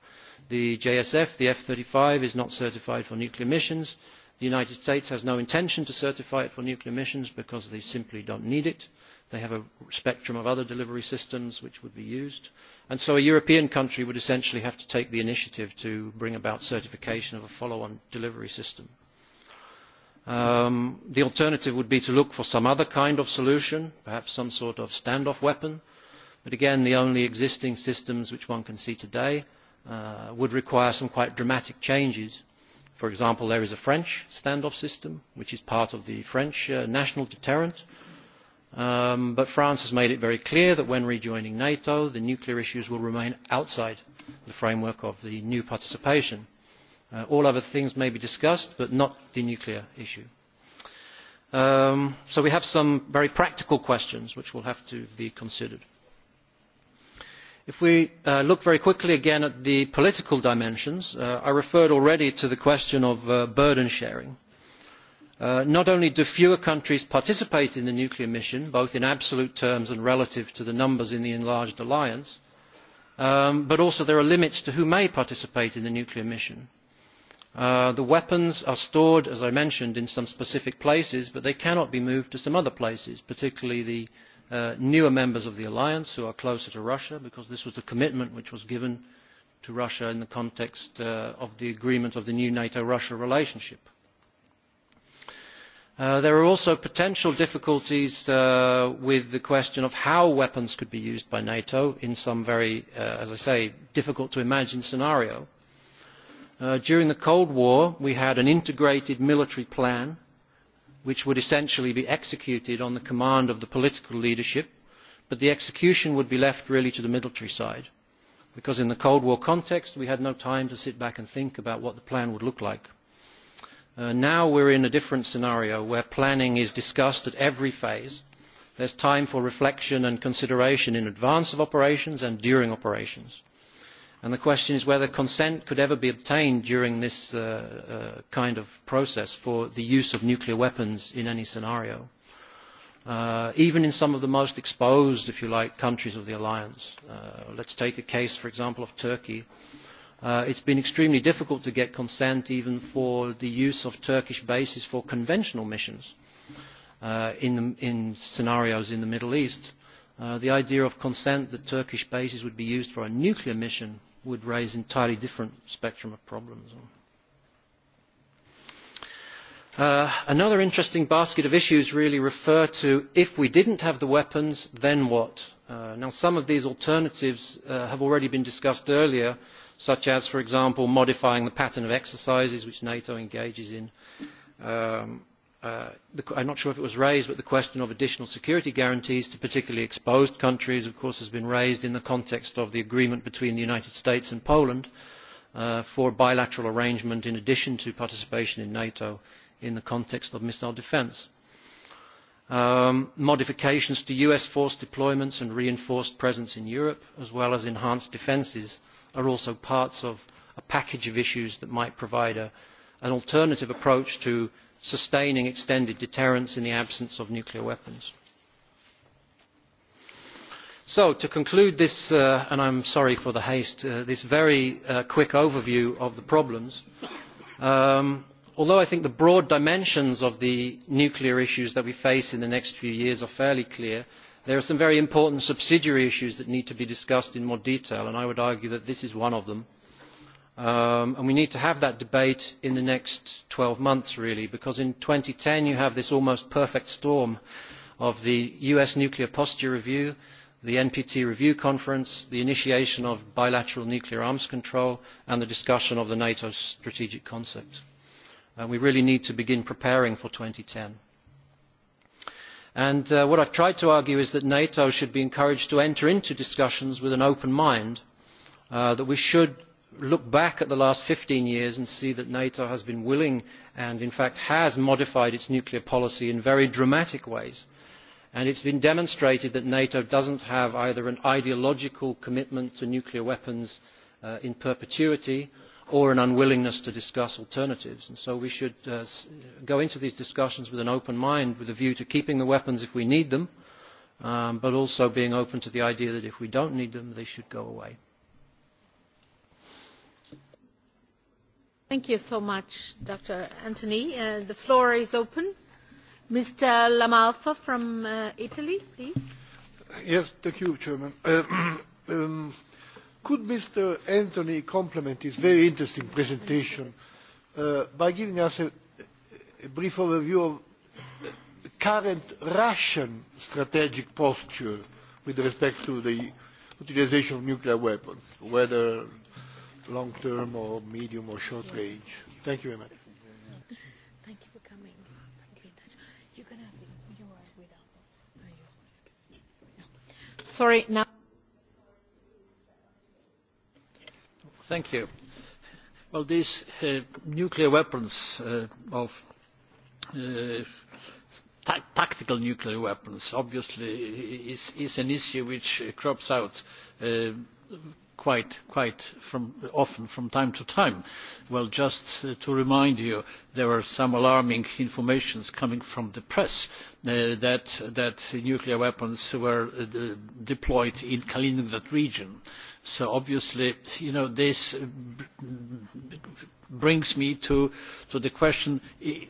The JSF, the F-35, is not certified for nuclear missions the united states has no intention to certify it for nuclear missions because they simply do not need it they have a spectrum of other delivery systems which would be used and so a european country would essentially have to take the initiative to bring about certification of a follow on delivery system. Um, the alternative would be to look for some other kind of solution perhaps some sort of stand off weapon but again the only existing systems which one can see today uh, would require some quite dramatic changes For example, there is a French standoff system, which is part of the French uh, national deterrent. Um, but France has made it very clear that when rejoining NATO, the nuclear issues will remain outside the framework of the new participation. Uh, all other things may be discussed, but not the nuclear issue. Um, so we have some very practical questions which will have to be considered if we uh, look very quickly again at the political dimensions uh, i referred already to the question of uh, burden sharing. not only do fewer countries participate in the nuclear mission both in absolute terms and relative to the numbers in the enlarged alliance um, but also there are limits to who may participate in the nuclear mission. the weapons are stored as i mentioned in some specific places but they cannot be moved to some other places particularly the Uh, newer members of the alliance who are closer to russia because this was the commitment which was given to russia in the context uh, of the agreement of the new nato russia relationship. Uh, there are also potential difficulties with the question of how weapons could be used by nato in some very as i say difficult to imagine scenario. during the cold war we had an integrated military plan which would essentially be executed on the command of the political leadership but the execution would be left really to the military side because in the cold war context we had no time to sit back and think about what the plan would look like. Uh, now we are in a different scenario where planning is discussed at every phase there is time for reflection and consideration in advance of operations and during operations. And the question is whether consent could ever be obtained during this uh, uh, kind of process for the use of nuclear weapons in any scenario. Uh, even in some of the most exposed, if you like, countries of the alliance. let's take a case, for example, of Turkey. it's been extremely difficult to get consent even for the use of Turkish bases for conventional missions in, in scenarios in the Middle East. the idea of consent that Turkish bases would be used for a nuclear mission would raise entirely different spectrum of problems. Uh, another interesting basket of issues really refer to if we didn't have the weapons, then what? Uh, now, some of these alternatives uh, have already been discussed earlier, such as, for example, modifying the pattern of exercises which NATO engages in, um, uh, the, I'm not sure if it was raised, but the question of additional security guarantees to particularly exposed countries, of course, has been raised in the context of the agreement between the United States and Poland uh, for bilateral arrangement in addition to participation in NATO in the context of missile defence. Um, modifications to US force deployments and reinforced presence in Europe, as well as enhanced defences, are also parts of a package of issues that might provide a, an alternative approach to sustaining extended deterrence in the absence of nuclear weapons. So, to conclude this, uh, and I'm sorry for the haste, uh, this very uh, quick overview of the problems, um, although I think the broad dimensions of the nuclear issues that we face in the next few years are fairly clear, there are some very important subsidiary issues that need to be discussed in more detail, and I would argue that this is one of them. Um, and we need to have that debate in the next 12 months, really, because in 2010 you have this almost perfect storm of the US Nuclear Posture Review, the NPT Review Conference, the initiation of bilateral nuclear arms control, and the discussion of the NATO strategic concept. we really need to begin preparing for 2010. And ten uh, what I've tried to argue is that NATO should be encouraged to enter into discussions with an open mind, uh, that we should look back at the last fifteen years and see that nato has been willing and in fact has modified its nuclear policy in very dramatic ways and it has been demonstrated that nato does not have either an ideological commitment to nuclear weapons uh, in perpetuity or an unwillingness to discuss alternatives. And so we should uh, go into these discussions with an open mind with a view to keeping the weapons if we need them, um, but also being open to the idea that if we do not need them, they should go away. Thank you so much, Dr. Anthony. Uh, the floor is open. Mr. Lamalfa from uh, Italy, please. Yes, thank you, Chairman. Uh, um, could Mr. Anthony complement his very interesting presentation by giving us a, brief overview of the current Russian strategic posture with respect to the utilisation of nuclear weapons, whether long term or medium or short range. Thank you very much. Thank you for coming. You're gonna you are without. Sorry. Now. Thank you. Well, these uh, nuclear weapons uh, of uh, tactical nuclear weapons obviously is, is an issue which crops out uh, quite, quite from, often from time to time. Well, just uh, to remind you, there are some alarming information coming from the press uh, that, that nuclear weapons were uh, deployed in Kaliningrad region. So obviously, you know, this uh, brings me to, to the question,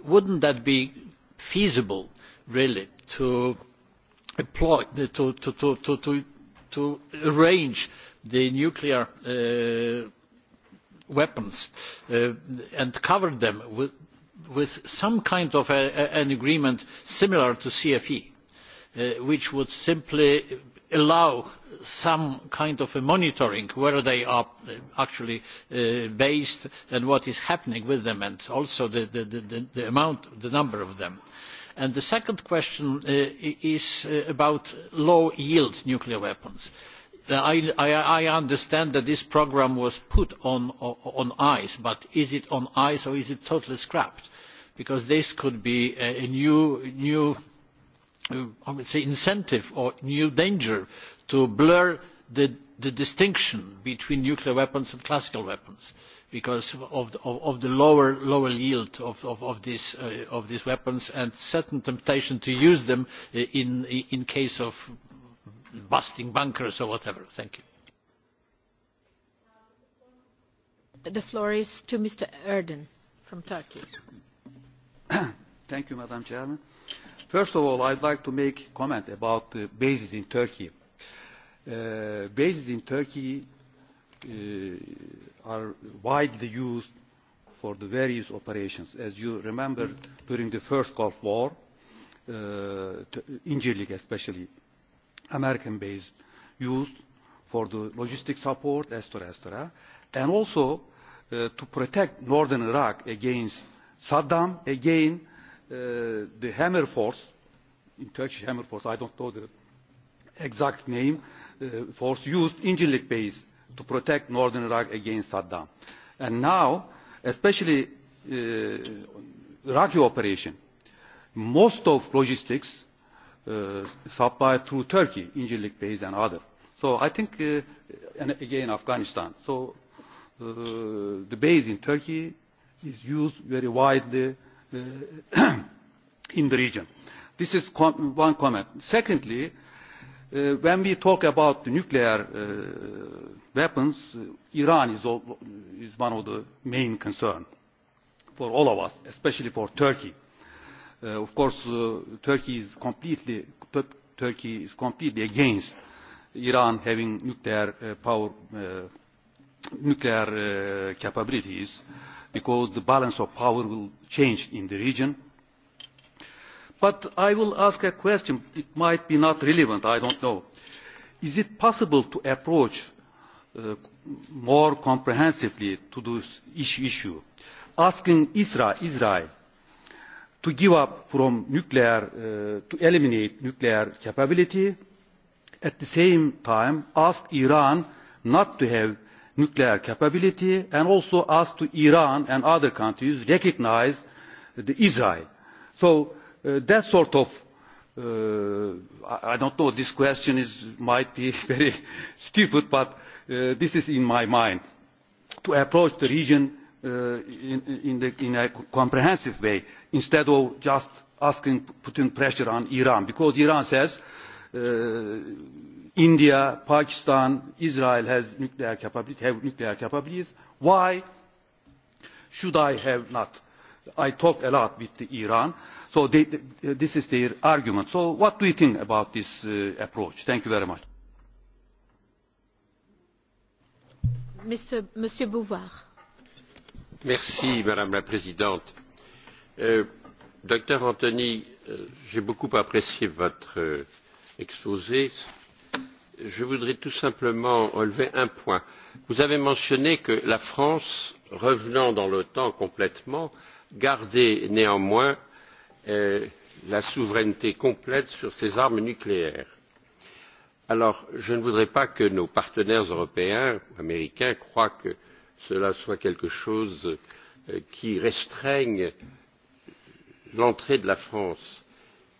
wouldn't that be feasible, really, to employ, uh, to, to, to, to, to arrange the nuclear uh, weapons uh, and covered them with, some kind of an agreement similar to cfe uh, which would simply allow some kind of monitoring where they are actually based and what is happening with them and also the, amount and the amount the number of them. And the second question is about low yield nuclear weapons. Uh, I, i understand that this programme was put on, on ice but is it on ice or is it totally scrapped? because this could be a new, new uh, I would say incentive or new danger to blur the, the distinction between nuclear weapons and classical weapons because of the, of the lower, lower yield of, of, of, this, uh, of these weapons and certain temptation to use them uh, in, in case of busting bunkers or whatever. Thank you. The floor is to Mr. Erdogan from Turkey. Thank you, Madam Chairman. First of all, I'd like to make a comment about the uh, bases in Turkey. Uh, bases in Turkey uh, are widely used for the various operations. As you remember, during the first Gulf War, uh, Incirlik especially American-based used for the logistic support, etc., etc., eh? and also uh, to protect northern Iraq against Saddam, again, uh, the Hammer Force, in Turkish Hammer Force, I don't know the exact name, uh, force used Incirlik base to protect northern Iraq against Saddam. And now, especially uh, Iraqi operation, most of logistics uh, supplied through Turkey, Injilik Base and other. So I think, uh, and again, Afghanistan. So uh, the base in Turkey is used very widely uh, in the region. This is com one comment. Secondly, uh, when we talk about the nuclear uh, weapons, uh, Iran is, all, is one of the main concerns for all of us, especially for Turkey Uh, of course uh, turkey is completely turkey is completely against iran having nuclear uh, power nuclear capabilities because the balance of power will change in the region but i will ask a question it might be not relevant i don't know is it possible to approach more comprehensively to this issue asking israel, israel to give up from nuclear, uh, to eliminate nuclear capability. At the same time, ask Iran not to have nuclear capability and also ask to Iran and other countries recognize the Israel. So uh, that sort of uh, I don't know, this question is, might be very stupid, but uh, this is in my mind. To approach the region Uh, in, the, in a comprehensive way instead of just asking putting pressure on iran because iran says uh, india pakistan israel has nuclear capability have nuclear capabilities why should i have not i talk a lot with iran so they, this is their argument so what do you think about this uh, approach thank you very much Mr. Monsieur Bouvard. Merci, Madame la Présidente. Euh, docteur Anthony, euh, j'ai beaucoup apprécié votre euh, exposé. Je voudrais tout simplement relever un point. Vous avez mentionné que la France, revenant dans l'OTAN complètement, gardait néanmoins la souveraineté complète sur ses armes nucléaires. Alors, je ne voudrais pas que nos partenaires européens ou américains croient que cela soit quelque chose euh, qui restreigne l'entrée de la france.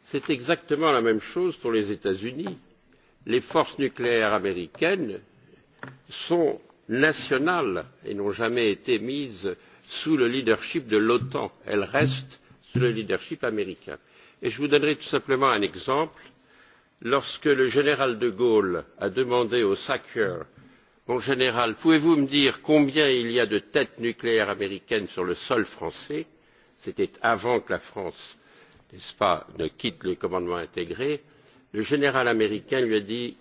c'est exactement la même chose pour les états unis les forces nucléaires américaines sont nationales et n'ont jamais été mises sous le leadership de l'otan elles restent sous le leadership américain. Et je vous donnerai tout simplement un exemple lorsque le général de gaulle a demandé aux sackers mon général pouvez vous me dire combien il y a de têtes nucléaires américaines sur le sol français c'était avant que la france n'est ce pas ne quitte le commandement intégré le général américain lui a dit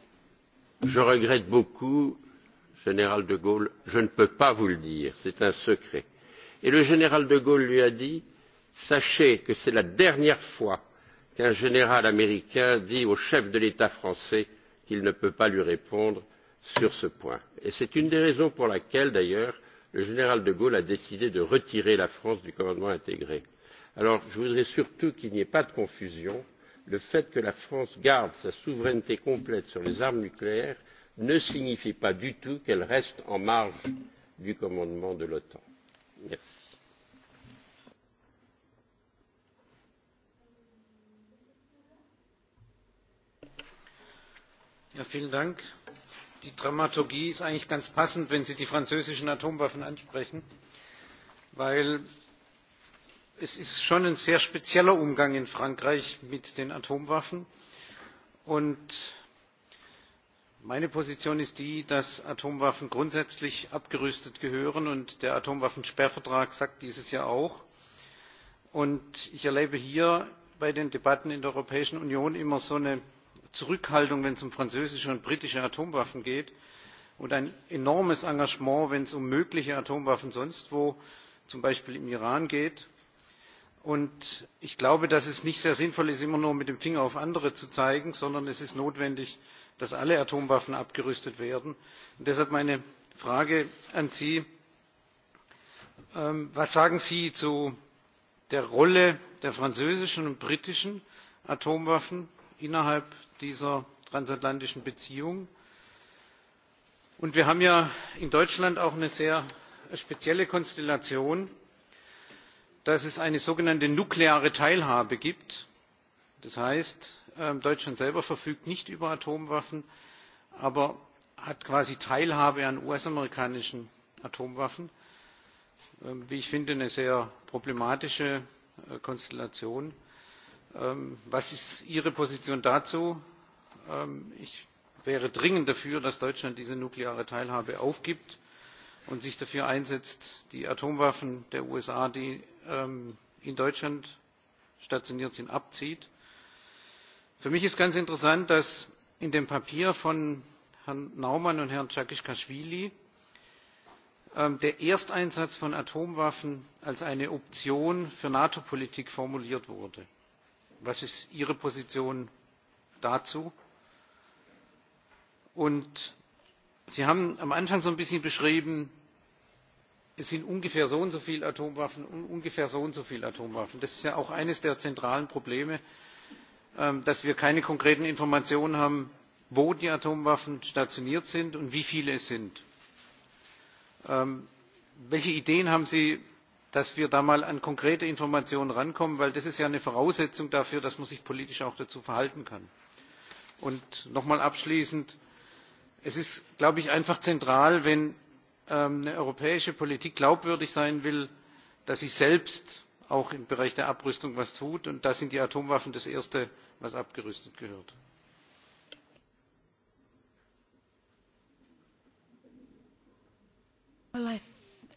je regrette beaucoup général de gaulle je ne peux pas vous le dire c'est un secret et le général de gaulle lui a dit sachez que c'est la dernière fois qu'un général américain dit au chef de l'état français qu'il ne peut pas lui répondre sur ce point et c'est une des raisons pour laquelle d'ailleurs le général de gaulle a décidé de retirer la france du commandement intégré. alors je voudrais surtout qu'il n'y ait pas de confusion le fait que la france garde sa souveraineté complète sur les armes nucléaires ne signifie pas du tout qu'elle reste en marge du commandement de l'otan die dramaturgie ist eigentlich ganz passend wenn sie die französischen atomwaffen ansprechen weil es ist schon ein sehr spezieller umgang in frankreich mit den atomwaffen und meine position ist die dass atomwaffen grundsätzlich abgerüstet gehören und der atomwaffensperrvertrag sagt dies ja auch. und ich erlebe hier bei den debatten in der europäischen union immer so eine zurückhaltung wenn es um französische und britische atomwaffen geht und ein enormes engagement wenn es um mögliche atomwaffen sonst wo zum beispiel im iran geht. ich glaube dass es nicht sehr sinnvoll ist immer nur mit dem finger auf andere zu zeigen sondern es ist notwendig dass alle atomwaffen abgerüstet werden. deshalb meine frage an sie ähm, was sagen sie zu der rolle der französischen und britischen atomwaffen innerhalb dieser transatlantischen Beziehung. Und wir haben ja in Deutschland auch eine sehr spezielle Konstellation, dass es eine sogenannte nukleare Teilhabe gibt. Das heißt, ähm, Deutschland selber verfügt nicht über Atomwaffen, aber hat quasi Teilhabe an US-amerikanischen Atomwaffen. Ähm, wie ich finde, eine sehr problematische äh, Konstellation. Ähm, was ist Ihre Position dazu? Ähm, ich wäre dringend dafür dass deutschland diese nukleare teilhabe aufgibt und sich dafür einsetzt die atomwaffen der usa die ähm, in deutschland stationiert sind abzieht. für mich ist ganz interessant dass in dem papier von herrn naumann und herrn dzhakishvili ähm, der ersteinsatz von atomwaffen als eine option für nato politik formuliert wurde. was ist ihre position dazu? Und Sie haben am Anfang so ein bisschen beschrieben, es sind ungefähr so und so viele Atomwaffen und ungefähr so und so viele Atomwaffen. Das ist ja auch eines der zentralen Probleme, ähm, dass wir keine konkreten Informationen haben, wo die Atomwaffen stationiert sind und wie viele es sind. Ähm, welche Ideen haben Sie, dass wir da mal an konkrete Informationen rankommen? Weil das ist ja eine Voraussetzung dafür, dass man sich politisch auch dazu verhalten kann. Und nochmal abschließend, es ist glaube ich einfach zentral wenn ähm, eine europäische politik glaubwürdig sein will dass sie selbst auch im bereich der abrüstung etwas tut und da sind die atomwaffen das erste was abgerüstet gehört.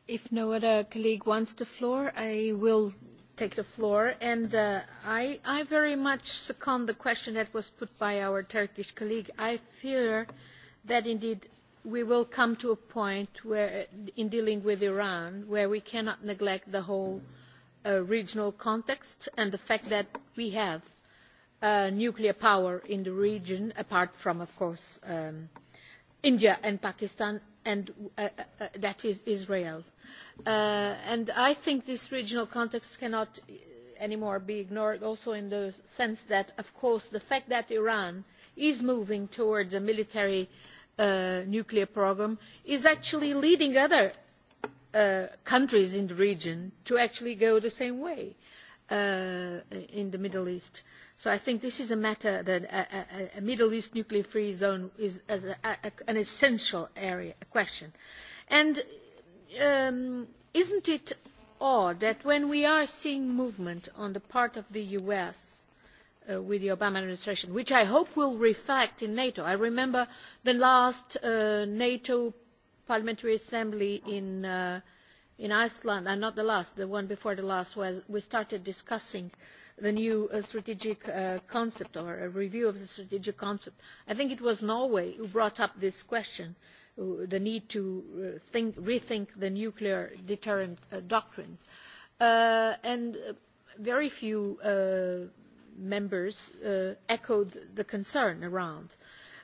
if no other colleague wants the floor, I will take the floor. And uh, I, I very much second the question that was put by our Turkish colleague. I fear that indeed we will come to a point in dealing with Iran where we cannot neglect the whole uh, regional context and the fact that we have a uh, nuclear power in the region, apart from, of course, um, India and Pakistan, and uh, that is Israel. and I think this regional context cannot anymore be ignored, also in the sense that, of course, the fact that Iran is moving towards a military uh, nuclear programme is actually leading other uh, countries in the region to actually go the same way uh, in the Middle East. So I think this is a matter that a, Middle East nuclear free zone is an essential area, a question. And it um, isn't it odd that when we are seeing movement on the part of the US Uh, with the obama administration which i hope will reflect in nato. i remember the last uh, nato parliamentary assembly uh, in, iceland and not the last the one before the last where we started discussing the new strategic concept or a review of the strategic concept. i think it was norway who brought up this question the need to rethink the nuclear deterrent doctrine and very few members uh, echoed the concern around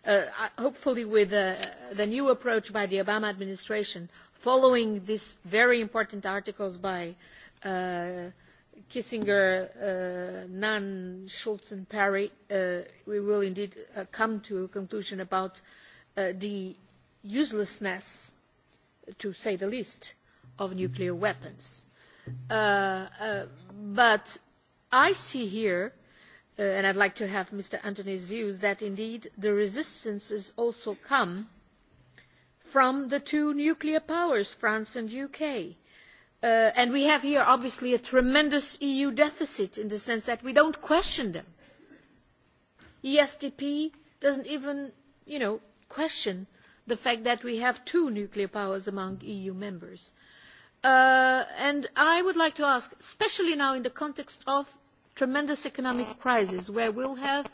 uh, hopefully with uh, the new approach by the obama administration following these very important articles by kissinger nunn schulz and parry we will indeed come to a conclusion about the uselessness to say the least of nuclear weapons. but i see here Uh, and i would like to have mr antonyi's views that indeed the resistance is also come from the two nuclear powers france and the uk. Uh, and we have here obviously a tremendous eu deficit in the sense that we do not question them. esdp does not even you know, question the fact that we have two nuclear powers among eu members. Uh, and i would like to ask especially now in the context of tremendous economic crisis where we will have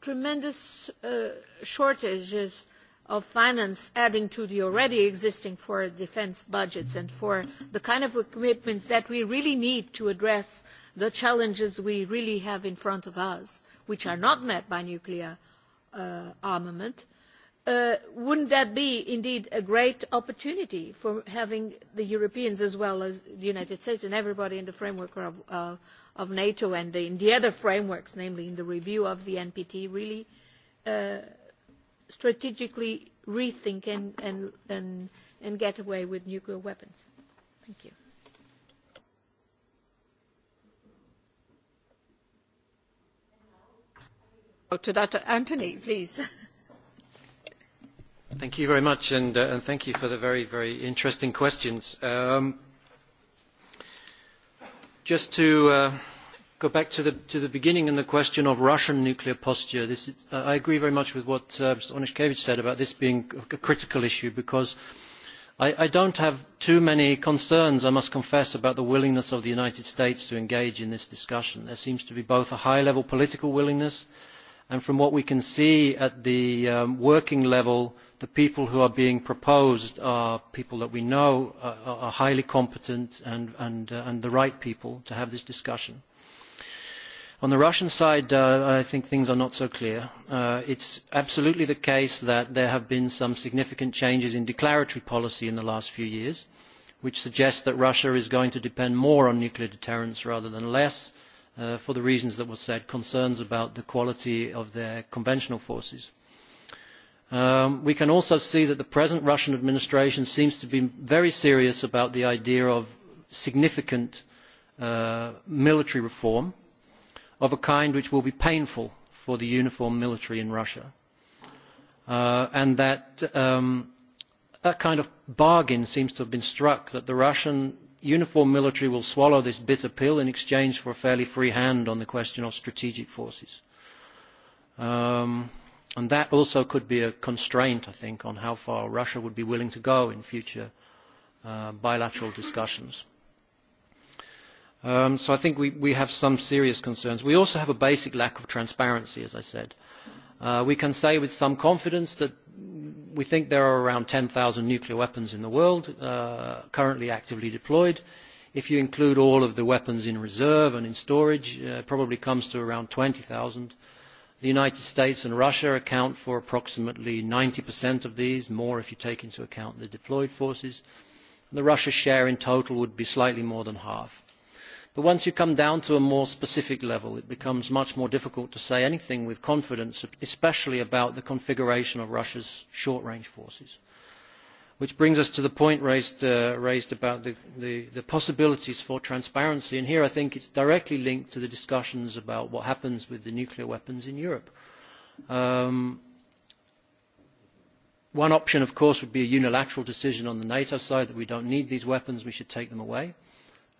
tremendous uh, shortages of finance adding to the already existing for defence budgets and for the kind of commitments that we really need to address the challenges we really have in front of us, which are not met by nuclear uh, armament, uh, wouldn't that be indeed a great opportunity for having the Europeans as well as the United States and everybody in the framework of, uh, of nato and in the other frameworks namely in the review of the npt really uh, strategically rethink and, get away with nuclear weapons. thank you. please. thank you very much uh, and, thank you for the very very interesting questions. Um, just to uh, go back to the, to the beginning and the question of Russian nuclear posture, this is, uh, I agree very much with what uh, Mr. Onishkevich said about this being a critical issue because I, I don't have too many concerns, I must confess, about the willingness of the United States to engage in this discussion. There seems to be both a high-level political willingness and from what we can see at the um, working level the people who are being proposed are people that we know are, are highly competent and, and, uh, and the right people to have this discussion. On the Russian side, uh, I think things are not so clear. Uh, it's absolutely the case that there have been some significant changes in declaratory policy in the last few years, which suggests that Russia is going to depend more on nuclear deterrence rather than less, Uh, for the reasons that were said, concerns about the quality of their conventional forces. Um, we can also see that the present Russian administration seems to be very serious about the idea of significant uh, military reform of a kind which will be painful for the uniformed military in Russia. Uh, and that um, a kind of bargain seems to have been struck that the Russian uniform military will swallow this bitter pill in exchange for a fairly free hand on the question of strategic forces. Um, and that also could be a constraint, I think, on how far Russia would be willing to go in future uh, bilateral discussions. Um, so I think we, we have some serious concerns. We also have a basic lack of transparency, as I said. Uh, we can say with some confidence that we think there are around 10,000 nuclear weapons in the world uh, currently actively deployed. If you include all of the weapons in reserve and in storage, uh, it probably comes to around 20,000. The United States and Russia account for approximately 90% of these, more if you take into account the deployed forces. the Russia share in total would be slightly more than half but once you come down to a more specific level it becomes much more difficult to say anything with confidence especially about the configuration of russia's short range forces which brings us to the point raised, uh, about the, possibilities for transparency and here i think it is directly linked to the discussions about what happens with the nuclear weapons in europe. Um, one option of course would be a unilateral decision on the nato side that we do not need these weapons and we should take them away.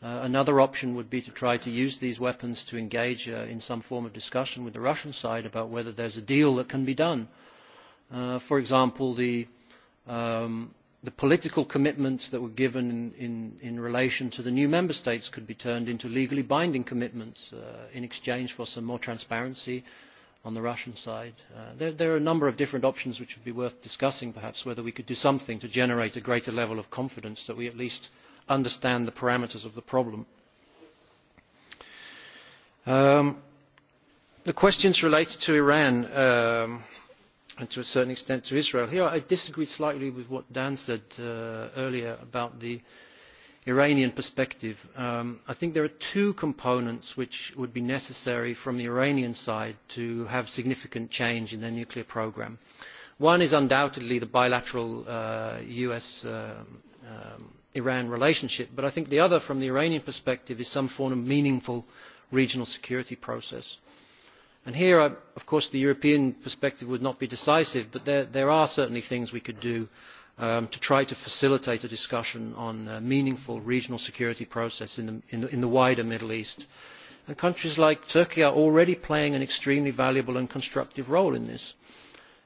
Uh, another option would be to try to use these weapons to engage uh, in some form of discussion with the Russian side about whether there is a deal that can be done. Uh, for example, the, um, the political commitments that were given in, in, in, relation to the new member states could be turned into legally binding commitments uh, in exchange for some more transparency on the Russian side. Uh, there, there, are a number of different options which would be worth discussing perhaps, whether we could do something to generate a greater level of confidence that we at least understand the parameters of the problem. Um, the questions related to Iran um, and to a certain extent to Israel. Here I disagreed slightly with what Dan said uh, earlier about the Iranian perspective. Um, I think there are two components which would be necessary from the Iranian side to have significant change in their nuclear programme. One is undoubtedly the bilateral uh, US um, um, iran relationship but i think the other from the iranian perspective is some form of meaningful regional security process. And here of course the european perspective would not be decisive but there, are certainly things we could do um, to try to facilitate a discussion on a uh, meaningful regional security process in the, wider middle east. And countries like turkey are already playing an extremely valuable and constructive role in this.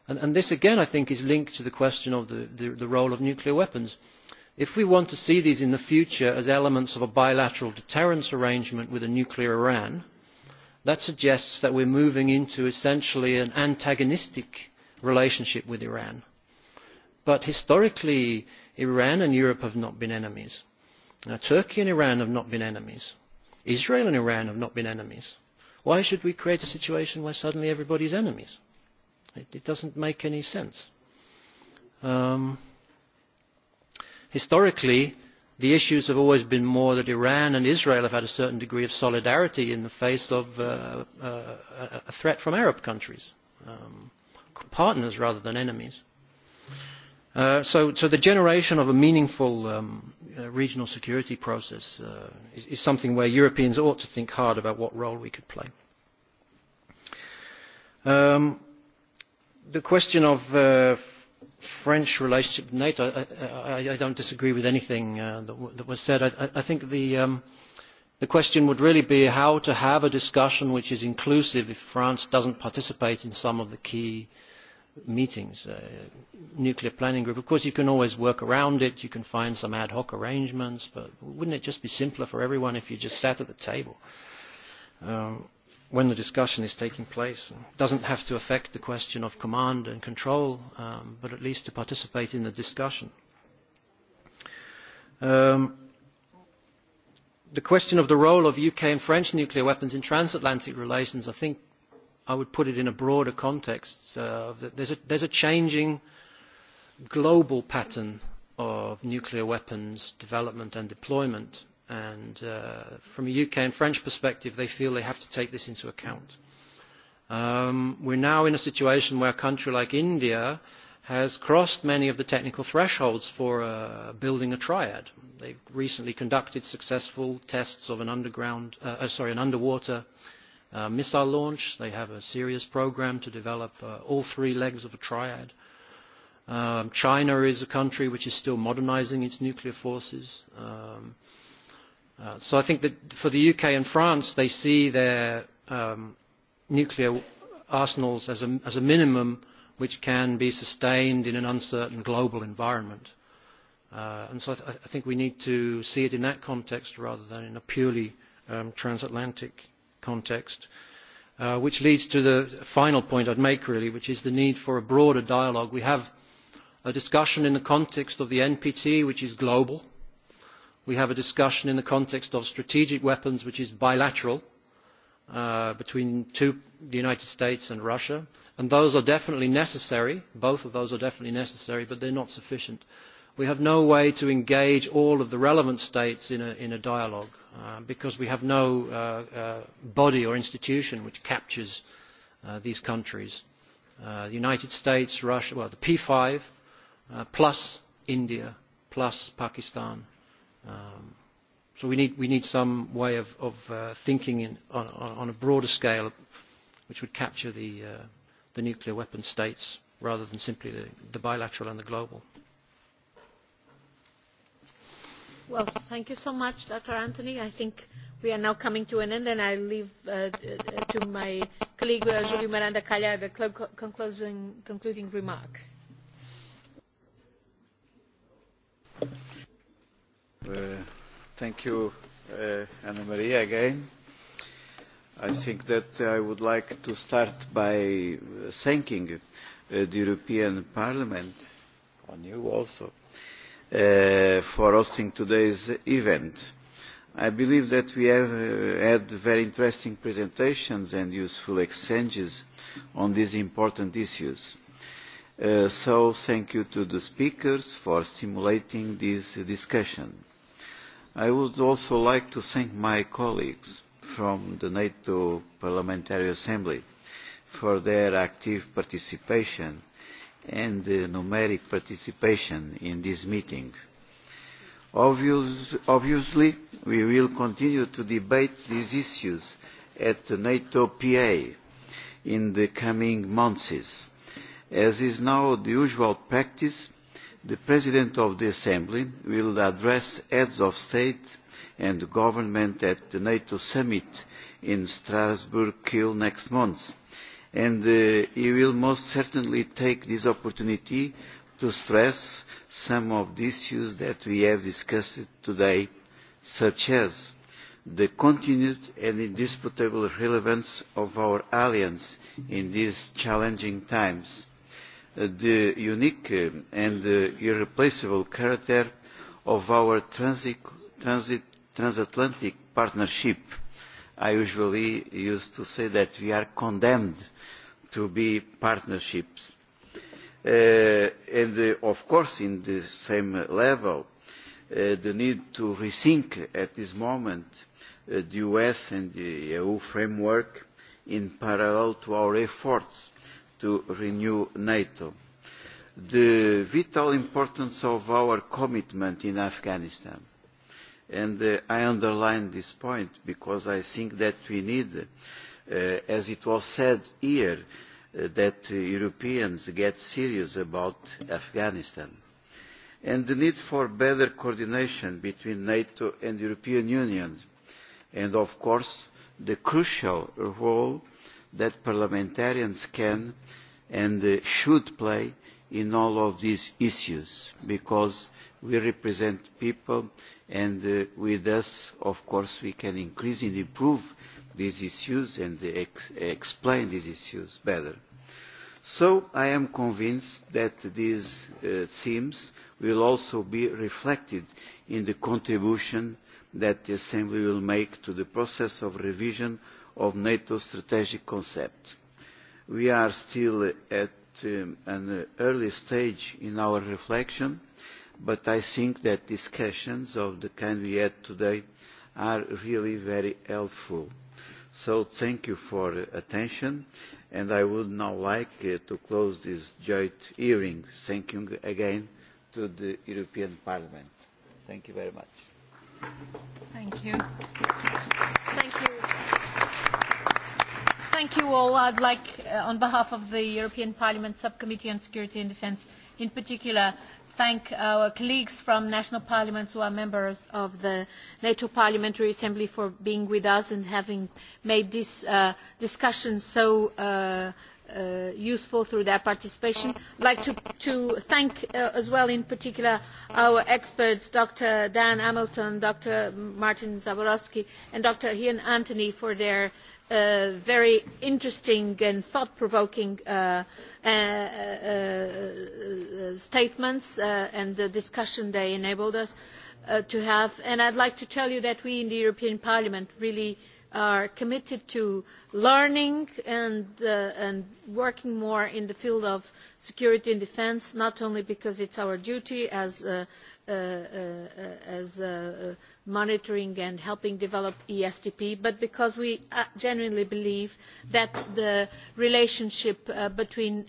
And, this again i think is linked to the question of the role of nuclear weapons if we want to see these in the future as elements of a bilateral deterrence arrangement with a nuclear iran that suggests that we are moving into essentially an antagonistic relationship with iran. but historically iran and europe have not been enemies. Now, uh, turkey and iran have not been enemies. israel and iran have not been enemies. why should we create a situation where suddenly everybody is enemies? it, it doesn't make any sense. Um, historically the issues have always been more that iran and israel have had a certain degree of solidarity in the face of uh, uh, a threat from arab countries um, partners rather than enemies. Uh, so, the generation of a meaningful um, regional security process is, something where Europeans ought to think hard about what role we could play. Um, the question of French relationship with NATO, I, I, I don't disagree with anything uh, that, w that was said. I, I think the, um, the question would really be how to have a discussion which is inclusive if France doesn't participate in some of the key meetings. Uh, nuclear planning group, of course you can always work around it, you can find some ad hoc arrangements, but wouldn't it just be simpler for everyone if you just sat at the table? Um, when the discussion is taking place. It doesn't have to affect the question of command and control, um, but at least to participate in the discussion. Um, the question of the role of UK and French nuclear weapons in transatlantic relations, I think I would put it in a broader context. Uh, there's, a, there's a changing global pattern of nuclear weapons development and deployment and uh, from a UK and French perspective, they feel they have to take this into account. Um, we're now in a situation where a country like India has crossed many of the technical thresholds for uh, building a triad. They've recently conducted successful tests of an underground, uh, uh sorry, an underwater uh, missile launch. They have a serious program to develop uh, all three legs of a triad. Um, China is a country which is still modernizing its nuclear forces. Um, Uh, so I think that for the UK and France, they see their um, nuclear arsenals as a, as a minimum which can be sustained in an uncertain global environment. Uh, and so I, th I think we need to see it in that context rather than in a purely um, transatlantic context, uh, which leads to the final point I'd make really, which is the need for a broader dialogue. We have a discussion in the context of the NPT, which is global, we have a discussion in the context of strategic weapons which is bilateral uh, between two, the United States and Russia and those are definitely necessary both of those are definitely necessary but they are not sufficient. We have no way to engage all of the relevant states in a, in a dialogue uh, because we have no uh, uh body or institution which captures uh, these countries. Uh, the United States, Russia, well the P5 plus India plus Pakistan Um, so we need, we need some way of, of uh, thinking in, on, on a broader scale which would capture the, uh, the nuclear weapon states rather than simply the, the bilateral and the global. Well, thank you so much, Dr. Anthony. I think we are now coming to an end, and I leave uh, uh to my colleague uh, Julio Miranda Calla, the cl concluding, concluding remarks. Uh, thank you, uh, Anna Maria, again. I think that I would like to start by uh, thanking uh, the European Parliament, on you also, uh, for hosting today's event. I believe that we have uh, had very interesting presentations and useful exchanges on these important issues. Uh, so thank you to the speakers for stimulating this discussion I would also like to thank my colleagues from the NATO Parliamentary Assembly for their active participation and the numeric participation in this meeting. Obvious, obviously, we will continue to debate these issues at the NATO PA in the coming months. As is now the usual practice, The President of the Assembly will address heads of state and government at the NATO summit in Strasbourg, Kiel next month. And uh, he will most certainly take this opportunity to stress some of the issues that we have discussed today, such as the continued and indisputable relevance of our alliance in these challenging times, the unique uh, and uh, irreplaceable character of our transit, transit, transatlantic partnership. I usually used to say that we are condemned to be partnerships. Uh, and uh, of course, in the same level, uh, the need to rethink at this moment uh, the US and the EU framework in parallel to our efforts to renew NATO. The vital importance of our commitment in Afghanistan. And uh, I underline this point because I think that we need, uh, as it was said here, uh, that Europeans get serious about Afghanistan. And the need for better coordination between NATO and the European Union. And of course, the crucial role that parliamentarians can and should play in all of these issues because we represent people and with us of course we can increase and improve these issues and ex explain these issues better. So I am convinced that these uh, themes will also be reflected in the contribution that the Assembly will make to the process of revision of NATO strategic concept. We are still at um, an early stage in our reflection, but I think that discussions of the kind we had today are really very helpful. So thank you for attention, and I would now like uh, to close this joint hearing. Thank you again to the European Parliament. Thank you very much. Thank you. Thank you. Thank you all. I'd like, uh, on behalf of the European Parliament Subcommittee on Security and Defence in particular, thank our colleagues from national parliaments who are members of the NATO Parliamentary Assembly for being with us and having made this uh, discussion so uh, Uh, useful through their participation. i would like to, to thank uh, as well in particular our experts dr dan hamilton dr martin zborsk and dr ian anthony for their very interesting and thought provoking uh, uh, uh, statements and the discussion they enabled us to have and i would like to tell you that we in the european parliament really are committed to learning and, and working more in the field of security and defence not only because it is our duty as Uh, uh, uh, as monitoring and helping develop ESDP, but because we genuinely believe that the relationship between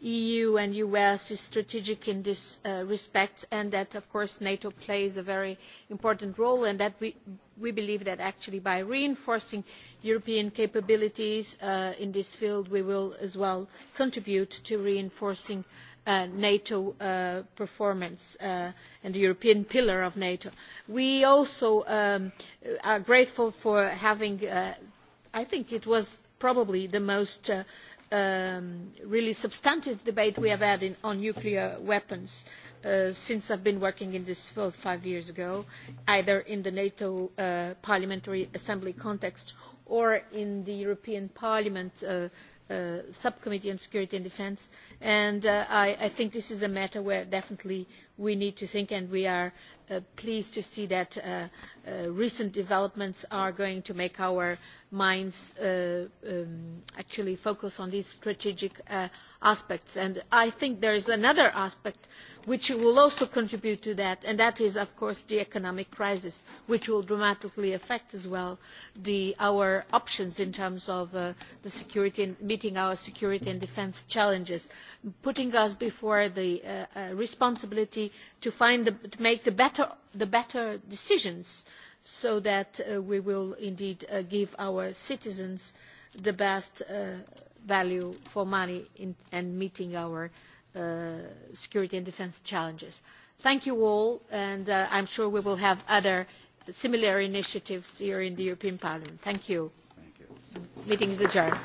EU and US is strategic in this respect, and that of course NATO plays a very important role, and that we, believe that actually by reinforcing European capabilities in this field, we will as well contribute to reinforcing Uh, nato uh, performance uh, and the european pillar of nato. we also um, are grateful for having i think it was probably the most um, really substantive debate we have had on nuclear weapons since i have been working in this field five years ago either in the nato parliamentary assembly context or in the european parliament Uh, subcommittee on security and defence and uh, I, think this is a matter where definitely we need to think and we are Uh, pleased to see that uh, uh, recent developments are going to make our minds um, actually focus on these strategic aspects. And I think there is another aspect which will also contribute to that, and that is, of course, the economic crisis, which will dramatically affect as well our options in terms of the security and meeting our security and defence challenges, putting us before the responsibility to, find to make the better the better decisions so that uh, we will indeed uh, give our citizens the best uh, value for money in, and meeting our security and defence challenges. Thank you all, and I am sure we will have other similar initiatives here in the European Parliament. Thank you. Meeting is adjourned.